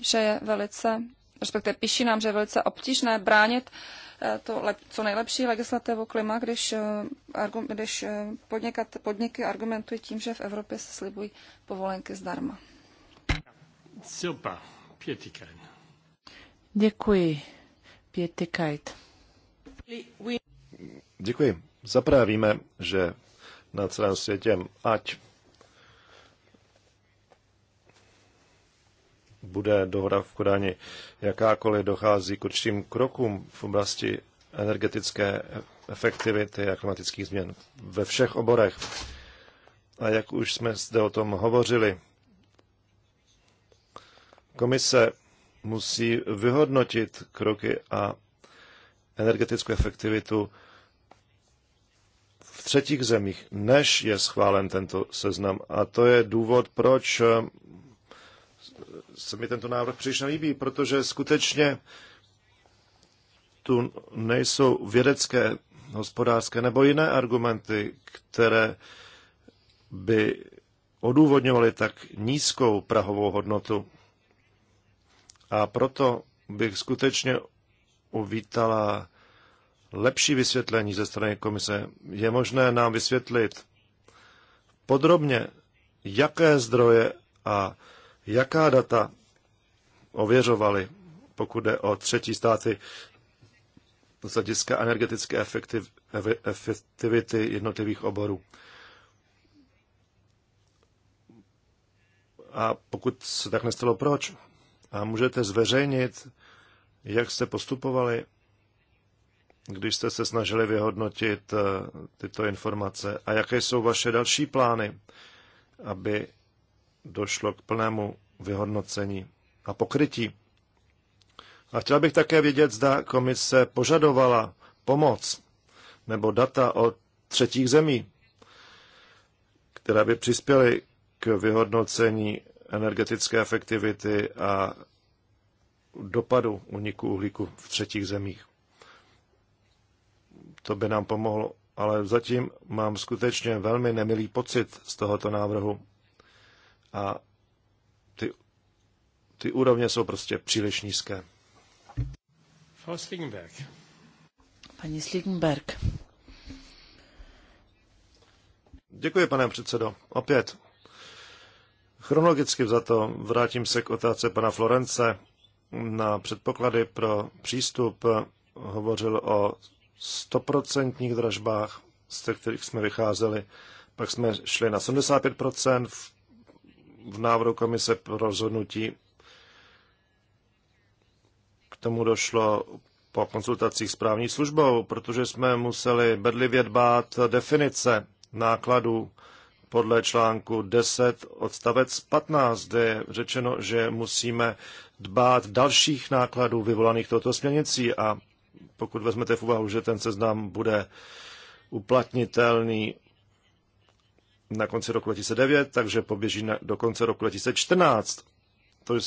že je velice, respektive píší nám, že je velice obtížné bránit eh, to lep, co nejlepší legislativu klima, když, eh, když eh, podnikat, podniky argumentují tím, že v Evropě se slibují povolenky zdarma. Super, Pětikajn. Děkuji, Pětikajt. Děkuji. Zaprávíme, že na celém světě, ať bude dohoda v Kodani jakákoliv, dochází k určitým krokům v oblasti energetické efektivity a klimatických změn ve všech oborech. A jak už jsme zde o tom hovořili, komise musí vyhodnotit kroky a energetickou efektivitu v třetích zemích, než je schválen tento seznam. A to je důvod, proč se mi tento návrh příliš nelíbí, protože skutečně tu nejsou vědecké, hospodářské nebo jiné argumenty, které by odůvodňovaly tak nízkou prahovou hodnotu. A proto bych skutečně uvítala lepší vysvětlení ze strany komise. Je možné nám vysvětlit podrobně, jaké zdroje a jaká data ověřovali, pokud jde o třetí státy z hlediska energetické efektivity jednotlivých oborů. A pokud se tak nestalo, proč? A můžete zveřejnit, jak jste postupovali, když jste se snažili vyhodnotit eh, tyto informace a jaké jsou vaše další plány, aby došlo k plnému vyhodnocení a pokrytí. A chtěl bych také vědět, zda komise požadovala pomoc nebo data od třetích zemí, které by přispěly k vyhodnocení energetické efektivity a dopadu uniku uhlíku v třetích zemích. To by nám pomohlo, ale zatím mám skutečně velmi nemilý pocit z tohoto návrhu a ty, ty úrovně jsou prostě příliš nízké. Pani Slingenberg. Paní Děkuji, pane předsedo. Opět. Chronologicky za to vrátím se k otázce pana Florence. Na předpoklady pro přístup hovořil o stoprocentních dražbách, z kterých jsme vycházeli. Pak jsme šli na 75%, v v návrhu komise pro rozhodnutí. K tomu došlo po konsultacích s právní službou, protože jsme museli bedlivě dbát definice nákladů podle článku 10 odstavec 15, kde je řečeno, že musíme dbát dalších nákladů vyvolaných touto směrnicí a pokud vezmete v úvahu, že ten seznam bude uplatnitelný na konci roku 2009, takže poběží na, do konce roku 2014. To je,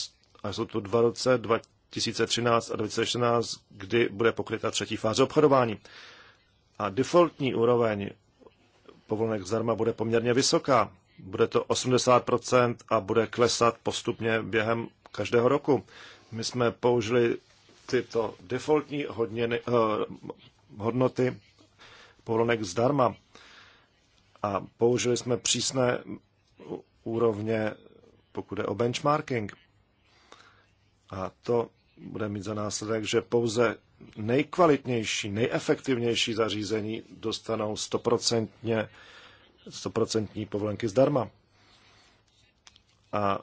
a jsou to dva roce, 2013 a 2014, kdy bude pokryta třetí fáze obchodování. A defaultní úroveň povolenek zdarma bude poměrně vysoká. Bude to 80% a bude klesat postupně během každého roku. My jsme použili tyto defaultní hodněny, eh, hodnoty povolenek zdarma a použili jsme přísné úrovně, pokud je o benchmarking. A to bude mít za následek, že pouze nejkvalitnější, nejefektivnější zařízení dostanou 100%, 100% povolenky zdarma. A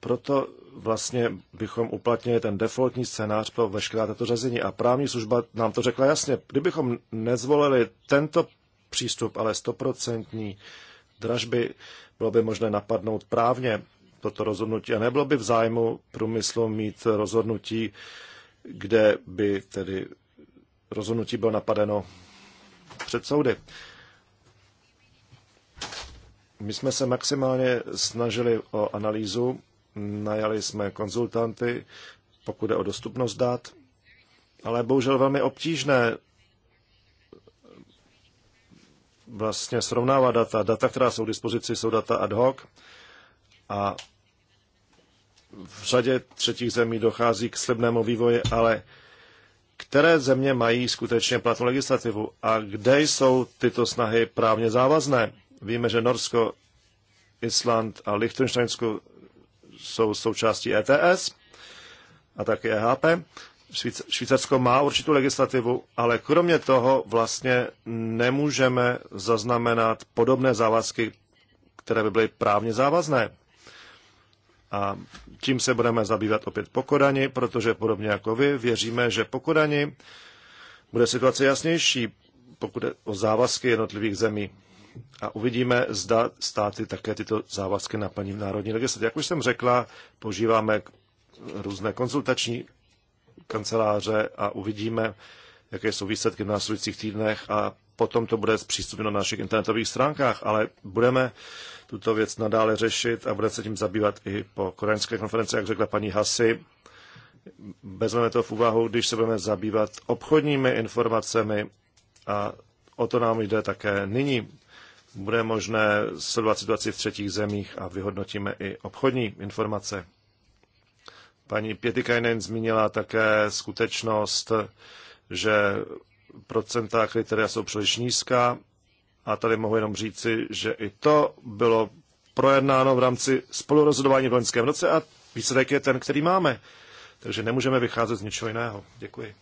proto vlastně bychom uplatnili ten defaultní scénář pro veškerá tato řazení. A právní služba nám to řekla jasně. Kdybychom nezvolili tento přístup, ale stoprocentní dražby bylo by možné napadnout právně toto rozhodnutí a nebylo by v zájmu průmyslu mít rozhodnutí, kde by tedy rozhodnutí bylo napadeno před soudy. My jsme se maximálně snažili o analýzu, najali jsme konzultanty, pokud je o dostupnost dat, ale bohužel velmi obtížné vlastně srovnává data. Data, která jsou k dispozici, jsou data ad hoc a v řadě třetích zemí dochází k slibnému vývoji, ale které země mají skutečně platnou legislativu a kde jsou tyto snahy právně závazné. Víme, že Norsko, Island a Liechtensteinsko jsou součástí ETS a také EHP Švýcarsko má určitou legislativu, ale kromě toho vlastně nemůžeme zaznamenat podobné závazky, které by byly právně závazné. A tím se budeme zabývat opět pokodani, protože podobně jako vy věříme, že pokodani bude situace jasnější, pokud je o závazky jednotlivých zemí. A uvidíme, zda státy také tyto závazky naplní v národní legislativě. Jak už jsem řekla, požíváme různé konzultační kanceláře a uvidíme, jaké jsou výsledky v následujících týdnech a potom to bude zpřístupněno na našich internetových stránkách, ale budeme tuto věc nadále řešit a budeme se tím zabývat i po koreanské konferenci, jak řekla paní Hasi. Vezmeme to v úvahu, když se budeme zabývat obchodními informacemi a o to nám jde také nyní. Bude možné sledovat situaci v třetích zemích a vyhodnotíme i obchodní informace. Paní Pětikajnen zmínila také skutečnost, že procenta kritéria jsou příliš nízká a tady mohu jenom říci, že i to bylo projednáno v rámci spolurozhodování v loňském roce a výsledek je ten, který máme. Takže nemůžeme vycházet z ničeho jiného. Děkuji.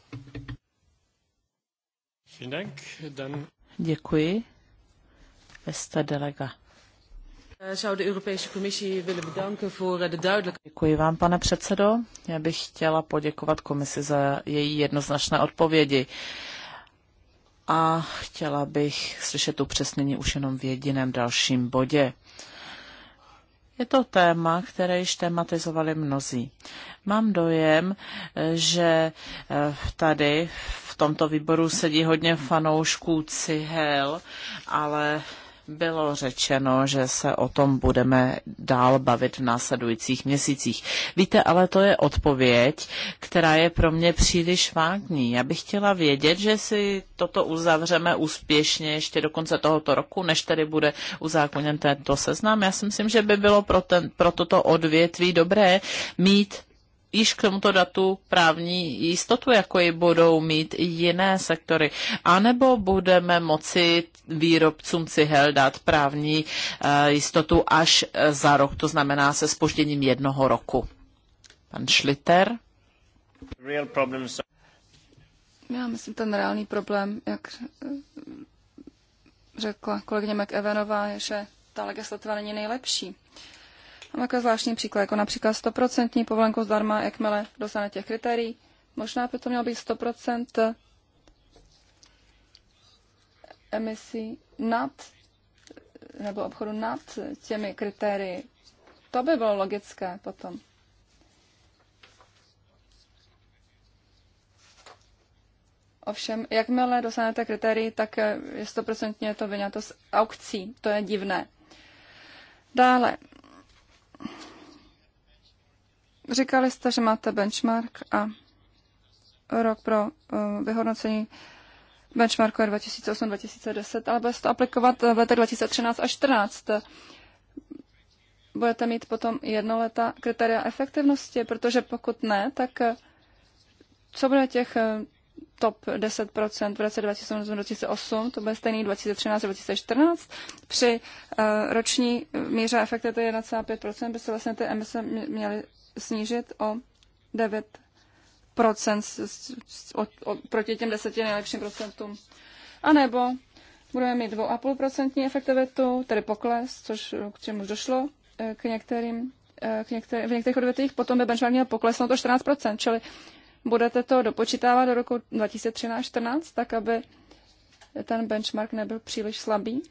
Děkuji. Vesta Delega. Eh, eh, Děkuji vám, pane předsedo. Já bych chtěla poděkovat komisi za její jednoznačné odpovědi. A chtěla bych slyšet upřesnění už jenom v jediném dalším bodě. Je to téma, které již tematizovali mnozí. Mám dojem, že eh, tady v tomto výboru sedí hodně fanoušků cihel, ale bylo řečeno, že se o tom budeme dál bavit v následujících měsících. Víte, ale to je odpověď, která je pro mě příliš vágní. Já bych chtěla vědět, že si toto uzavřeme úspěšně ještě do konce tohoto roku, než tedy bude uzákoněn tento seznam. Já si myslím, že by bylo pro, ten, pro toto odvětví dobré mít již k tomuto datu právní jistotu, jako ji budou mít jiné sektory. A nebo budeme moci výrobcům cihel dát právní eh, jistotu až eh, za rok, to znamená se spožděním jednoho roku. Pan Schlitter. Real problems. Já myslím, ten reálný problém, jak eh, řekla kolegyně McEvenová, je, že ta legislativa není nejlepší. Mám jako zvláštní příklad, jako například 100% povolenku zdarma, jakmile dosáhne těch kritérií. Možná by to mělo být 100% emisí nad nebo obchodu nad těmi kritérii. To by bylo logické potom. Ovšem, jakmile dosáhnete kritérií, tak je 100% to vyňato z aukcí. To je divné. Dále, Říkali jste, že máte benchmark a rok pro eh, vyhodnocení benchmarku je 2008-2010, ale budete to aplikovat v letech 2013 až 2014. Budete mít potom jednoleta kritéria efektivnosti, protože pokud ne, tak eh, co bude těch eh, top 10% v roce 2008, to bude stejný 2013 a 2014. Při eh, roční míře to je 1,5% by se vlastně ty emise měly snížit o 9 procent proti těm deseti nejlepším procentům. A nebo budeme mít 2,5% efektivitu, tedy pokles, což eh, k čemu došlo eh, k některým, k některým, v některých odvětvích, potom by benchmark měl poklesnout o 14%, čili budete to dopočítávat do roku 2013-2014, tak aby ten benchmark nebyl příliš slabý,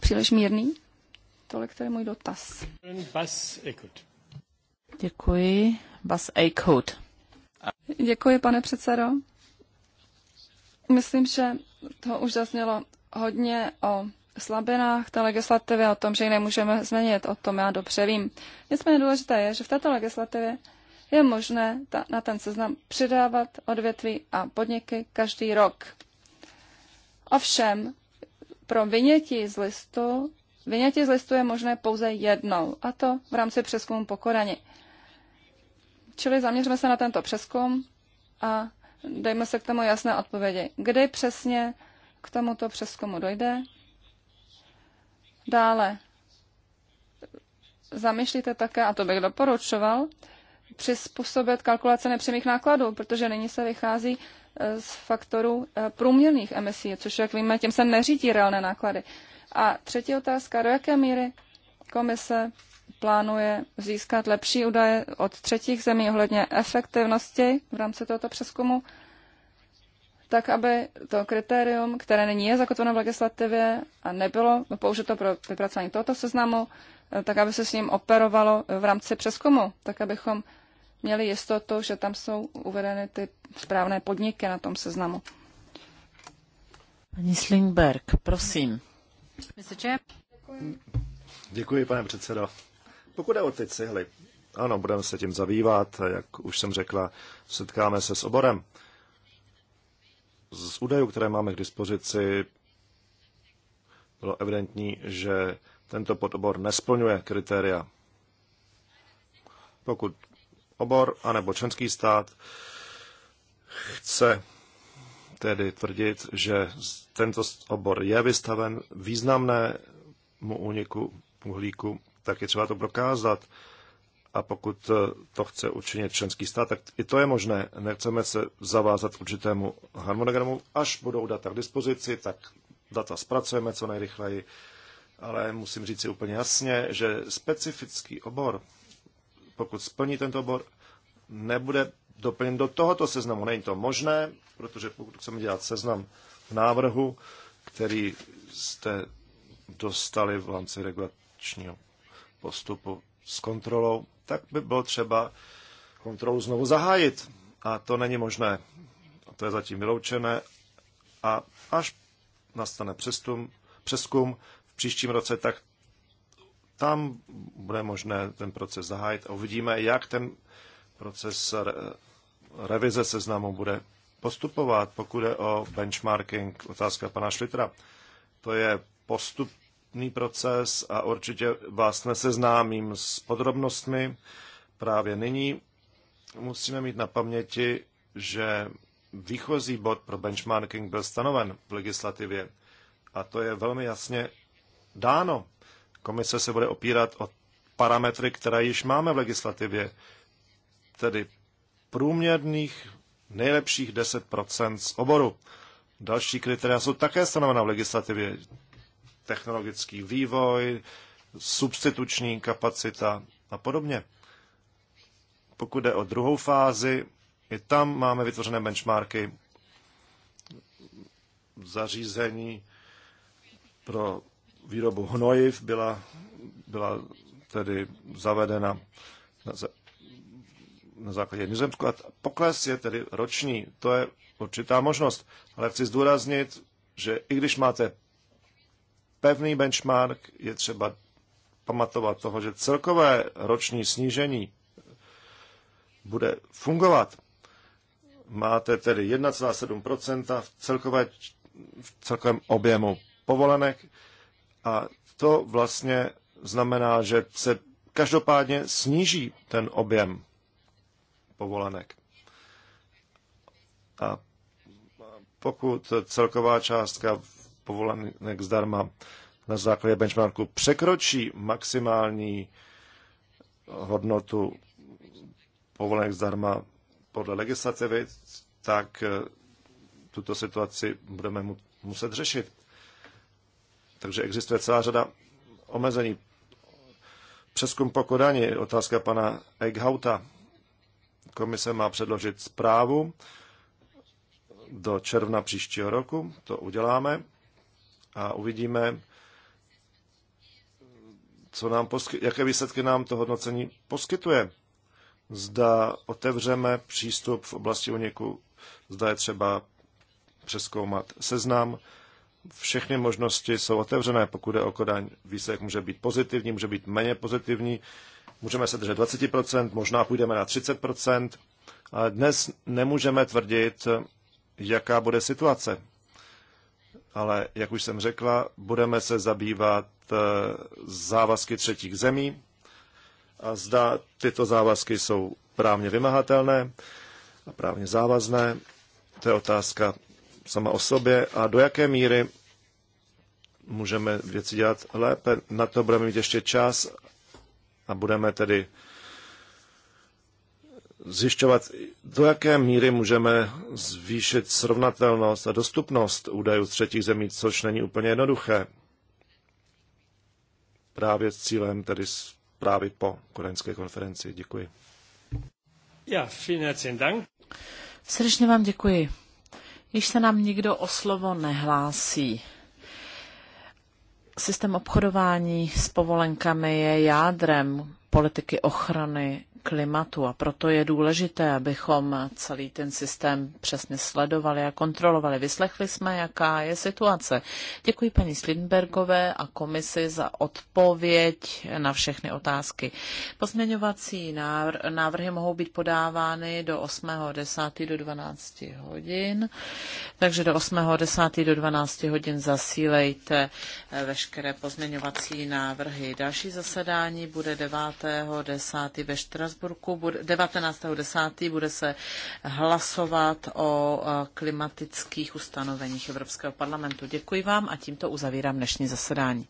příliš mírný? Tolik to je můj dotaz. Bas Děkuji. Bas Eichhout. Děkuji, pane předsedo. Myslím, že to už zaznělo hodně o slabinách té legislativy, o tom, že ji nemůžeme změnit, o tom já dobře vím. Nicméně důležité je, že v této legislativě je možné ta, na ten seznam přidávat odvětví a podniky každý rok. Ovšem, pro vynětí z listu, vynětí z listu je možné pouze jednou, a to v rámci přeskumu po Čili zaměřme se na tento přeskum a dejme se k tomu jasné odpovědi. Kdy přesně k tomuto přeskumu dojde? Dále, zamýšlíte také, a to bych doporučoval, přizpůsobit kalkulace nepřímých nákladů, protože nyní se vychází eh, z faktorů eh, průměrných emisí, což, jak víme, tím se neřídí reálné náklady. A třetí otázka, do jaké míry komise plánuje získat lepší údaje od třetích zemí ohledně efektivnosti v rámci tohoto přeskumu, tak aby to kritérium, které není je zakotveno v legislativě a nebylo použito pro vypracování tohoto seznamu, eh, tak aby se s ním operovalo v rámci přeskumu, tak abychom měli jistotu, že tam jsou uvedeny ty správné podniky na tom seznamu. Pani Slingberg, prosím. Děkuji. Děkuji, pane předsedo. Pokud je o ty cihly, ano, budeme se tím zabývat, jak už jsem řekla, setkáme se s oborem. Z údajů, které máme k dispozici, bylo evidentní, že tento podobor nesplňuje kritéria. Pokud obor anebo členský stát chce tedy tvrdit, že tento obor je vystaven významnému úniku uhlíku, tak je třeba to prokázat. A pokud to chce učinit členský stát, tak i to je možné. Nechceme se zavázat k určitému harmonogramu. Až budou data k dispozici, tak data zpracujeme co nejrychleji. Ale musím říct si úplně jasně, že specifický obor pokud splní tento bod, nebude doplněn do tohoto seznamu. Není to možné, protože pokud chceme dělat seznam v návrhu, který jste dostali v rámci regulačního postupu s kontrolou, tak by bylo třeba kontrolu znovu zahájit. A to není možné. A to je zatím vyloučené. A až nastane přestum, přeskum v příštím roce, tak tam bude možné ten proces zahájit a uvidíme, jak ten proces revize seznamu bude postupovat, pokud je o benchmarking, otázka pana Šlitra. To je postupný proces a určitě vás neseznámím s podrobnostmi právě nyní. Musíme mít na paměti, že výchozí bod pro benchmarking byl stanoven v legislativě a to je velmi jasně dáno. Komise se bude opírat o parametry, které již máme v legislativě, tedy průměrných nejlepších 10 z oboru. Další kritéria jsou také stanovena v legislativě. Technologický vývoj, substituční kapacita a podobně. Pokud jde o druhou fázi, i tam máme vytvořené benchmarky zařízení pro výrobu hnojiv byla, byla tedy zavedena na, na základě Nizozemsku. A pokles je tedy roční, to je určitá možnost. Ale chci zdůraznit, že i když máte pevný benchmark, je třeba pamatovat toho, že celkové roční snížení bude fungovat. Máte tedy 1,7% v, celkové, v celkovém objemu povolenek a to vlastně znamená, že se každopádně sníží ten objem povolenek. A pokud celková částka povolenek zdarma na základě benchmarku překročí maximální hodnotu povolenek zdarma podle legislativy, tak tuto situaci budeme muset řešit. Takže existuje celá řada omezení. Přeskum po Kodani, otázka pana Eichhauta. Komise má předložit zprávu do června příštího roku, to uděláme a uvidíme, co nám posky- jaké výsledky nám to hodnocení poskytuje. Zda otevřeme přístup v oblasti uniku, zda je třeba přeskoumat seznam všechny možnosti jsou otevřené, pokud je o Kodaň. Výsledek může být pozitivní, může být méně pozitivní, můžeme se držet 20%, možná půjdeme na 30%, ale dnes nemůžeme tvrdit, jaká bude situace. Ale, jak už jsem řekla, budeme se zabývat eh, závazky třetích zemí a zda tyto závazky jsou právně vymahatelné a právně závazné. To je otázka sama o sobě a do jaké míry můžeme věci dělat lépe. Na to budeme mít ještě čas a budeme tedy zjišťovat, do jaké míry můžeme zvýšit srovnatelnost a dostupnost údajů z třetích zemí, což není úplně jednoduché. Právě s cílem tedy právě po koreňské konferenci. Děkuji. Ja, vielen herzlichen Dank. Srdečně vám děkuji již se nám nikdo o slovo nehlásí. Systém obchodování s povolenkami je jádrem politiky ochrany klimatu a proto je důležité, abychom celý ten systém přesně sledovali a kontrolovali. Vyslechli jsme, jaká je situace. Děkuji paní Slindbergové a komisi za odpověď na všechny otázky. Pozměňovací návrhy mohou být podávány do 8.10. do 12 hodin, takže do 8.10. do 12 hodin zasílejte veškeré pozměňovací návrhy. Další zasedání bude 9 10. ve Štrasburku. 19.10. bude se hlasovat o klimatických ustanoveních Evropského parlamentu. Děkuji vám a tímto uzavírám dnešní zasedání.